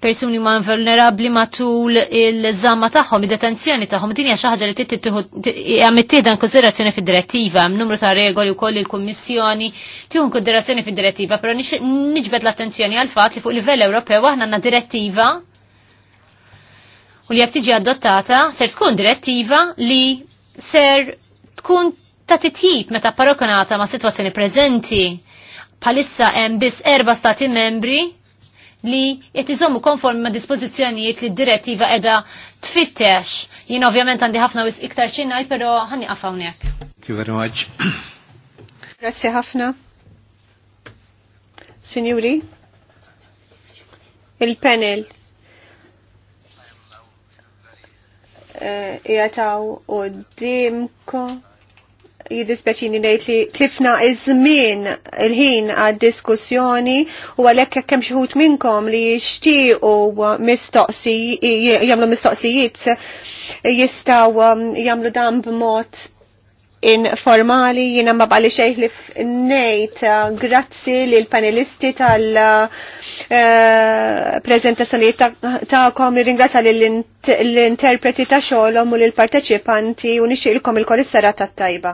persuni ma' vulnerabli matul il-żamma tagħhom, id-detenzjoni tagħom, din hija xi ħaġa li hija mittieħda konsiderazzjoni fid-direttiva, numru ta' regoli wkoll il-Kummissjoni tieħu konsiderazzjoni fid-direttiva, però niġbed l-attenzjoni għal fatt li fuq livell Ewropew aħna għandna direttiva u li jekk tiġi adottata ser tkun direttiva li ser tkun ta' titjib meta parokonata ma' situazzjoni preżenti. Palissa hemm biss erba' stati membri li qed iżommu konform ma' dispożizzjonijiet li d-direttiva qiegħda tfittex. Jien ovvjament għandi ħafna wis iktar xinaj, però ħanni għafawnek. hawnhekk. Thank you very much. [COUGHS] Grazie ħafna. Signori, il-panel eh, jgħataw u dimkom jidispeċini ngħid li tlifna iż-żmien il-ħin għad-diskussjoni u għalhekk jekk hemm xi minnkom li jixtiequ mistoqsijiet jagħmlu mistoqsijiet jistaw um, jamlu dan b'mod informali jina ma bħali xejn li nejt uh, grazzi li l-panelisti tal-prezentazzjoni uh, ta'kom li ringrazza li l-interpreti ta' xolom u l-parteċipanti u nixilkom il-kolissera tat-tajba.